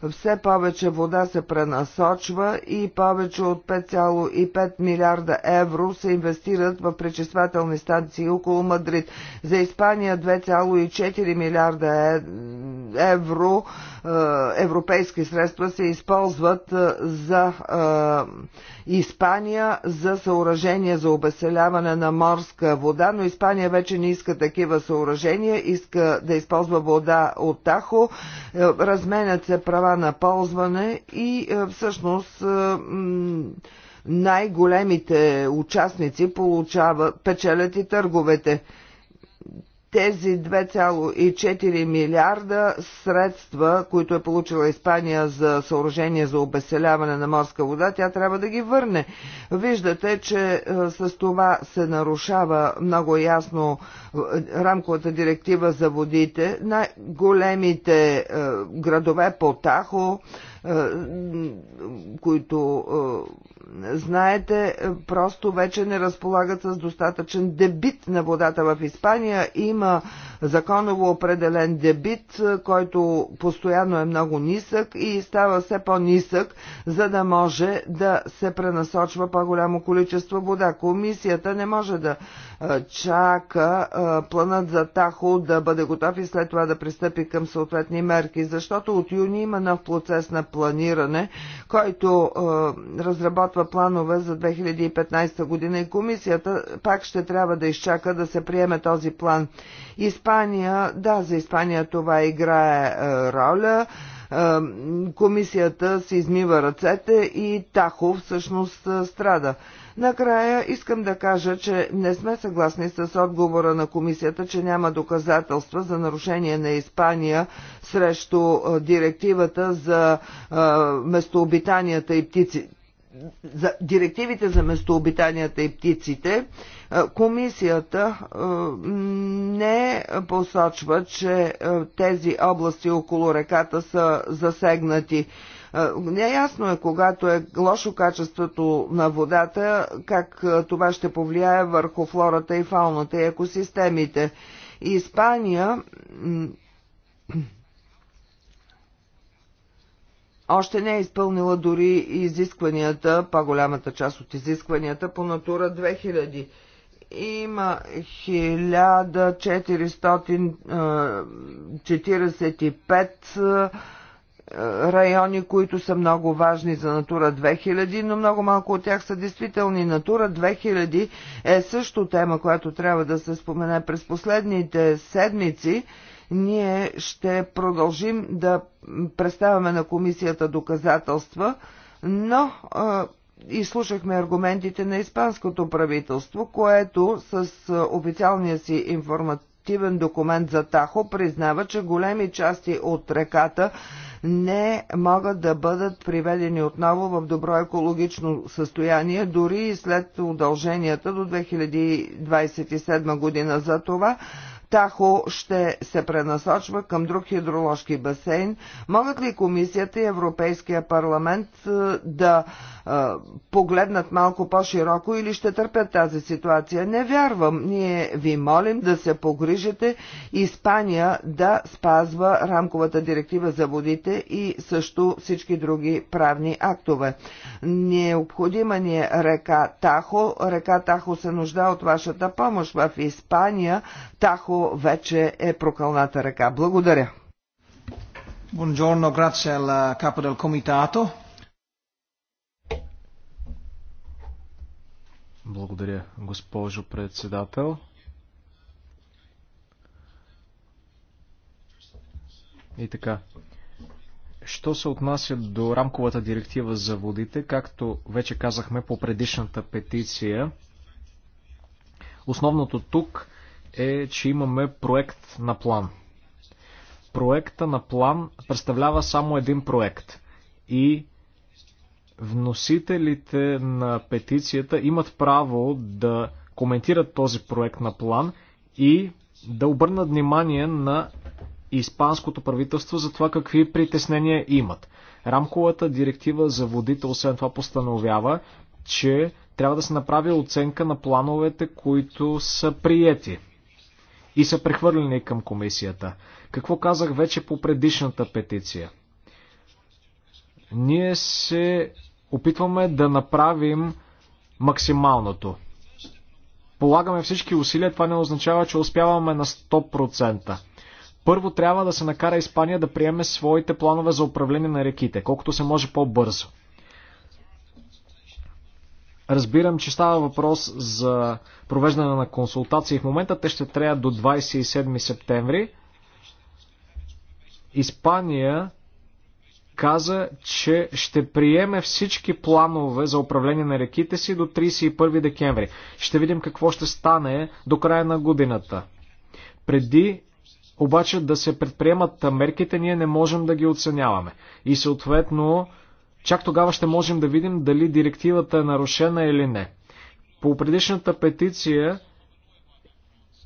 все повече вода се пренасочва и повече от 5,5 милиарда евро се инвестират в пречиствателни станции около Мадрид. За Испания 2,4 милиарда е, евро е, европейски средства се използват е, за Испания за съоръжение за обеселяване на морска вода, но Испания вече не иска такива съоръжения, иска да използва вода от Тахо. Разменят се права права на ползване и е, всъщност е, най-големите участници получават, печелят и търговете тези 2,4 милиарда средства, които е получила Испания за съоръжение за обеселяване на морска вода, тя трябва да ги върне. Виждате, че е, с това се нарушава много ясно е, рамковата директива за водите. Най-големите е, градове по Тахо, е, които е, знаете, просто вече не разполагат с достатъчен дебит на водата в Испания. Има законово определен дебит, е, който постоянно е много нисък и става все по-нисък, за да може да се пренасочва по-голямо количество вода. Комисията не може да чака планът за Тахо да бъде готов и след това да пристъпи към съответни мерки, защото от юни има нов процес на планиране, който е, разработва планове за 2015 година и комисията пак ще трябва да изчака да се приеме този план. Испания, да, за Испания това играе е, роля комисията си измива ръцете и Тахо всъщност страда. Накрая искам да кажа, че не сме съгласни с отговора на комисията, че няма доказателства за нарушение на Испания срещу директивата за местообитанията и птиците за директивите за местообитанията и птиците, комисията не посочва, че тези области около реката са засегнати. Неясно е, е, когато е лошо качеството на водата, как това ще повлияе върху флората и фауната и екосистемите. Испания още не е изпълнила дори изискванията, по-голямата част от изискванията по Натура 2000 има 1445 райони, които са много важни за Натура 2000, но много малко от тях са действителни. Натура 2000 е също тема, която трябва да се спомене през последните седмици. Ние ще продължим да представяме на комисията доказателства, но изслушахме аргументите на испанското правителство, което с официалния си информат активен документ за Тахо признава, че големи части от реката не могат да бъдат приведени отново в добро екологично състояние, дори и след удълженията до 2027 година. За това Тахо ще се пренасочва към друг хидроложки басейн. Могат ли комисията и Европейския парламент е, да е, погледнат малко по-широко или ще търпят тази ситуация? Не вярвам. Ние ви молим да се погрижите Испания да спазва рамковата директива за водите и също всички други правни актове. Необходима ни е река Тахо. Река Тахо се нужда от вашата помощ. В Испания Тахо вече е прокълната ръка. Благодаря. Buongiorno, grazie al capo del comitato. Благодаря, госпожо председател. И така. Що се отнася до рамковата директива за водите, както вече казахме по предишната петиция, основното тук е, че имаме проект на план. Проекта на план представлява само един проект и вносителите на петицията имат право да коментират този проект на план и да обърнат внимание на испанското правителство за това какви притеснения имат. Рамковата директива за водите освен това постановява, че трябва да се направи оценка на плановете, които са приети и са прехвърлени към комисията. Какво казах вече по предишната петиция? Ние се опитваме да направим максималното. Полагаме всички усилия, това не означава, че успяваме на 100%. Първо трябва да се накара Испания да приеме своите планове за управление на реките, колкото се може по-бързо. Разбирам, че става въпрос за провеждане на консултации. В момента те ще трябва до 27 септември. Испания каза, че ще приеме всички планове за управление на реките си до 31 декември. Ще видим какво ще стане до края на годината. Преди обаче да се предприемат мерките, ние не можем да ги оценяваме. И съответно Чак тогава ще можем да видим дали директивата е нарушена или не. По предишната петиция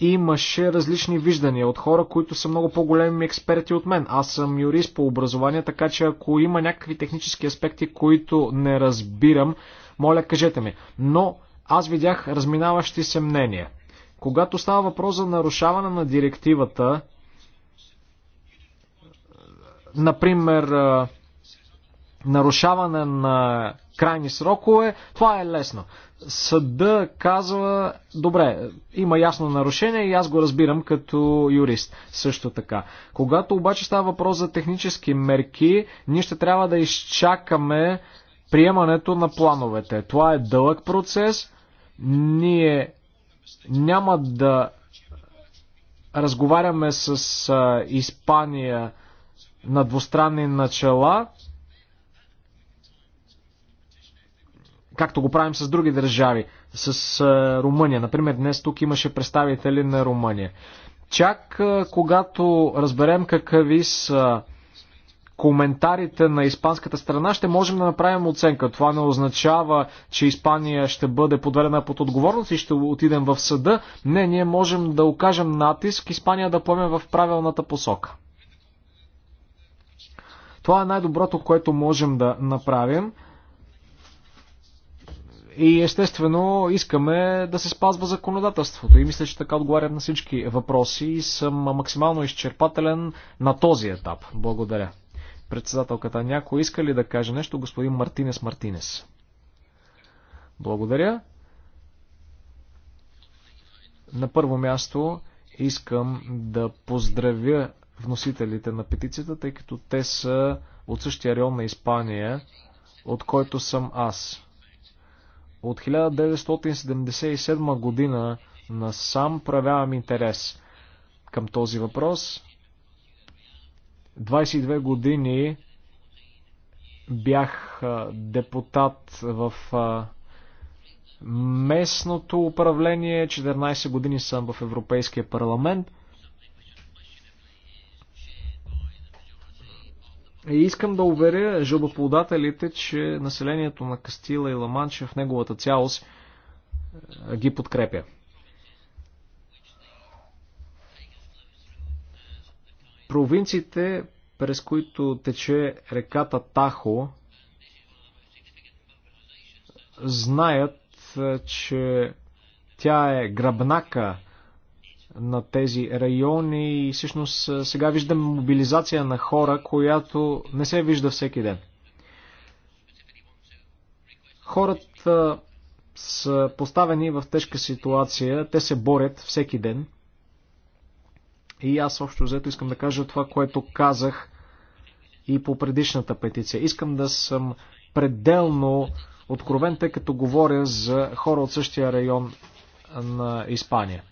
имаше различни виждания от хора, които са много по-големи експерти от мен. Аз съм юрист по образование, така че ако има някакви технически аспекти, които не разбирам, моля кажете ми. Но аз видях разминаващи се мнения. Когато става въпрос за нарушаване на директивата, например, нарушаване на крайни срокове, това е лесно. Съда казва, добре, има ясно нарушение и аз го разбирам като юрист. Също така. Когато обаче става въпрос за технически мерки, ние ще трябва да изчакаме приемането на плановете. Това е дълъг процес. Ние няма да разговаряме с Испания на двустранни начала, както го правим с други държави, с Румъния. Например, днес тук имаше представители на Румъния. Чак когато разберем какви са коментарите на испанската страна, ще можем да направим оценка. Това не означава, че Испания ще бъде подведена под отговорност и ще отидем в съда. Не, ние можем да окажем натиск Испания да поеме в правилната посока. Това е най-доброто, което можем да направим. И естествено искаме да се спазва законодателството. И мисля, че така отговарям на всички въпроси и съм максимално изчерпателен на този етап. Благодаря. Председателката, някой иска ли да каже нещо? Господин Мартинес Мартинес. Благодаря. На първо място искам да поздравя вносителите на петицията, тъй като те са от същия район на Испания, от който съм аз. От 1977 година насам правявам интерес към този въпрос. 22 години бях депутат в местното управление, 14 години съм в Европейския парламент – И искам да уверя жълбоплодателите, че населението на Кастила и Ламанча в неговата цялост е, ги подкрепя. Провинциите, през които тече реката Тахо, знаят, е, че тя е гръбнака на тези райони и всъщност сега виждам мобилизация на хора, която не се вижда всеки ден. Хората са поставени в тежка ситуация, те се борят всеки ден. И аз общо взето искам да кажа това, което казах и по предишната петиция. Искам да съм пределно откровен, тъй като говоря за хора от същия район на Испания.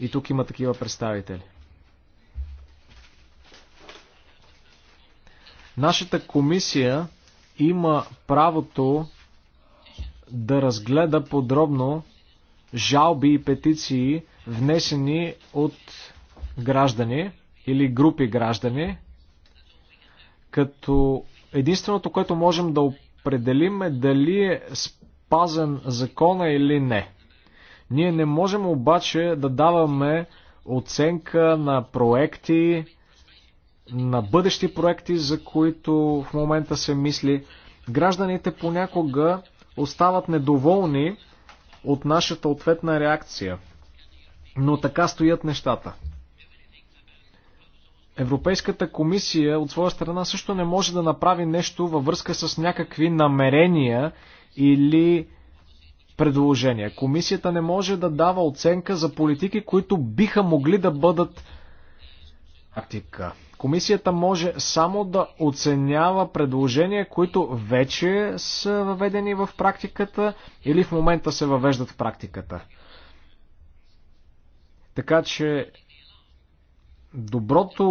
И тук има такива представители. Нашата комисия има правото да разгледа подробно жалби и петиции, внесени от граждани или групи граждани, като единственото, което можем да определим е дали е спазен закона или не. Ние не можем обаче да даваме оценка на проекти, на бъдещи проекти, за които в момента се мисли. Гражданите понякога остават недоволни от нашата ответна реакция. Но така стоят нещата. Европейската комисия от своя страна също не може да направи нещо във връзка с някакви намерения или предложения. Комисията не може да дава оценка за политики, които биха могли да бъдат практика. Комисията може само да оценява предложения, които вече са въведени в практиката или в момента се въвеждат в практиката. Така че доброто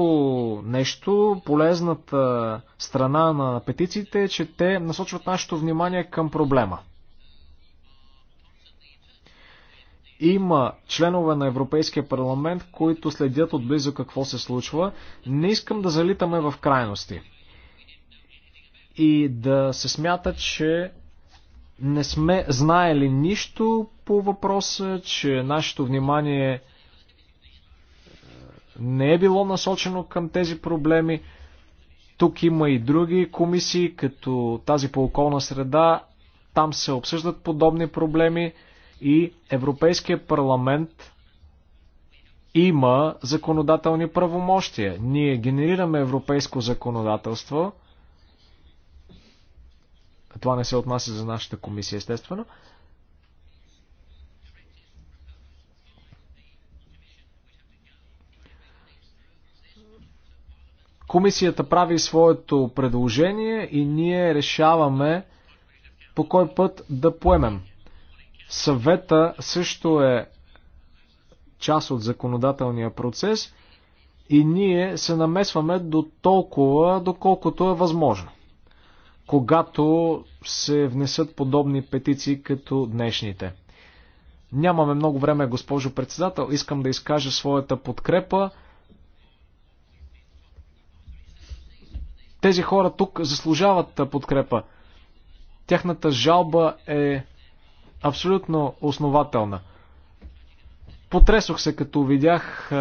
нещо, полезната страна на петициите е, че те насочват нашето внимание към проблема – Има членове на Европейския парламент, които следят отблизо какво се случва. Не искам да залитаме в крайности и да се смята, че не сме знаели нищо по въпроса, че нашето внимание е, не е било насочено към тези проблеми. Тук има и други комисии, като тази по околна среда. Там се обсъждат подобни проблеми и Европейския парламент има законодателни правомощия. Ние генерираме европейско законодателство. Това не се отнася за нашата комисия, естествено. Комисията прави своето предложение и ние решаваме по кой път да поемем Съвета също е част от законодателния процес и ние се намесваме до толкова, доколкото е възможно. Когато се внесат подобни петиции като днешните. Нямаме много време, госпожо председател. Искам да изкажа своята подкрепа. Тези хора тук заслужават подкрепа. Тяхната жалба е абсолютно основателна. Потресох се, като видях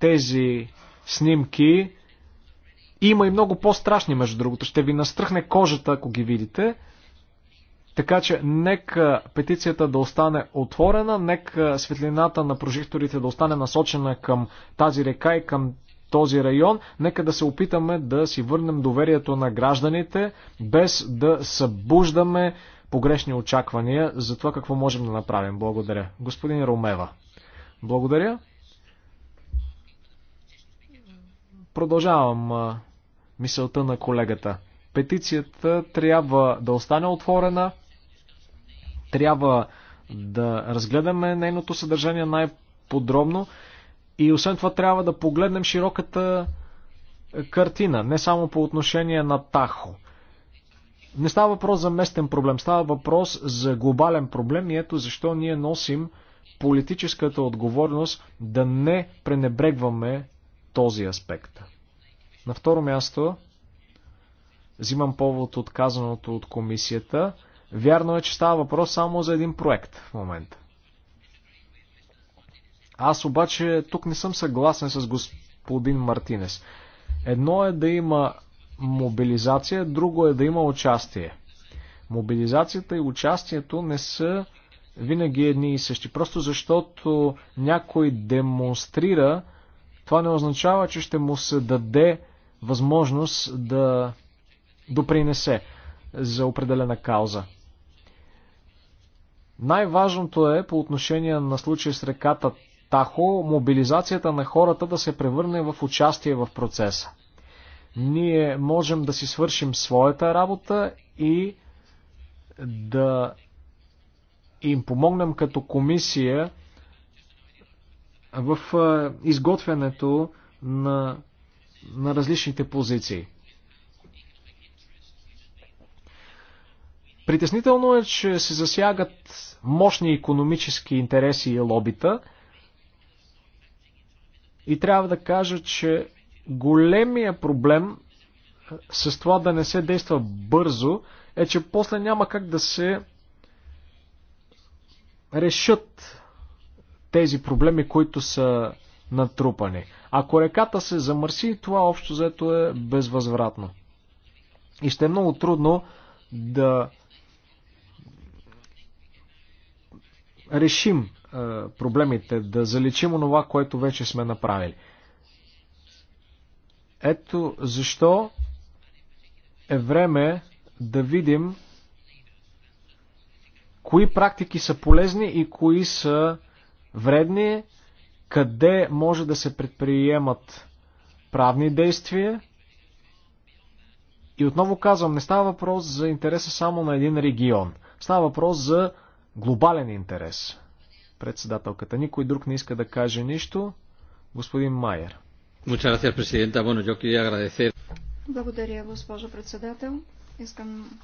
тези снимки. Има и много по-страшни, между другото. Ще ви настръхне кожата, ако ги видите. Така че нека петицията да остане отворена, нека светлината на прожекторите да остане насочена към тази река и към този район. Нека да се опитаме да си върнем доверието на гражданите, без да събуждаме погрешни очаквания за това какво можем да направим. Благодаря. Господин Ромева. Благодаря. Продължавам мисълта на колегата. Петицията трябва да остане отворена. Трябва да разгледаме нейното съдържание най-подробно. И освен това трябва да погледнем широката картина, не само по отношение на Тахо. Не става въпрос за местен проблем, става въпрос за глобален проблем и ето защо ние носим политическата отговорност да не пренебрегваме този аспект. На второ място, взимам повод от казаното от комисията. Вярно е, че става въпрос само за един проект в момента. Аз обаче тук не съм съгласен с господин Мартинес. Едно е да има мобилизация, друго е да има участие. Мобилизацията и участието не са винаги едни и същи. Просто защото някой демонстрира, това не означава, че ще му се даде възможност да допринесе за определена кауза. Най-важното е по отношение на случая с реката Тахо, мобилизацията на хората да се превърне в участие в процеса. Ние можем да си свършим своята работа и да им помогнем като комисия в изготвянето на, на различните позиции. Притеснително е, че се засягат мощни економически интереси и лобита. И трябва да кажа, че Големия проблем с това да не се действа бързо е, че после няма как да се решат тези проблеми, които са натрупани. Ако реката се замърси, това общо взето е безвъзвратно. И ще е много трудно да решим проблемите, да заличим онова, което вече сме направили. Ето защо е време да видим кои практики са полезни и кои са вредни, къде може да се предприемат правни действия. И отново казвам, не става въпрос за интереса само на един регион. Става въпрос за глобален интерес. Председателката. Никой друг не иска да каже нищо. Господин Майер. Благодаря, госпожо председател. Искам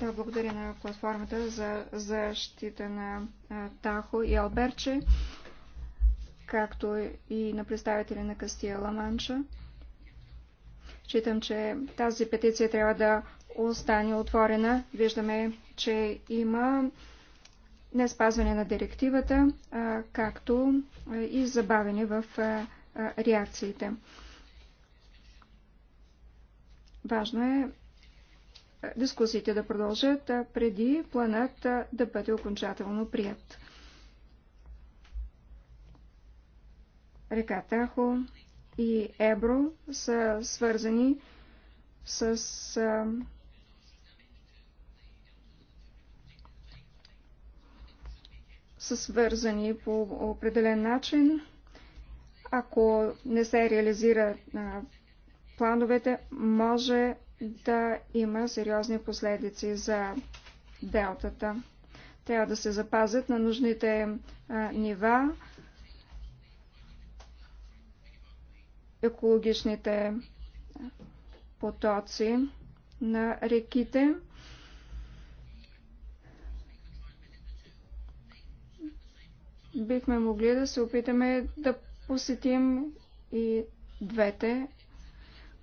да благодаря на платформата за защита на Тахо и Алберче, както и на представители на Кастия Ламанча. Читам, че тази петиция трябва да остане отворена. Виждаме, че има неспазване на директивата, както и забавени в реакциите. Важно е дискусиите да продължат преди планът да бъде окончателно прият. Река Тахо и Ебро са свързани с са свързани по определен начин ако не се реализира а, плановете, може да има сериозни последици за делтата. Трябва да се запазят на нужните а, нива екологичните потоци на реките. бихме могли да се опитаме да посетим и двете,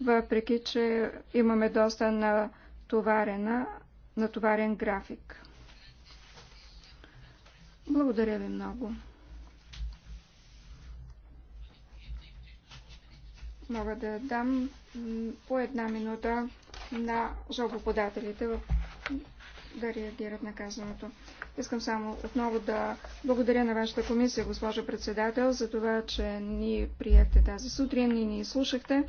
въпреки че имаме доста натоварена, натоварен график. Благодаря ви много. Мога да дам по една минута на жалбоподателите да реагират на казаното. Искам само отново да благодаря на вашата комисия, госпожа председател, за това, че ни приехте тази сутрин и ни слушахте.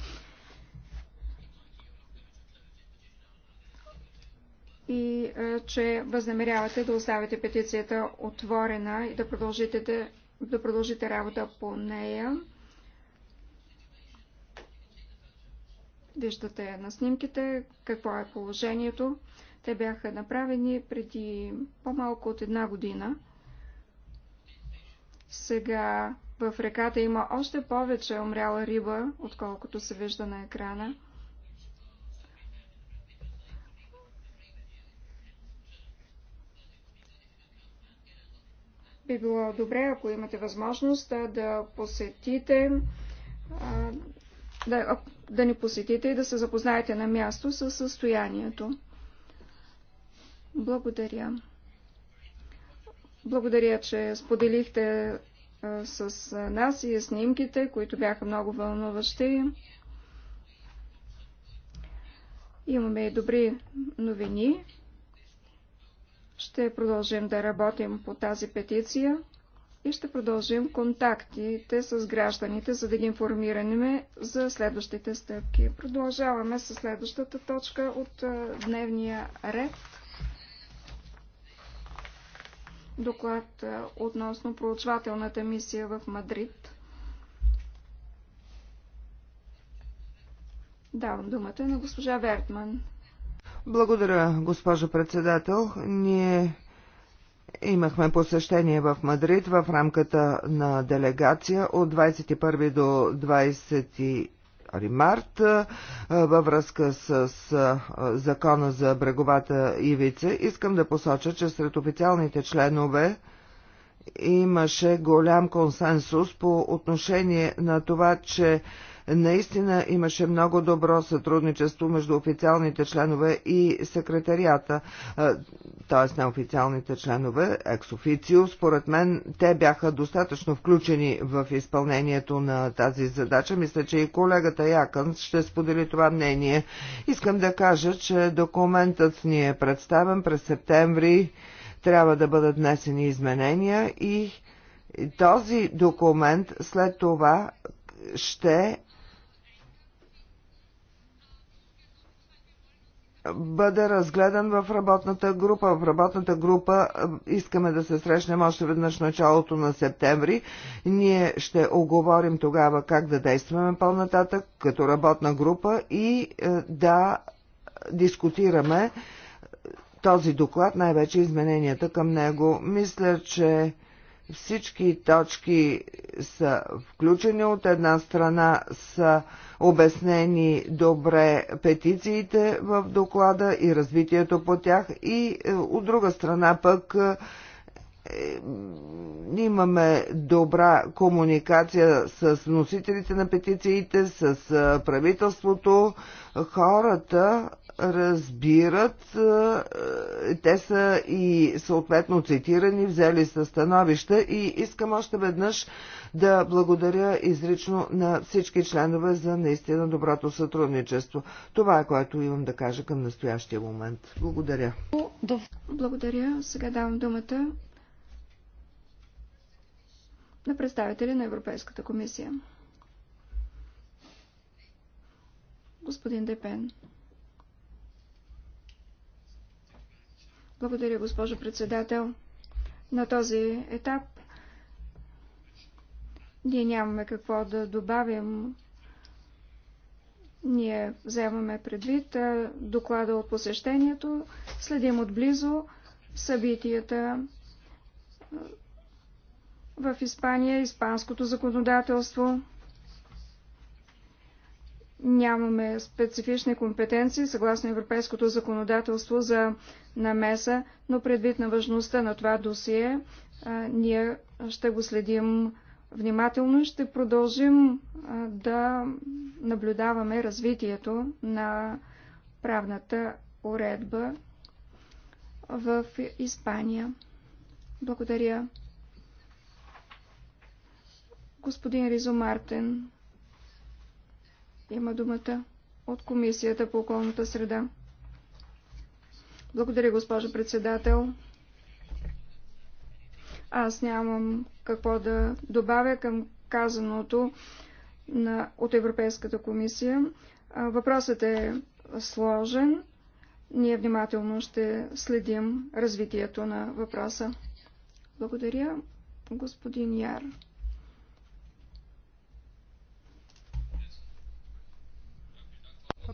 И е, че възнамерявате да оставите петицията отворена и да продължите, да, да продължите работа по нея. Виждате на снимките какво е положението. Те бяха направени преди по-малко от една година. Сега в реката има още повече умряла риба, отколкото се вижда на екрана. би било добре, ако имате възможност да посетите, да, да ни посетите и да се запознаете на място със състоянието. Благодаря. Благодаря, че споделихте с нас и снимките, които бяха много вълнуващи. Имаме и добри новини. Ще продължим да работим по тази петиция и ще продължим контактите с гражданите, за да ги информираме за следващите стъпки. Продължаваме с следващата точка от дневния ред доклад е, относно проучвателната мисия в Мадрид. Давам думата на госпожа Вертман. Благодаря, госпожо председател. Ние Имахме посещение в Мадрид в рамката на делегация от 21 до 20 2 март във връзка с, с закона за бреговата ивица. Искам да посоча, че сред официалните членове имаше голям консенсус по отношение на това, че Наистина имаше много добро сътрудничество между официалните членове и секретарията, т.е. официалните членове, екс-официо. Според мен те бяха достатъчно включени в изпълнението на тази задача. Мисля, че и колегата Якън ще сподели това мнение. Искам да кажа, че документът ни е представен през септември. Трябва да бъдат внесени изменения и този документ след това ще бъде разгледан в работната група. В работната група е, искаме да се срещнем още веднъж началото на септември. Ние ще оговорим тогава как да действаме по-нататък като работна група и е, да е, дискутираме този доклад, най-вече измененията към него. Мисля, че всички точки са включени от една страна са обяснени добре петициите в доклада и развитието по тях и е, от друга страна пък е, е, имаме добра комуникация с носителите на петициите, с правителството. Хората разбират, е, е, те са и съответно цитирани, взели са становища и искам още веднъж да благодаря изрично на всички членове за наистина доброто сътрудничество. Това е което имам да кажа към настоящия момент. Благодаря. Благодаря. Сега давам думата на представители на Европейската комисия. Господин Депен. Благодаря, госпожо председател. На този етап ние нямаме какво да добавим. Ние вземаме предвид доклада от посещението, следим отблизо събитията в Испания, испанското законодателство. Нямаме специфични компетенции съгласно европейското законодателство за намеса, но предвид на важността на това досие, ние ще го следим внимателно и ще продължим да наблюдаваме развитието на правната уредба в Испания. Благодаря. Господин Ризо Мартин има думата от Комисията по околната среда. Благодаря, госпожо председател. Аз нямам какво да добавя към казаното на, от Европейската комисия. Въпросът е сложен. Ние внимателно ще следим развитието на въпроса. Благодаря, господин Яр.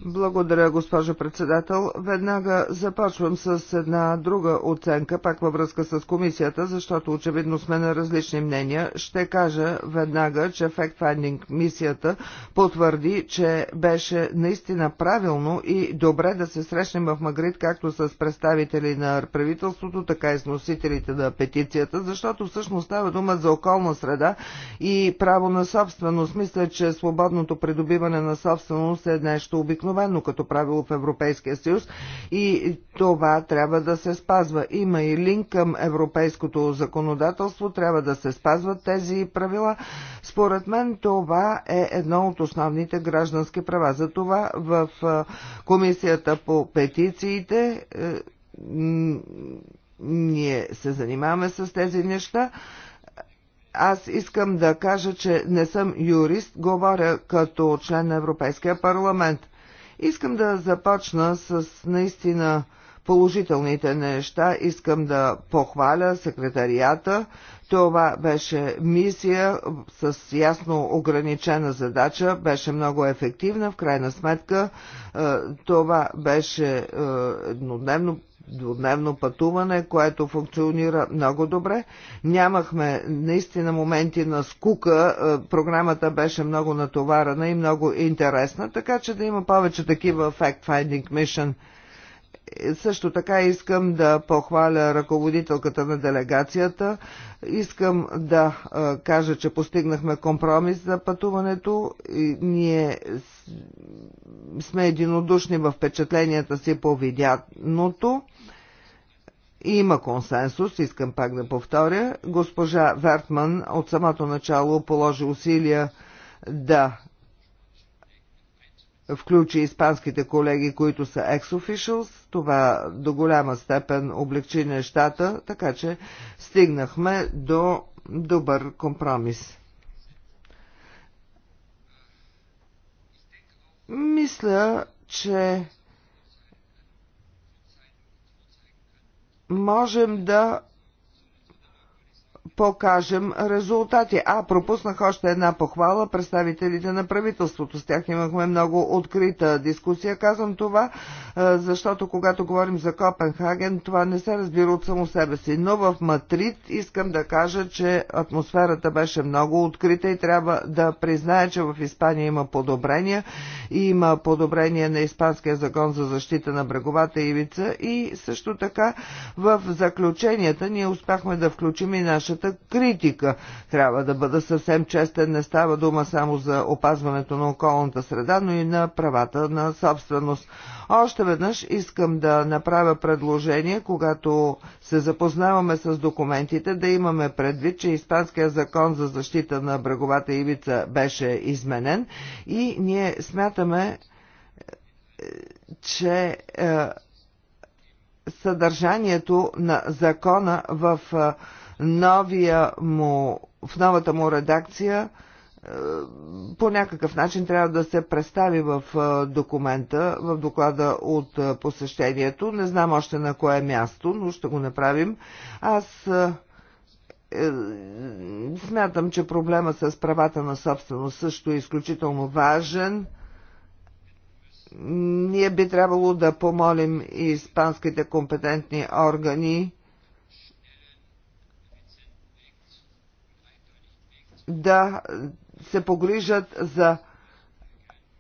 Благодаря, госпожо председател. Веднага започвам с една друга оценка, пак във връзка с комисията, защото очевидно сме на различни мнения. Ще кажа веднага, че Fact Finding мисията потвърди, че беше наистина правилно и добре да се срещнем в Магрид както с представители на правителството, така и с носителите на петицията, защото всъщност става дума за околна среда и право на собственост. Мисля, че свободното придобиване на собственост е нещо обикновено обикновено като правило в Европейския съюз и това трябва да се спазва. Има и линк към европейското законодателство, трябва да се спазват тези правила. Според мен това е едно от основните граждански права. За това в Комисията по петициите е, ние се занимаваме с тези неща. Аз искам да кажа, че не съм юрист, говоря като член на Европейския парламент. Искам да започна с наистина положителните неща. Искам да похваля секретарията. Това беше мисия с ясно ограничена задача, беше много ефективна. В крайна сметка е, това беше е, еднодневно двудневно пътуване, което функционира много добре. Нямахме наистина моменти на скука. Е, програмата беше много натоварена и много интересна, така че да има повече такива fact-finding mission – също така искам да похваля ръководителката на делегацията. Искам да кажа, че постигнахме компромис за пътуването. и Ние сме единодушни в впечатленията си по видяното. Има консенсус, искам пак да повторя. Госпожа Вертман от самото начало положи усилия да включи испанските колеги, които са ex-officials. Това до голяма степен облегчи нещата, така че стигнахме до добър компромис. Мисля, че можем да покажем резултати. А, пропуснах още една похвала представителите на правителството. С тях имахме много открита дискусия. Казвам това, е, защото когато говорим за Копенхаген, това не се разбира от само себе си. Но в Матрид искам да кажа, че атмосферата беше много открита и трябва да призная, че в Испания има подобрения. И има подобрения на Испанския закон за защита на бреговата ивица и също така в заключенията ние успяхме да включим и нашата нашата критика. Трябва да бъда съвсем честен, не става дума само за опазването на околната среда, но и на правата на собственост. Още веднъж искам да направя предложение, когато се запознаваме с документите, да имаме предвид, че Испанския закон за защита на бреговата ивица беше изменен и ние смятаме, е, че е, съдържанието на закона в е, новия му, в новата му редакция е, по някакъв начин трябва да се представи в е, документа, в доклада от е, посещението. Не знам още на кое място, но ще го направим. Аз смятам, че проблема с правата на собственост също е изключително важен. Ние би трябвало да помолим и испанските компетентни органи да се погрижат за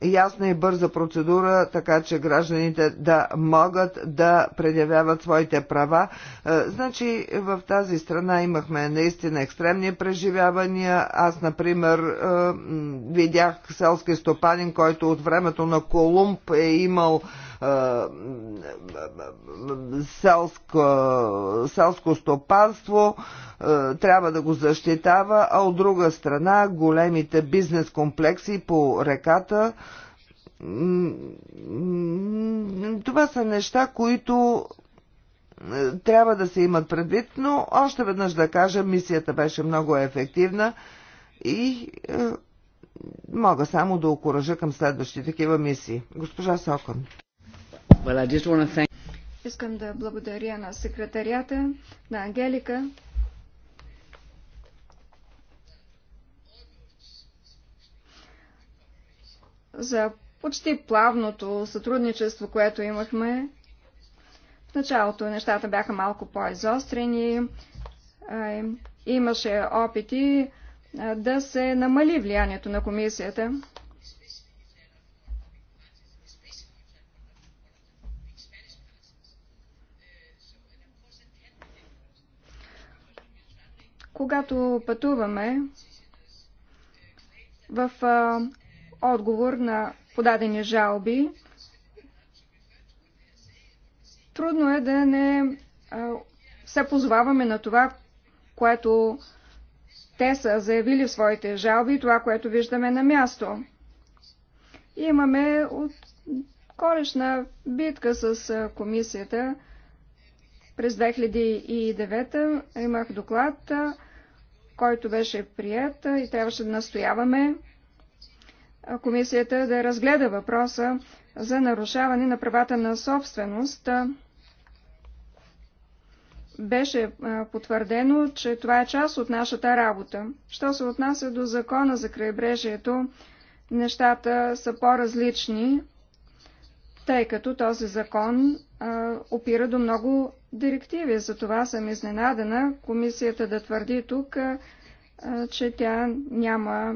ясна и бърза процедура, така че гражданите да могат да предявяват своите права. Е, значи в тази страна имахме наистина екстремни преживявания. Аз, например, е, видях селски стопанин, който от времето на Колумб е имал е, селско, селско стопанство, трябва да го защитава, а от друга страна големите бизнес комплекси по реката това са неща, които е, трябва да се имат предвид, но още веднъж да кажа, мисията беше много ефективна и е, мога само да окоръжа към следващи такива мисии. Госпожа Сокон. Well, thank... Искам да благодаря на секретарията, на Ангелика. за почти плавното сътрудничество, което имахме. В началото нещата бяха малко по-изострени. Имаше опити да се намали влиянието на комисията. Когато пътуваме, в отговор на подадени жалби. Трудно е да не се позоваваме на това, което те са заявили в своите жалби и това, което виждаме на място. И имаме от корешна битка с комисията. През 2009 имах доклад, който беше прият и трябваше да настояваме комисията да разгледа въпроса за нарушаване на правата на собственост. Беше потвърдено, че това е част от нашата работа. Що се отнася до закона за крайбрежието, нещата са по-различни, тъй като този закон опира до много директиви. Затова съм изненадана комисията да твърди тук, че тя няма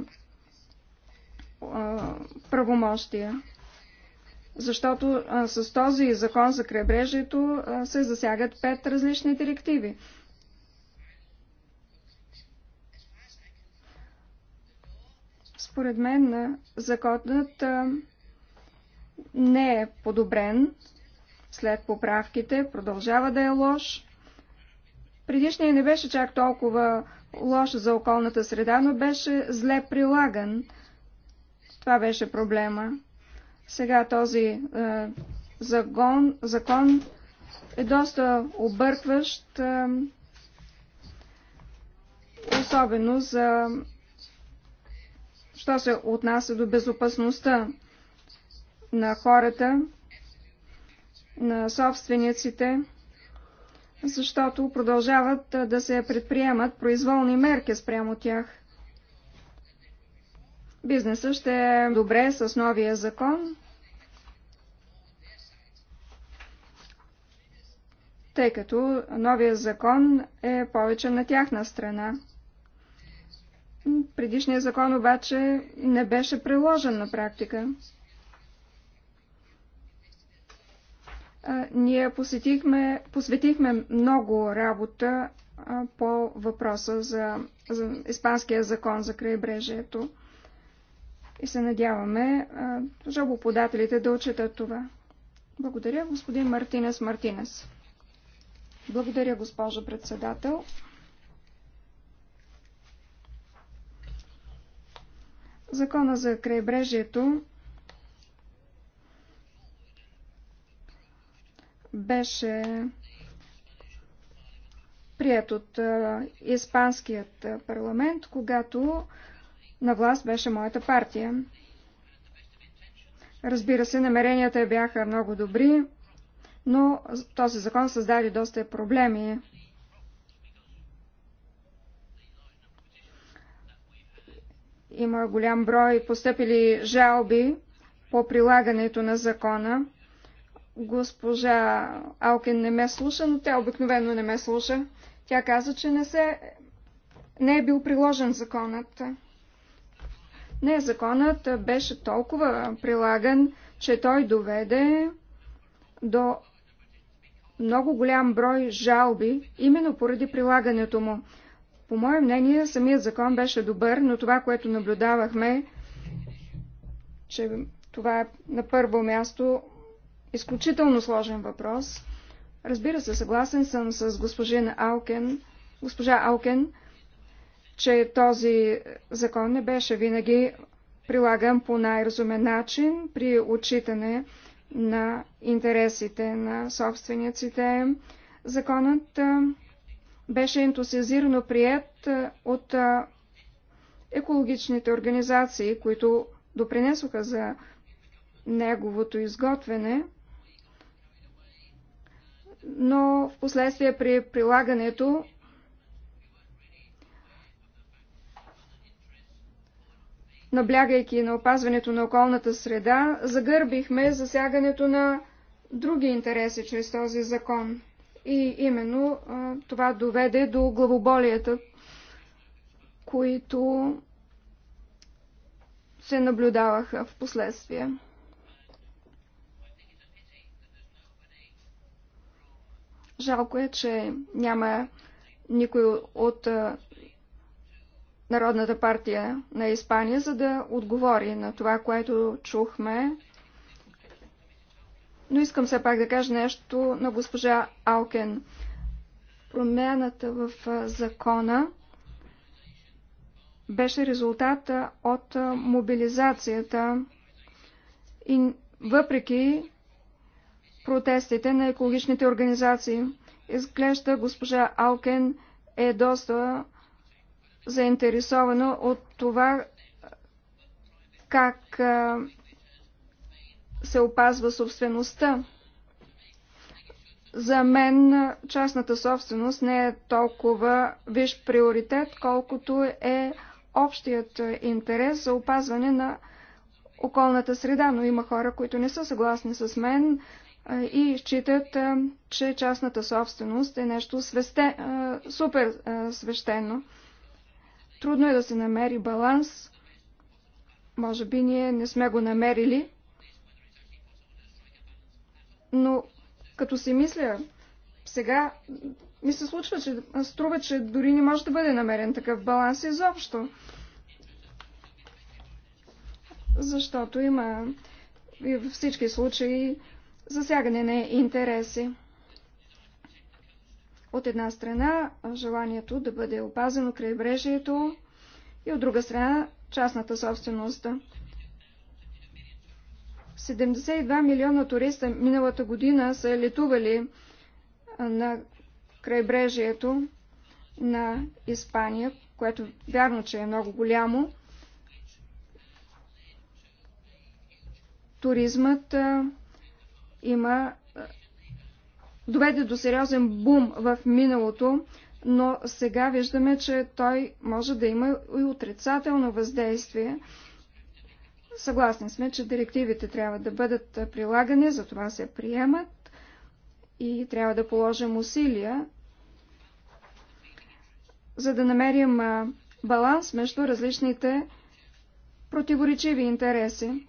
правомощия. Защото а, с този закон за крайбрежието а, се засягат пет различни директиви. Според мен законът а, не е подобрен след поправките, продължава да е лош. Предишният не беше чак толкова лош за околната среда, но беше зле прилаган. Това беше проблема. Сега този е, загон, закон е доста объркващ, е, особено за що се отнася до безопасността на хората, на собствениците, защото продължават е, да се предприемат произволни мерки спрямо тях. Бизнесът ще е добре с новия закон, тъй като новия закон е повече на тяхна страна. Предишният закон обаче не беше приложен на практика. ние посетихме, посветихме много работа по въпроса за, за Испанския закон за крайбрежието и се надяваме жалбоподателите да отчитат това. Благодаря, господин Мартинес Мартинес. Благодаря, госпожо председател. Закона за крайбрежието беше прият от Испанският парламент, когато на власт беше моята партия. Разбира се, намеренията бяха много добри, но този закон създаде доста проблеми. Има голям брой постъпили жалби по прилагането на закона. Госпожа Алкин не ме слуша, но тя обикновено не ме слуша. Тя каза, че не, се... не е бил приложен законът. Не, законът беше толкова прилаган, че той доведе до много голям брой жалби, именно поради прилагането му. По мое мнение, самият закон беше добър, но това, което наблюдавахме, че това е на първо място изключително сложен въпрос. Разбира се, съгласен съм с госпожин Алкен, госпожа Алкен, че този закон не беше винаги прилаган по най-разумен начин при отчитане на интересите на собствениците. Законът беше ентусиазирано прият от екологичните организации, които допринесоха за неговото изготвяне, но в последствие при прилагането наблягайки на опазването на околната среда, загърбихме засягането на други интереси чрез този закон. И именно това доведе до главоболията, които се наблюдаваха в последствие. Жалко е, че няма никой от Народната партия на Испания, за да отговори на това, което чухме. Но искам все пак да кажа нещо на госпожа Алкен. Промената в закона беше резултата от мобилизацията и въпреки протестите на екологичните организации. Изглежда госпожа Алкен е доста заинтересована от това как се опазва собствеността. За мен частната собственост не е толкова виж приоритет, колкото е общият интерес за опазване на околната среда, но има хора, които не са съгласни с мен и считат, че частната собственост е нещо свесте, супер свещено. Трудно е да се намери баланс. Може би ние не сме го намерили. Но като си мисля, сега ми се случва, че струва, че дори не може да бъде намерен такъв баланс изобщо. Защото има и във всички случаи засягане на интереси. От една страна желанието да бъде опазено крайбрежието и от друга страна частната собственост. 72 милиона туриста миналата година са летували на крайбрежието на Испания, което вярно, че е много голямо. Туризмът има доведе до сериозен бум в миналото, но сега виждаме, че той може да има и отрицателно въздействие. Съгласни сме, че директивите трябва да бъдат прилагани, за това се приемат и трябва да положим усилия, за да намерим баланс между различните противоречиви интереси.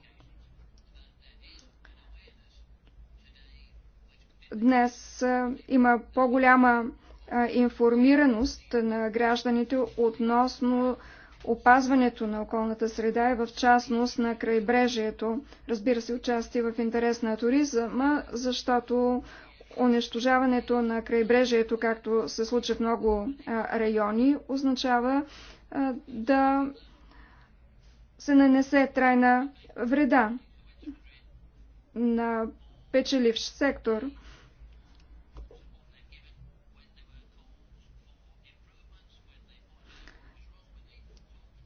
Днес има по-голяма информираност на гражданите относно опазването на околната среда и в частност на крайбрежието. Разбира се, участие в интерес на туризма, защото унищожаването на крайбрежието, както се случи в много райони, означава да се нанесе трайна вреда на печеливш сектор –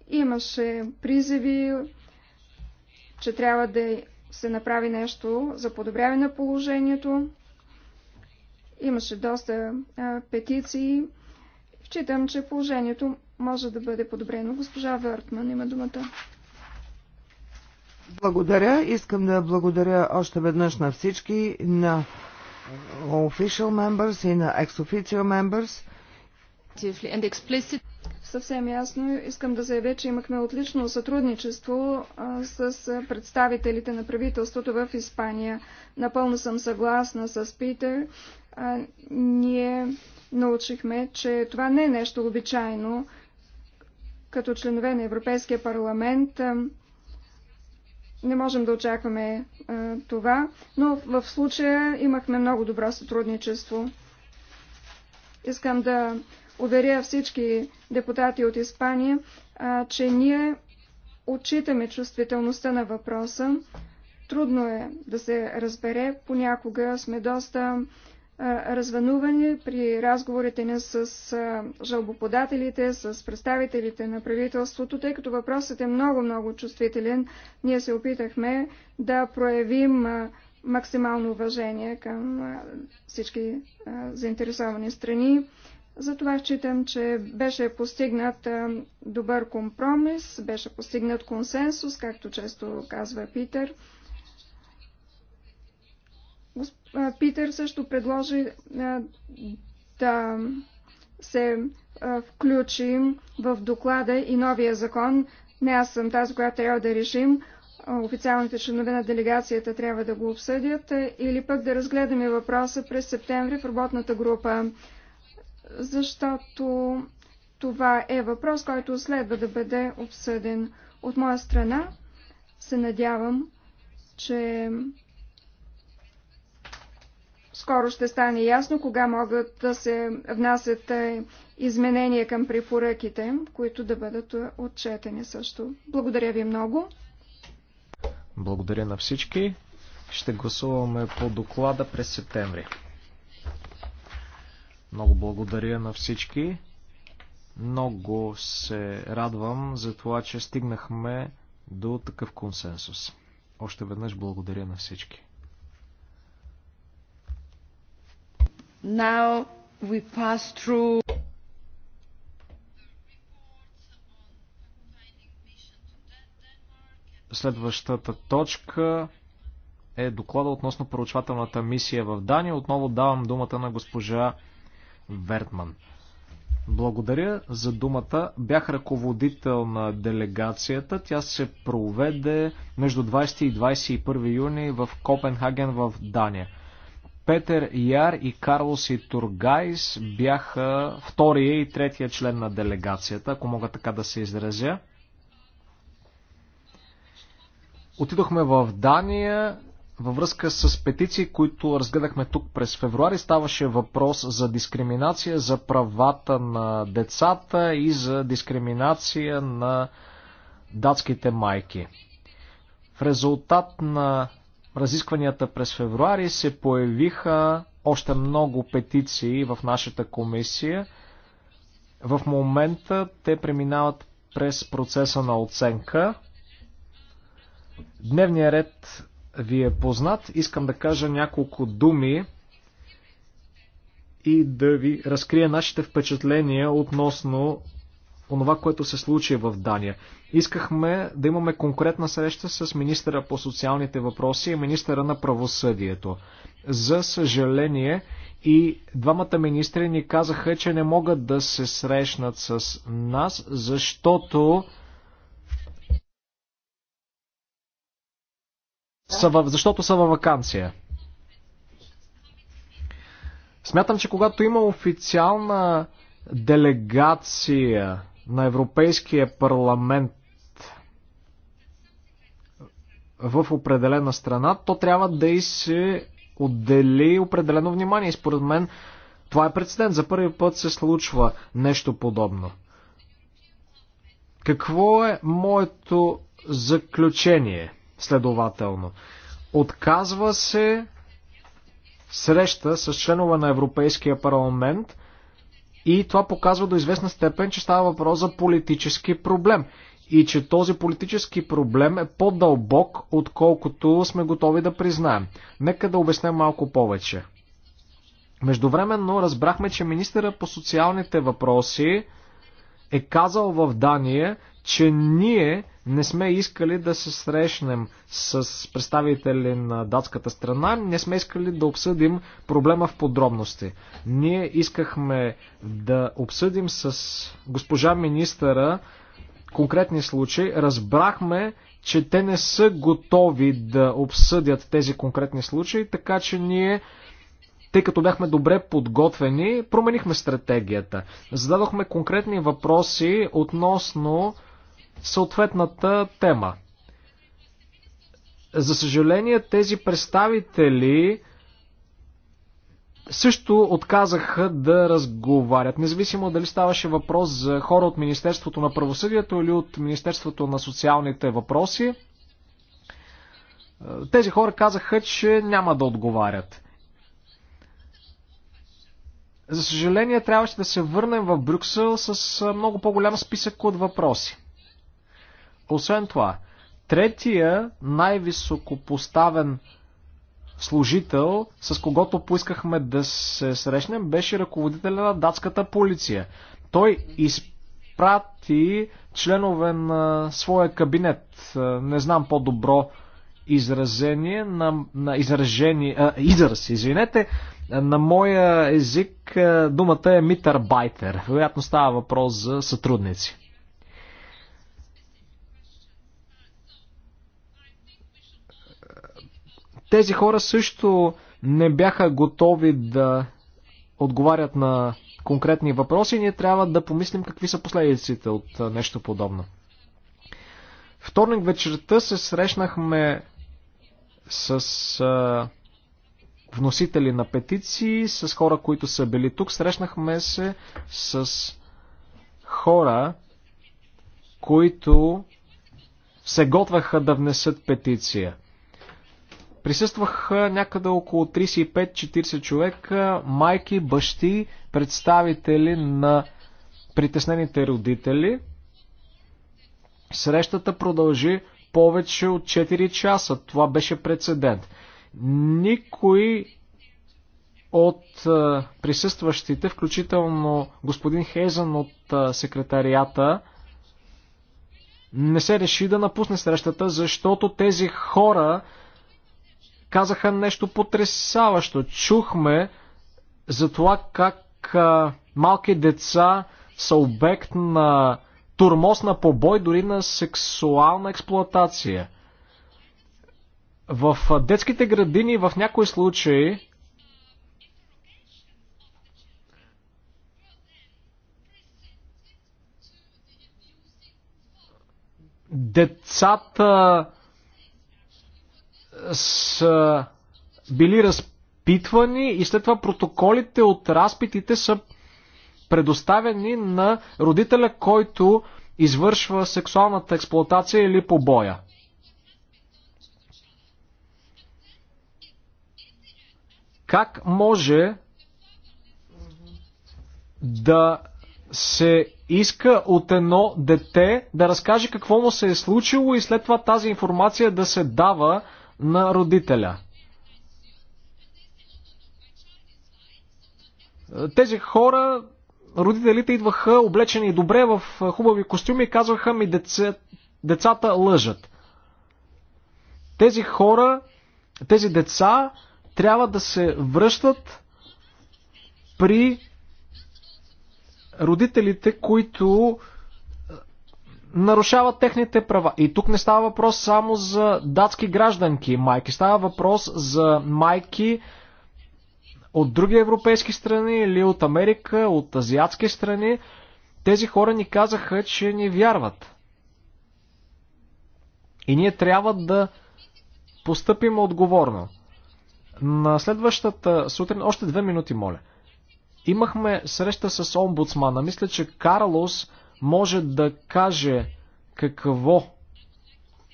Имаше призиви, че трябва да се направи нещо за подобряване на положението. Имаше доста а, петиции. Считам, че положението може да бъде подобрено. Госпожа Въртман има думата. Благодаря. Искам да благодаря още веднъж на всички, на official members и на ex-official members. Съвсем ясно искам да заявя, че имахме отлично сътрудничество с представителите на правителството в Испания. Напълно съм съгласна с Питер. Ние научихме, че това не е нещо обичайно. Като членове на Европейския парламент не можем да очакваме това, но в случая имахме много добро сътрудничество. Искам да уверя всички депутати от Испания, а, че ние отчитаме чувствителността на въпроса. Трудно е да се разбере. Понякога сме доста а, развънувани при разговорите ни с а, жалбоподателите, с представителите на правителството, тъй като въпросът е много-много чувствителен. Ние се опитахме да проявим а, максимално уважение към всички заинтересовани страни. Затова считам, че беше постигнат добър компромис, беше постигнат консенсус, както често казва Питер. Питер също предложи да се включим в доклада и новия закон. Не аз съм тази, която трябва да решим. Официалните членове на делегацията трябва да го обсъдят или пък да разгледаме въпроса през септември в работната група защото това е въпрос, който следва да бъде обсъден. От моя страна се надявам, че скоро ще стане ясно кога могат да се внасят е, изменения към препоръките, които да бъдат е, отчетени също. Благодаря ви много. Благодаря на всички. Ще гласуваме по доклада през септември. Много благодаря на всички. Много се радвам за това, че стигнахме до такъв консенсус. Още веднъж благодаря на всички. Now we pass through Следващата точка е доклада относно поручвателната мисия в Дания. Отново давам думата на госпожа Вертман. Благодаря за думата. Бях ръководител на делегацията. Тя се проведе между 20 и 21 юни в Копенхаген в Дания. Петър Яр и Карлос и Тургайс бяха втория и третия член на делегацията, ако мога така да се изразя. Отидохме в Дания във връзка с петиции, които разгледахме тук през февруари, ставаше въпрос за дискриминация, за правата на децата и за дискриминация на датските майки. В резултат на разискванията през февруари се появиха още много петиции в нашата комисия. В момента те преминават през процеса на оценка. Дневният ред ви е познат. Искам да кажа няколко думи и да ви разкрия нашите впечатления относно онова, което се случи в Дания. Искахме да имаме конкретна среща с министъра по социалните въпроси и министъра на правосъдието. За съжаление, и двамата министри ни казаха, че не могат да се срещнат с нас, защото са в, защото са във вакансия. Смятам, че когато има официална делегация на Европейския парламент в определена страна, то трябва да и се отдели определено внимание. Според мен това е прецедент. За първи път се случва нещо подобно. Какво е моето заключение? Следователно, отказва се среща с членове на Европейския парламент и това показва до известна степен, че става въпрос за политически проблем и че този политически проблем е по-дълбок, отколкото сме готови да признаем. Нека да обясня малко повече. Междувременно разбрахме, че министъра по социалните въпроси е казал в Дания, че ние не сме искали да се срещнем с представители на датската страна, не сме искали да обсъдим проблема в подробности. Ние искахме да обсъдим с госпожа министъра конкретни случаи. Разбрахме, че те не са готови да обсъдят тези конкретни случаи, така че ние тъй като бяхме добре подготвени, променихме стратегията. Зададохме конкретни въпроси относно съответната тема. За съжаление, тези представители също отказаха да разговарят, независимо дали ставаше въпрос за хора от Министерството на правосъдието или от Министерството на социалните въпроси. Тези хора казаха, че няма да отговарят. За съжаление, трябваше да се върнем в Брюксел с много по-голям списък от въпроси. Освен това, третия най-високопоставен служител, с когото поискахме да се срещнем, беше ръководителя на датската полиция. Той изпрати членове на своя кабинет, не знам по-добро изразение, на, на изражение, а, израз, извинете, на моя език е, думата е митърбайтер. Вероятно става въпрос за сътрудници. Тези хора също не бяха готови да отговарят на конкретни въпроси, ние трябва да помислим какви са последиците от е, нещо подобно. Вторник вечерта се срещнахме с а, е, вносители на петиции, с хора, които са били тук. Срещнахме се с хора, които се готвяха да внесат петиция. Присъстваха някъде около 35-40 човека, майки, бащи, представители на притеснените родители. Срещата продължи повече от 4 часа. Това беше прецедент. Никой от присъстващите, включително господин Хейзън от секретарията, не се реши да напусне срещата, защото тези хора казаха нещо потрясаващо. Чухме за това как малки деца са обект на турмоз на побой, дори на сексуална експлоатация. В детските градини в някои случаи децата са били разпитвани и след това протоколите от разпитите са предоставени на родителя, който извършва сексуалната експлоатация или побоя. Как може да се иска от едно дете да разкаже какво му се е случило и след това тази информация да се дава на родителя. Тези хора, родителите идваха облечени добре в хубави костюми и казваха ми деца, децата лъжат. Тези хора, тези деца трябва да се връщат при родителите, които е, нарушават техните права. И тук не става въпрос само за датски гражданки майки, става въпрос за майки от други европейски страни или от Америка, от азиатски страни. Тези хора ни казаха, че ни вярват. И ние трябва да постъпим отговорно. На следващата сутрин, още две минути, моля. Имахме среща с омбудсмана. Мисля, че Карлос може да каже какво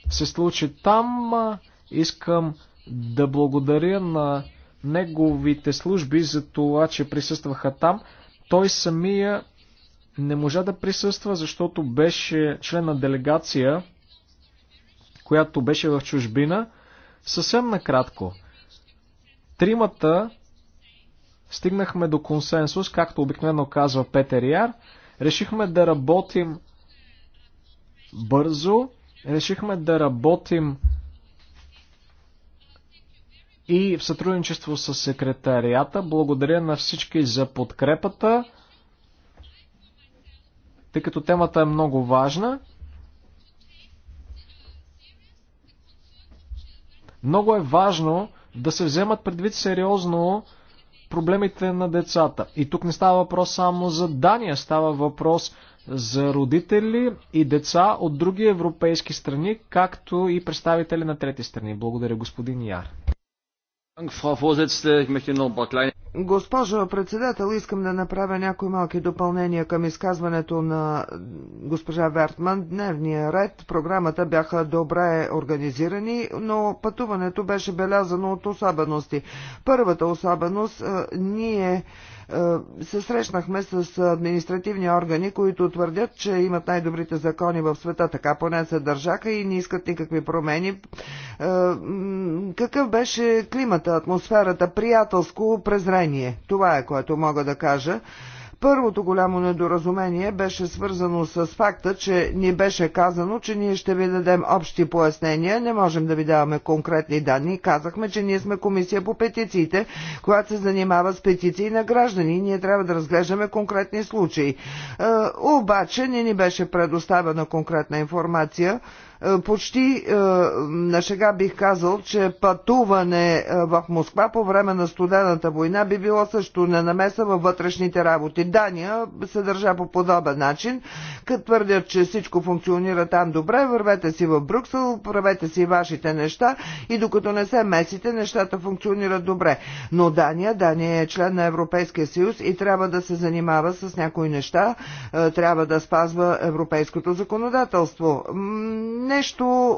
се случи там. Искам да благодаря на неговите служби за това, че присъстваха там. Той самия не можа да присъства, защото беше член на делегация, която беше в чужбина. Съвсем накратко тримата стигнахме до консенсус, както обикновено казва Петър Яр. Решихме да работим бързо, решихме да работим и в сътрудничество с секретарията. Благодаря на всички за подкрепата, тъй като темата е много важна. Много е важно да се вземат предвид сериозно проблемите на децата. И тук не става въпрос само за Дания, става въпрос за родители и деца от други европейски страни, както и представители на трети страни. Благодаря, господин Яр. Госпожо председател, искам да направя някои малки допълнения към изказването на госпожа Вертман. Дневния ред, програмата бяха добре организирани, но пътуването беше белязано от особености. Първата особеност, е, ние е, се срещнахме с административни органи, които твърдят, че имат най-добрите закони в света, така поне се държаха и не искат никакви промени. Е, какъв беше климата, атмосферата, приятелско презрение? Това е което мога да кажа. Първото голямо недоразумение беше свързано с факта, че ни беше казано, че ние ще ви дадем общи пояснения, не можем да ви даваме конкретни данни. Казахме, че ние сме комисия по петициите, която се занимава с петиции на граждани. Ние трябва да разглеждаме конкретни случаи. Е, обаче не ни беше предоставена конкретна информация. Е, почти е, на шега бих казал, че пътуване е, в Москва по време на студената война би било също намеса във вътрешните работи. Дания се държа по подобен начин, като твърдят, че всичко функционира там добре, вървете си в Брюксел, правете си вашите неща и докато не се месите, нещата функционират добре. Но Дания, Дания е член на Европейския съюз и трябва да се занимава с някои неща, трябва да спазва европейското законодателство нещо е,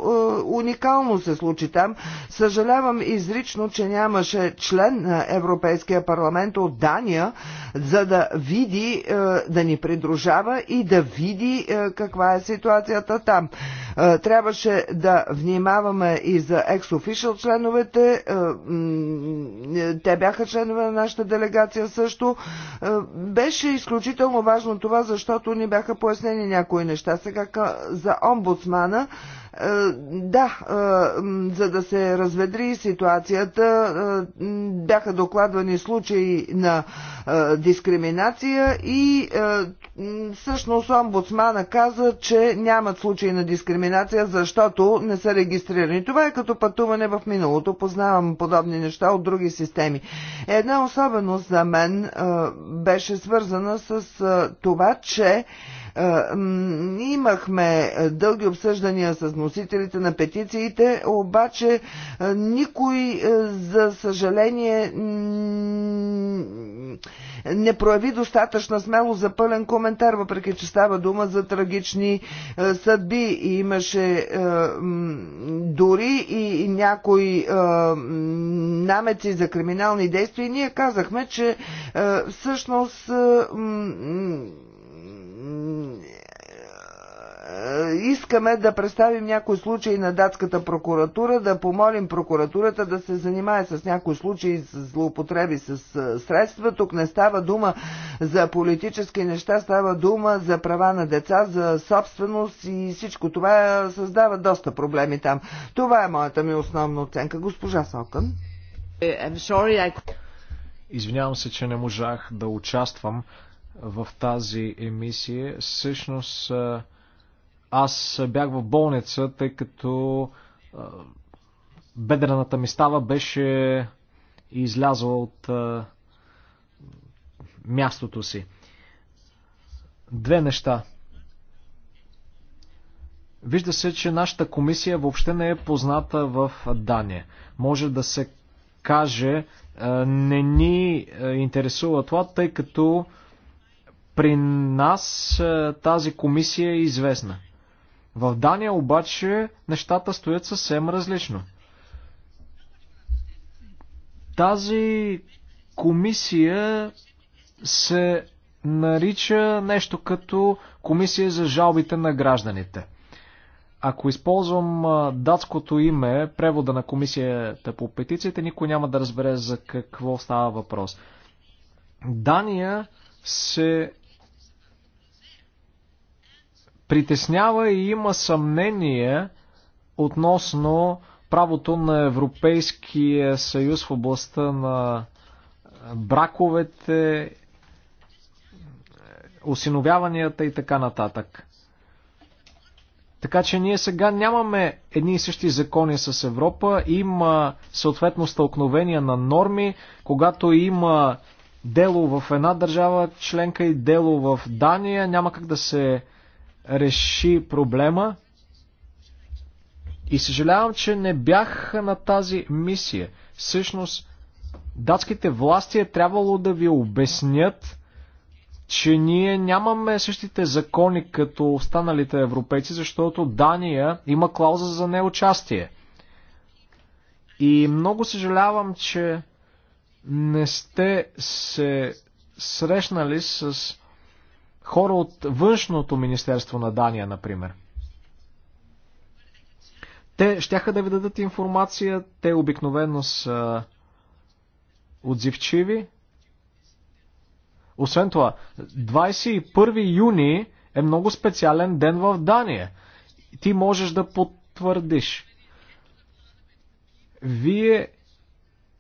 уникално се случи там. Съжалявам изрично, че нямаше член на Европейския парламент от Дания, за да види, е, да ни придружава и да види е, каква е ситуацията там. Е, трябваше да внимаваме и за екс-офишъл членовете. Е, е, те бяха членове на нашата делегация също. Беше изключително важно това, защото ни бяха пояснени някои неща. Сега за омбудсмана е, да, е, за да се разведри ситуацията, е, бяха докладвани случаи на дискриминация и всъщност омбудсмана каза, че нямат случаи на дискриминация, защото не са регистрирани. Това е като пътуване в миналото. Познавам подобни неща от други системи. Една особеност за мен беше свързана с това, че е, имахме дълги обсъждания с носителите на петициите, обаче е, никой, е, за съжаление, не прояви достатъчна смело за пълен коментар, въпреки че става дума за трагични съдби. И имаше дори и някои намеци за криминални действия. И ние казахме, че всъщност е, искаме да представим някои случаи на датската прокуратура, да помолим прокуратурата да се занимае с някои случаи с злоупотреби с е, средства. Тук не става дума за политически неща, става дума за права на деца, за собственост и всичко това създава доста проблеми там. Това е моята ми основна оценка. Госпожа Сокън. Е, Извинявам се, че не можах да участвам в тази емисия. Всъщност аз бях в болница, тъй като бедрената ми става беше излязла от мястото си. Две неща. Вижда се, че нашата комисия въобще не е позната в Дания. Може да се каже, не ни интересува това, тъй като при нас е, тази комисия е известна. В Дания обаче нещата стоят съвсем различно. Тази комисия се нарича нещо като Комисия за жалбите на гражданите. Ако използвам е, датското име, превода на комисията по петициите, никой няма да разбере за какво става въпрос. Дания се притеснява и има съмнение относно правото на Европейския съюз в областта на браковете, осиновяванията и така нататък. Така че ние сега нямаме едни и същи закони с Европа, има съответно стълкновения на норми, когато има дело в една държава членка и дело в Дания, няма как да се реши проблема. И съжалявам, че не бях на тази мисия. Всъщност, датските власти е трябвало да ви обяснят, че ние нямаме същите закони като останалите европейци, защото Дания има клауза за неучастие. И много съжалявам, че не сте се срещнали с Хора от външното министерство на Дания, например. Те щяха да ви дадат информация, те обикновено са отзивчиви. Освен това, 21 юни е много специален ден в Дания. Ти можеш да потвърдиш. Вие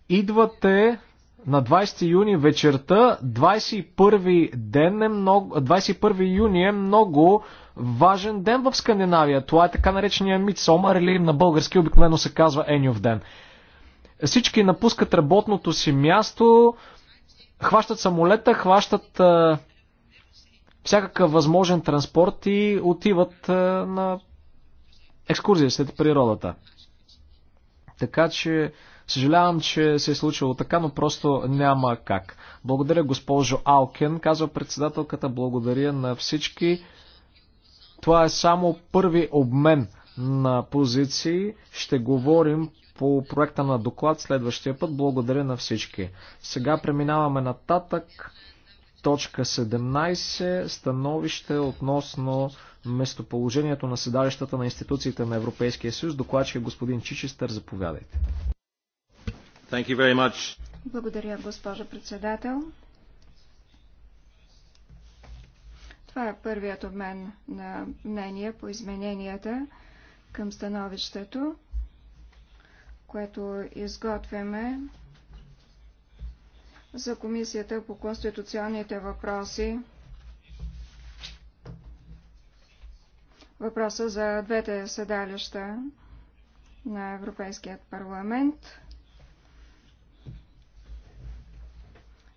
идвате на 20 юни вечерта, 21, ден е много, 21 юни е много важен ден в Скандинавия. Това е така наречения Мидсомър или на български обикновено се казва Енюв ден. Всички напускат работното си място, хващат самолета, хващат а, всякакъв възможен транспорт и отиват а, на екскурзия след природата. Така че Съжалявам, че се е случило така, но просто няма как. Благодаря госпожо Алкен, казва председателката, благодаря на всички. Това е само първи обмен на позиции. Ще говорим по проекта на доклад следващия път. Благодаря на всички. Сега преминаваме нататък. Точка 17. Становище относно местоположението на седалищата на институциите на Европейския съюз. Докладчик е господин Чичестър, заповядайте. Thank you very much. Благодаря, госпожа председател. Това е първият обмен на мнения по измененията към становището, което изготвяме за Комисията по конституционните въпроси. Въпроса за двете седалища на Европейският парламент.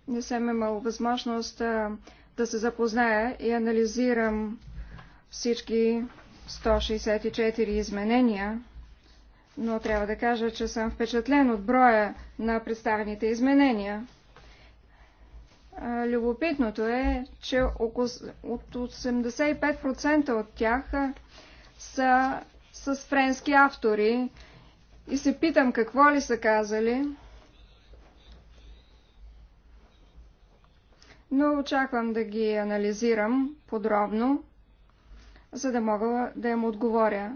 не съм имал възможност да се запозная и анализирам всички 164 изменения, но трябва да кажа, че съм впечатлен от броя на представените изменения. Любопитното е, че около, от 85% от тях са с френски автори и се питам какво ли са казали. но очаквам да ги анализирам подробно, за да мога да им отговоря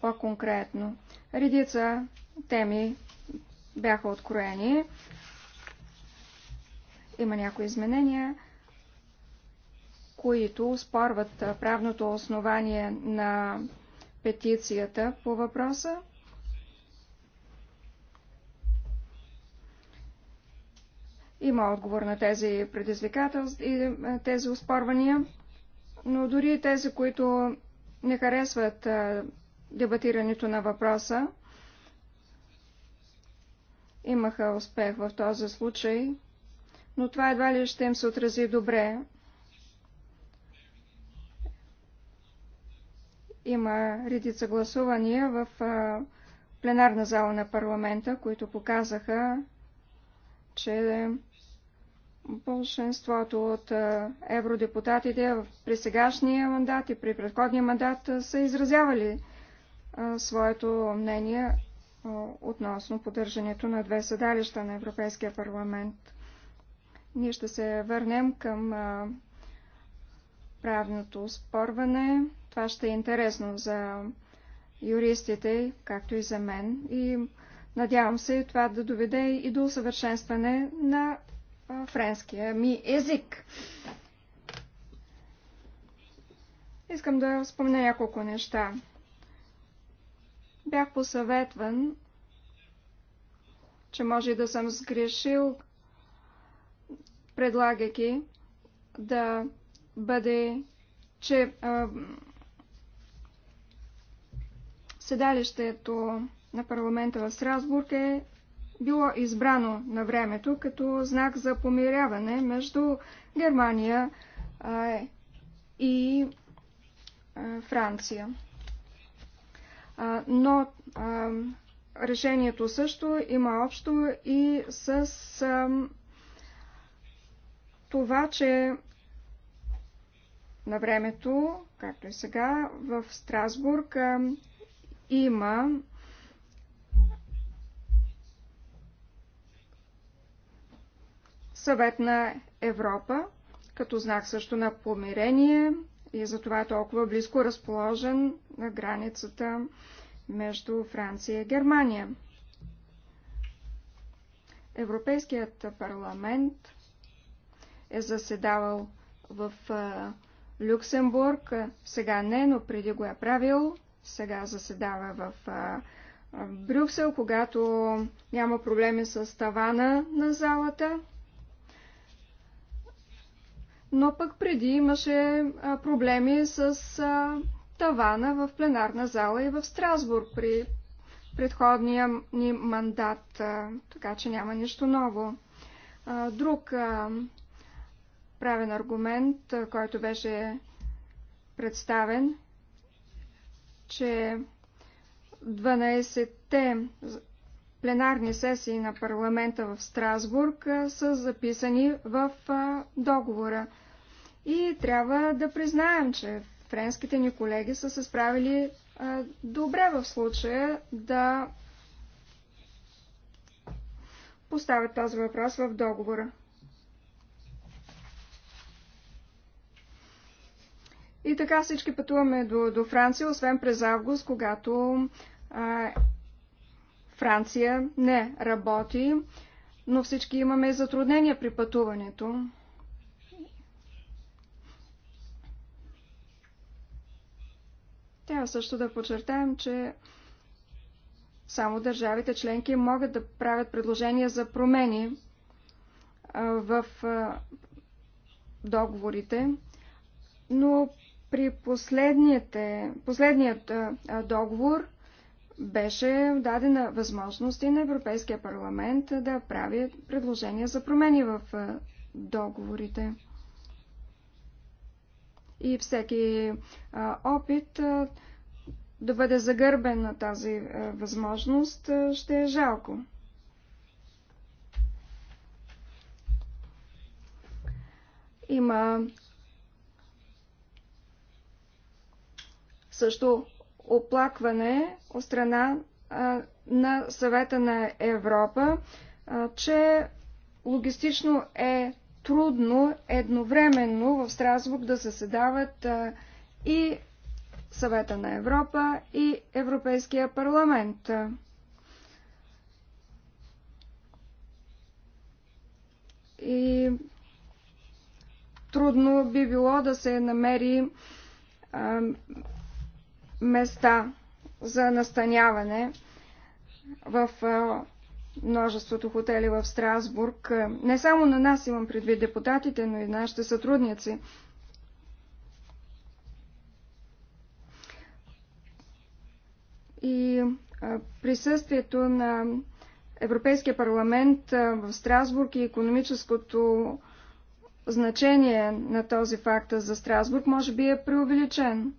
по-конкретно. Редица теми бяха откроени. Има някои изменения, които спорват правното основание на петицията по въпроса. Има отговор на тези предизвикателства и е, тези успорвания, но дори тези, които не харесват е, дебатирането на въпроса, имаха успех в този случай, но това едва ли ще им се отрази добре. Има редица гласувания в е, пленарна зала на парламента, които показаха, че Большинството от е, евродепутатите при сегашния мандат и при предходния мандат е, са изразявали е, своето мнение относно поддържането на две съдалища на Европейския парламент. Ние ще се върнем към правното спорване. Това ще е интересно за юристите, както и за мен. И надявам се това да доведе и до усъвършенстване на френския ми език. Искам да спомня няколко неща. Бях посъветван, че може да съм сгрешил, предлагайки да бъде, че а, седалището на парламента в Страсбург е било избрано на времето като знак за помиряване между Германия а, и а, Франция. А, но а, решението също има общо и с а, това, че на времето, както и сега, в Страсбург а, има съвет на Европа, като знак също на помирение и затова е толкова близко разположен на границата между Франция и Германия. Европейският парламент е заседавал в Люксембург, сега не, но преди го е правил, сега заседава в Брюксел, когато няма проблеми с тавана на залата но пък преди имаше проблеми с тавана в пленарна зала и в Страсбург при предходния ни мандат, така че няма нищо ново. Друг правен аргумент, който беше представен, че 12-те пленарни сесии на парламента в Страсбург са записани в договора. И трябва да признаем, че френските ни колеги са се справили добре в случая да поставят този въпрос в договора. И така всички пътуваме до, до Франция, освен през август, когато а, Франция не работи, но всички имаме затруднения при пътуването. Трябва също да подчертаем, че само държавите членки могат да правят предложения за промени в договорите, но при последният договор беше дадена възможност и на Европейския парламент да прави предложения за промени в договорите. И всеки опит да бъде загърбен на тази възможност ще е жалко. Има също оплакване от страна а, на съвета на Европа, а, че логистично е трудно едновременно в Страсбург да заседават а, и съвета на Европа и Европейския парламент. И трудно би било да се намери места за настаняване в множеството хотели в Страсбург. Не само на нас имам предвид депутатите, но и нашите сътрудници. И присъствието на Европейския парламент в Страсбург и економическото значение на този факт за Страсбург може би е преувеличен.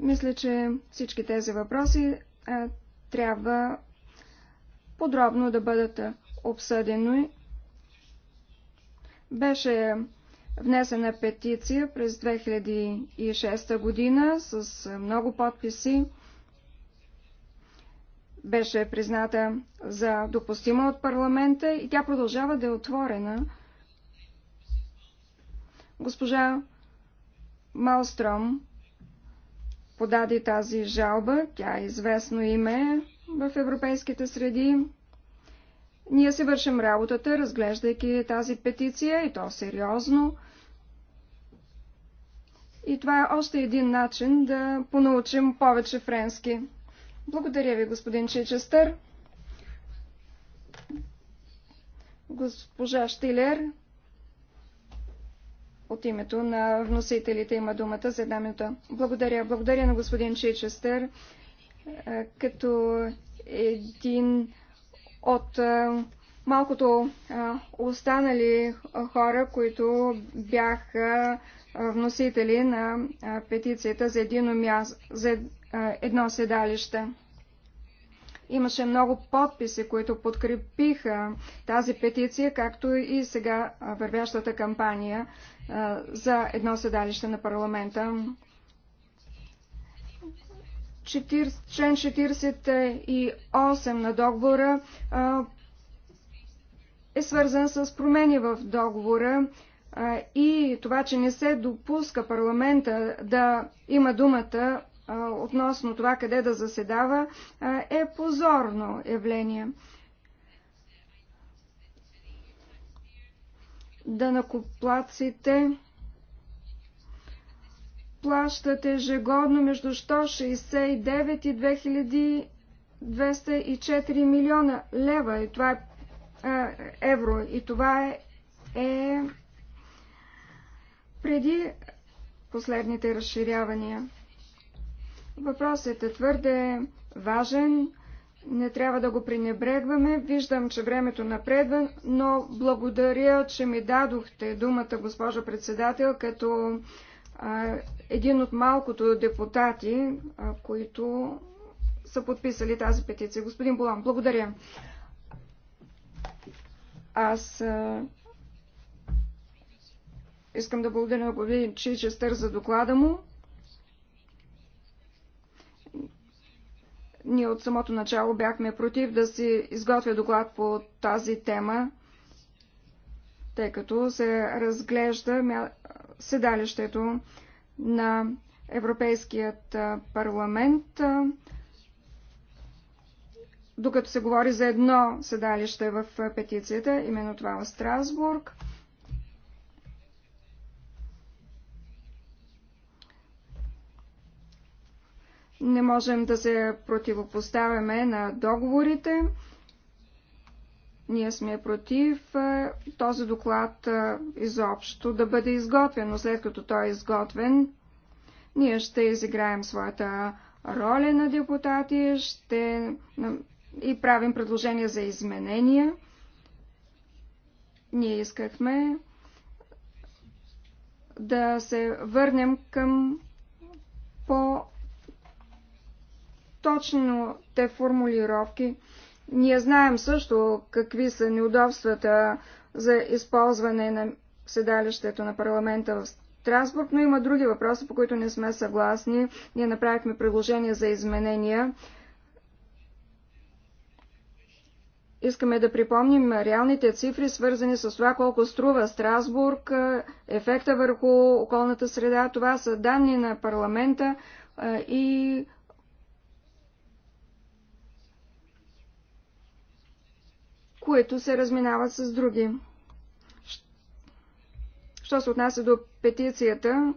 Мисля, че всички тези въпроси а, трябва подробно да бъдат обсъдени. Беше внесена петиция през 2006 година с много подписи. Беше призната за допустима от парламента и тя продължава да е отворена. Госпожа Малстром подаде тази жалба. Тя е известно име в европейските среди. Ние се вършим работата, разглеждайки тази петиция и то сериозно. И това е още един начин да понаучим повече френски. Благодаря ви, господин Чичестър. Госпожа Штилер, от името на вносителите има думата за една минута. Благодаря. Благодаря на господин Чичестър. Е, като един от е, малкото е, останали хора, които бяха вносители на петицията за едно, за едно седалище. Имаше много подписи, които подкрепиха тази петиция, както и сега вървящата кампания за едно седалище на парламента. Член 48 на договора е свързан с промени в договора и това, че не се допуска парламента да има думата относно това къде да заседава е позорно явление. Данакоплаците плащат ежегодно между 169 и 2204 милиона лева и това е, евро и това е, е преди последните разширявания. Въпросът е твърде важен. Не трябва да го пренебрегваме. Виждам, че времето напредва, но благодаря, че ми дадохте думата, госпожо председател, като а, един от малкото депутати, а, които са подписали тази петиция. Господин Болан, благодаря. Аз а, искам да благодаря на господин Чичестър за доклада му. Ние от самото начало бяхме против да се изготвя доклад по тази тема, тъй като се разглежда седалището на Европейският парламент, докато се говори за едно седалище в петицията, именно това в е Страсбург – не можем да се противопоставяме на договорите. Ние сме против е, този доклад е, изобщо да бъде изготвен, но след като той е изготвен, ние ще изиграем своята роля на депутати, ще и правим предложения за изменения. Ние искахме да се върнем към по точно те формулировки. Ние знаем също какви са неудобствата за използване на седалището на парламента в Страсбург, но има други въпроси, по които не сме съгласни. Ние направихме предложение за изменения. Искаме да припомним реалните цифри, свързани с това колко струва Страсбург, ефекта върху околната среда. Това са данни на парламента и които се разминават с други. Що се отнася до петицията,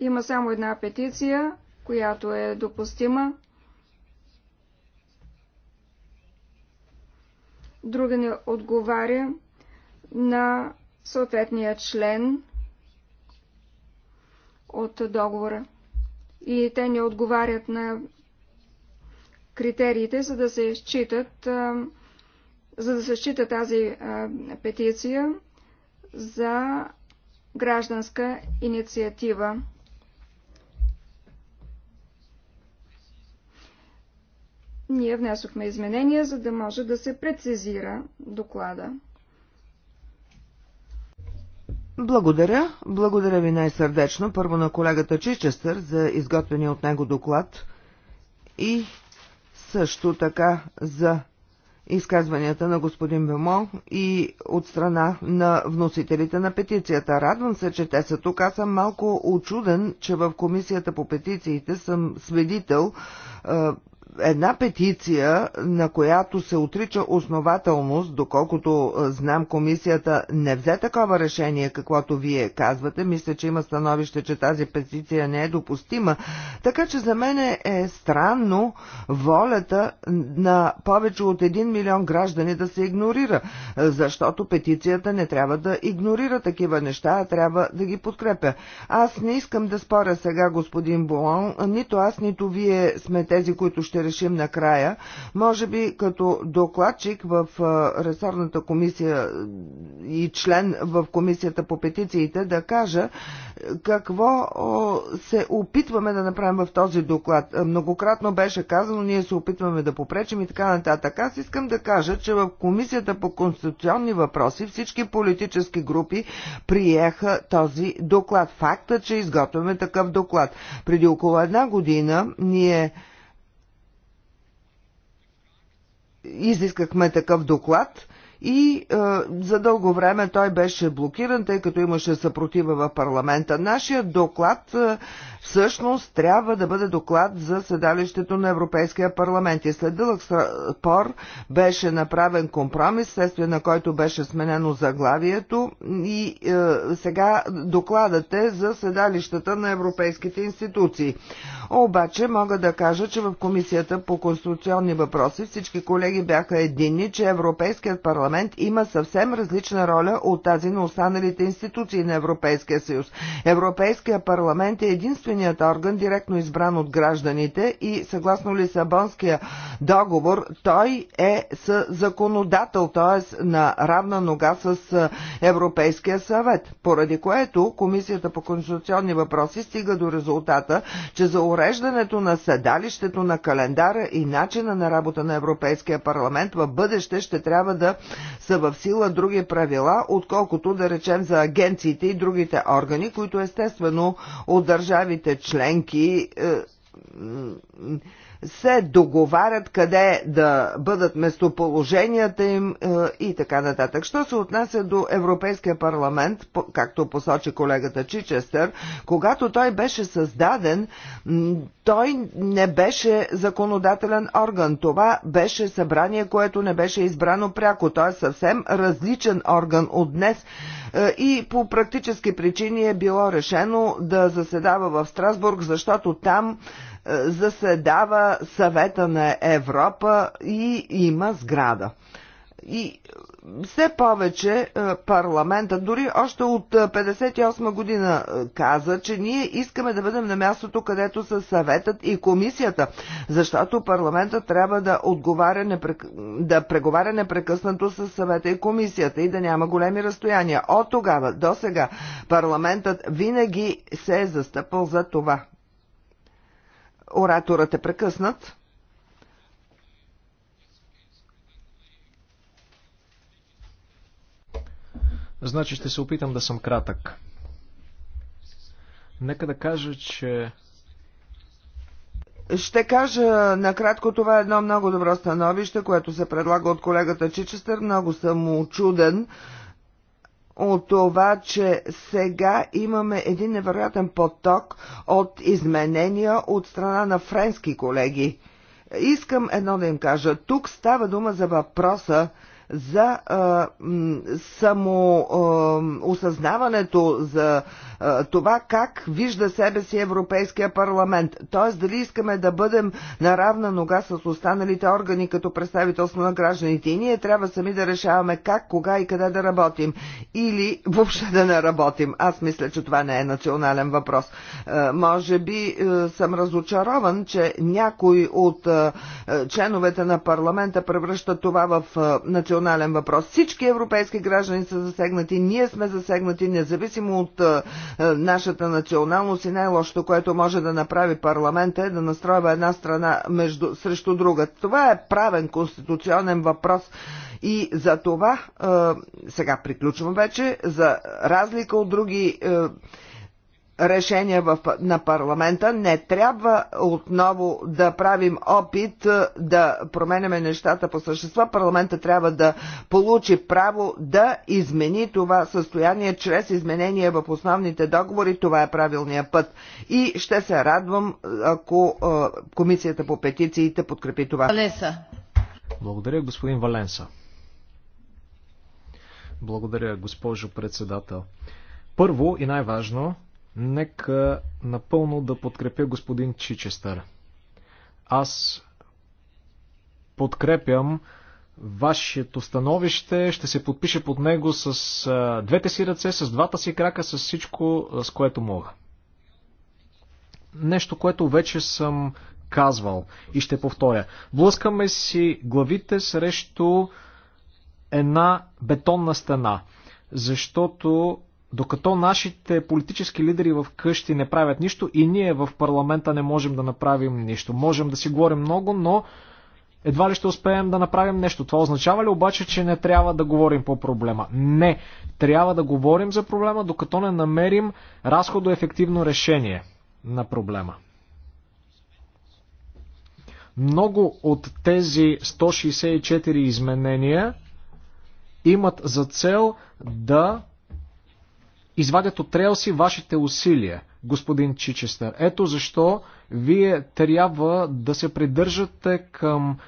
има само една петиция, която е допустима. Друга не отговаря на съответния член от договора. И те не отговарят на критериите, за да се считат, за да се счита тази петиция за гражданска инициатива. Ние внесохме изменения, за да може да се прецизира доклада. Благодаря. Благодаря ви най-сърдечно първо на колегата Чичестър за изготвения от него доклад и също така за изказванията на господин Бемо и от страна на вносителите на петицията. Радвам се, че те са тук. Аз съм малко очуден, че в комисията по петициите съм свидетел една петиция, на която се отрича основателност, доколкото е, знам комисията не взе такова решение, каквото вие казвате. Мисля, че има становище, че тази петиция не е допустима. Така че за мен е странно волята на повече от 1 милион граждани да се игнорира, е, защото петицията не трябва да игнорира такива неща, а трябва да ги подкрепя. Аз не искам да споря сега, господин Болон, нито аз, нито вие сме тези, които ще решим накрая. Може би като докладчик в ресорната комисия и член в комисията по петициите да кажа какво се опитваме да направим в този доклад. Многократно беше казано, ние се опитваме да попречим и така нататък. Аз искам да кажа, че в комисията по конституционни въпроси всички политически групи приеха този доклад. Факта, че изготвяме такъв доклад. Преди около една година ние изискахме такъв доклад и е, за дълго време той беше блокиран, тъй като имаше съпротива в парламента. Нашия доклад е, всъщност трябва да бъде доклад за седалището на Европейския парламент и след дълъг спор беше направен компромис, следствие на който беше сменено заглавието и е, сега докладът е за седалищата на европейските институции. Обаче мога да кажа, че в Комисията по конституционни въпроси всички колеги бяха единни, че Европейският парламент парламент има съвсем различна роля от тази на останалите институции на Европейския съюз. Европейския парламент е единственият орган, директно избран от гражданите и съгласно Лисабонския договор, той е с законодател, т.е. на равна нога с Европейския съвет, поради което Комисията по конституционни въпроси стига до резултата, че за уреждането на седалището на календара и начина на работа на Европейския парламент в бъдеще ще трябва да са в сила други правила, отколкото да речем за агенциите и другите органи, които естествено от държавите членки е, се договарят къде да бъдат местоположенията им е, и така нататък. Що се отнася до Европейския парламент, както посочи колегата Чичестър, когато той беше създаден, той не беше законодателен орган. Това беше събрание, което не беше избрано пряко. Той е съвсем различен орган от днес е, и по практически причини е било решено да заседава в Страсбург, защото там заседава съвета на Европа и има сграда. И все повече е, парламента, дори още от 1958 е, година е, каза, че ние искаме да бъдем на мястото, където са съветът и комисията, защото парламента трябва да, отговаря непрек... да преговаря непрекъснато с съвета и комисията и да няма големи разстояния. От тогава до сега парламентът винаги се е застъпал за това. Ораторът е прекъснат. Значи ще се опитам да съм кратък. Нека да кажа, че ще кажа накратко, това е едно много добро становище, което се предлага от колегата Чичестър. Много съм очуден, от това, че сега имаме един невероятен поток от изменения от страна на френски колеги. Искам едно да им кажа. Тук става дума за въпроса за а, само а, осъзнаването за а, това как вижда себе си Европейския парламент. Тоест дали искаме да бъдем на равна нога с останалите органи като представителство на гражданите и ние трябва сами да решаваме как, кога и къде да работим или въобще да не работим. Аз мисля, че това не е национален въпрос. А, може би а, съм разочарован, че някой от а, членовете на парламента превръща това в национален национален въпрос. Всички европейски граждани са засегнати, ние сме засегнати, независимо от а, е, е, нашата националност и най-лошото, което може да направи парламента е да настроява една страна между, срещу друга. Това е правен конституционен въпрос и за това, а, е, сега приключвам вече, за разлика от други А, решения в, на парламента, не трябва отново да правим опит е, да променяме нещата по същество. Парламента трябва да получи право да измени това състояние чрез изменение в основните договори. Това е правилният път. И ще се радвам, ако е, Комисията по петициите подкрепи това. Валенса. Благодаря, господин Валенса. Благодаря, госпожо председател. Първо и най-важно, Нека напълно да подкрепя господин Чичестър. Аз подкрепям вашето становище, ще се подпиша под него с а, двете си ръце, с двата си крака, с всичко, с което мога. Нещо, което вече съм казвал и ще повторя. Блъскаме си главите срещу една бетонна стена, защото докато нашите политически лидери в къщи не правят нищо и ние в парламента не можем да направим нищо. Можем да си говорим много, но едва ли ще успеем да направим нещо. Това означава ли обаче, че не трябва да говорим по проблема? Не. Трябва да говорим за проблема, докато не намерим разходоефективно решение на проблема. Много от тези 164 изменения имат за цел да извадят от релси вашите усилия, господин Чичестър. Ето защо вие трябва да се придържате към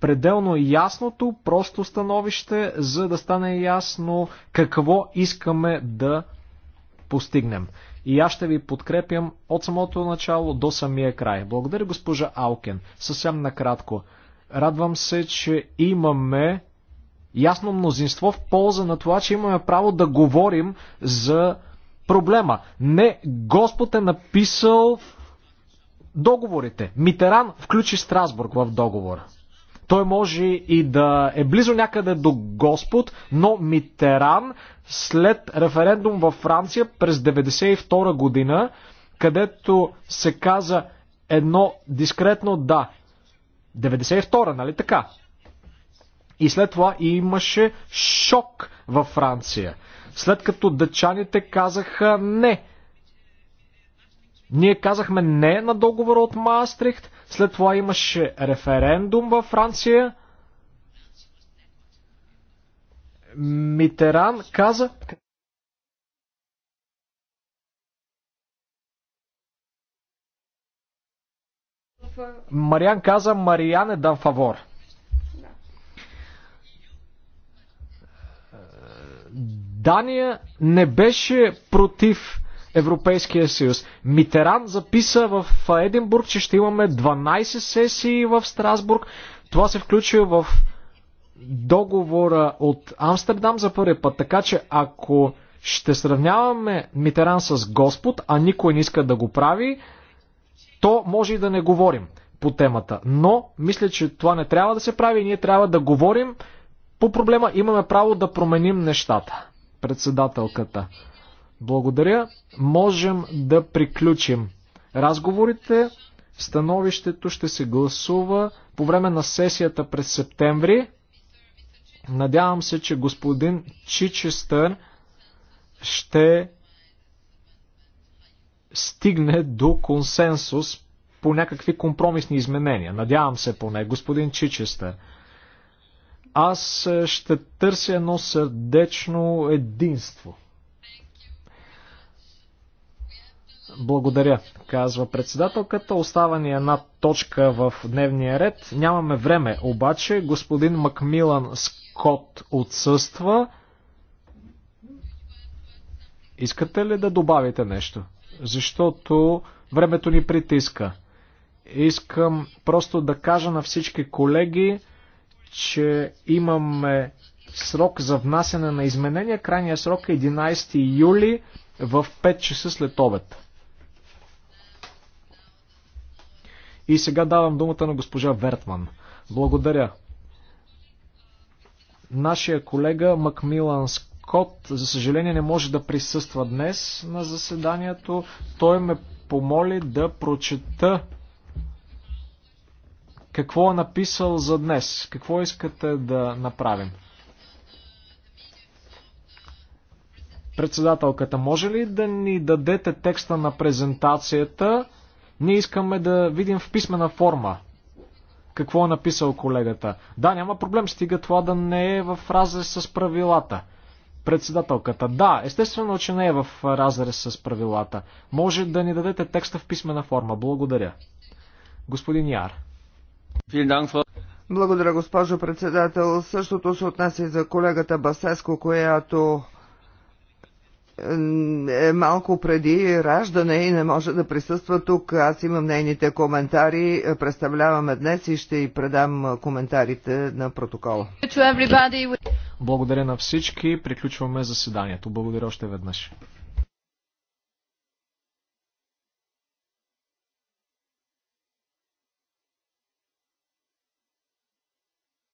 пределно ясното, просто становище, за да стане ясно какво искаме да постигнем. И аз ще ви подкрепям от самото начало до самия край. Благодаря госпожа Алкен. Съвсем накратко. Радвам се, че имаме ясно мнозинство в полза на това, че имаме право да говорим за проблема. Не Господ е написал договорите. Митеран включи Страсбург в договора. Той може и да е близо някъде до Господ, но Митеран след референдум във Франция през 1992 година, където се каза едно дискретно да. 92-а, нали така? И след това имаше шок във Франция. След като дъчаните казаха не. Ние казахме не на договора от Маастрихт, след това имаше референдум във Франция. Митеран каза. Мариан каза Мариан е дан фавор. Дания не беше против Европейския съюз. Митеран записа в Единбург, че ще имаме 12 сесии в Страсбург. Това се включва в договора от Амстердам за първи път. Така че ако ще сравняваме Митеран с Господ, а никой не иска да го прави, то може и да не говорим по темата. Но мисля, че това не трябва да се прави и ние трябва да говорим по проблема. Имаме право да променим нещата. Председателката. Благодаря. Можем да приключим разговорите. Становището ще се гласува по време на сесията през септември. Надявам се, че господин Чичестър ще стигне до консенсус по някакви компромисни изменения. Надявам се поне, господин Чичестър. Аз е, ще търся едно сърдечно единство. Благодаря, казва председателката. Остава ни една точка в дневния ред. Нямаме време, обаче господин Макмилан Скот отсъства. Искате ли да добавите нещо? Защото времето ни притиска. Искам просто да кажа на всички колеги, че имаме срок за внасяне на изменения. Крайният срок е 11 юли в 5 часа след обед. И сега давам думата на госпожа Вертман. Благодаря. Нашия колега Макмилан Скот, за съжаление, не може да присъства днес на заседанието. Той ме помоли да прочета какво е написал за днес, какво искате да направим. Председателката, може ли да ни дадете текста на презентацията? Ние искаме да видим в писмена форма какво е написал колегата. Да, няма проблем, стига това да не е в разрез с правилата. Председателката, да, естествено, че не е в разрез с правилата. Може да ни дадете текста в писмена форма. Благодаря. Господин Яр. Благодаря, госпожо председател. Същото се отнася и за колегата Басеско, която е малко преди раждане и не може да присъства тук. Аз имам нейните коментари, представляваме днес и ще й предам коментарите на протокола. Благодаря на всички. Приключваме заседанието. Благодаря още веднъж.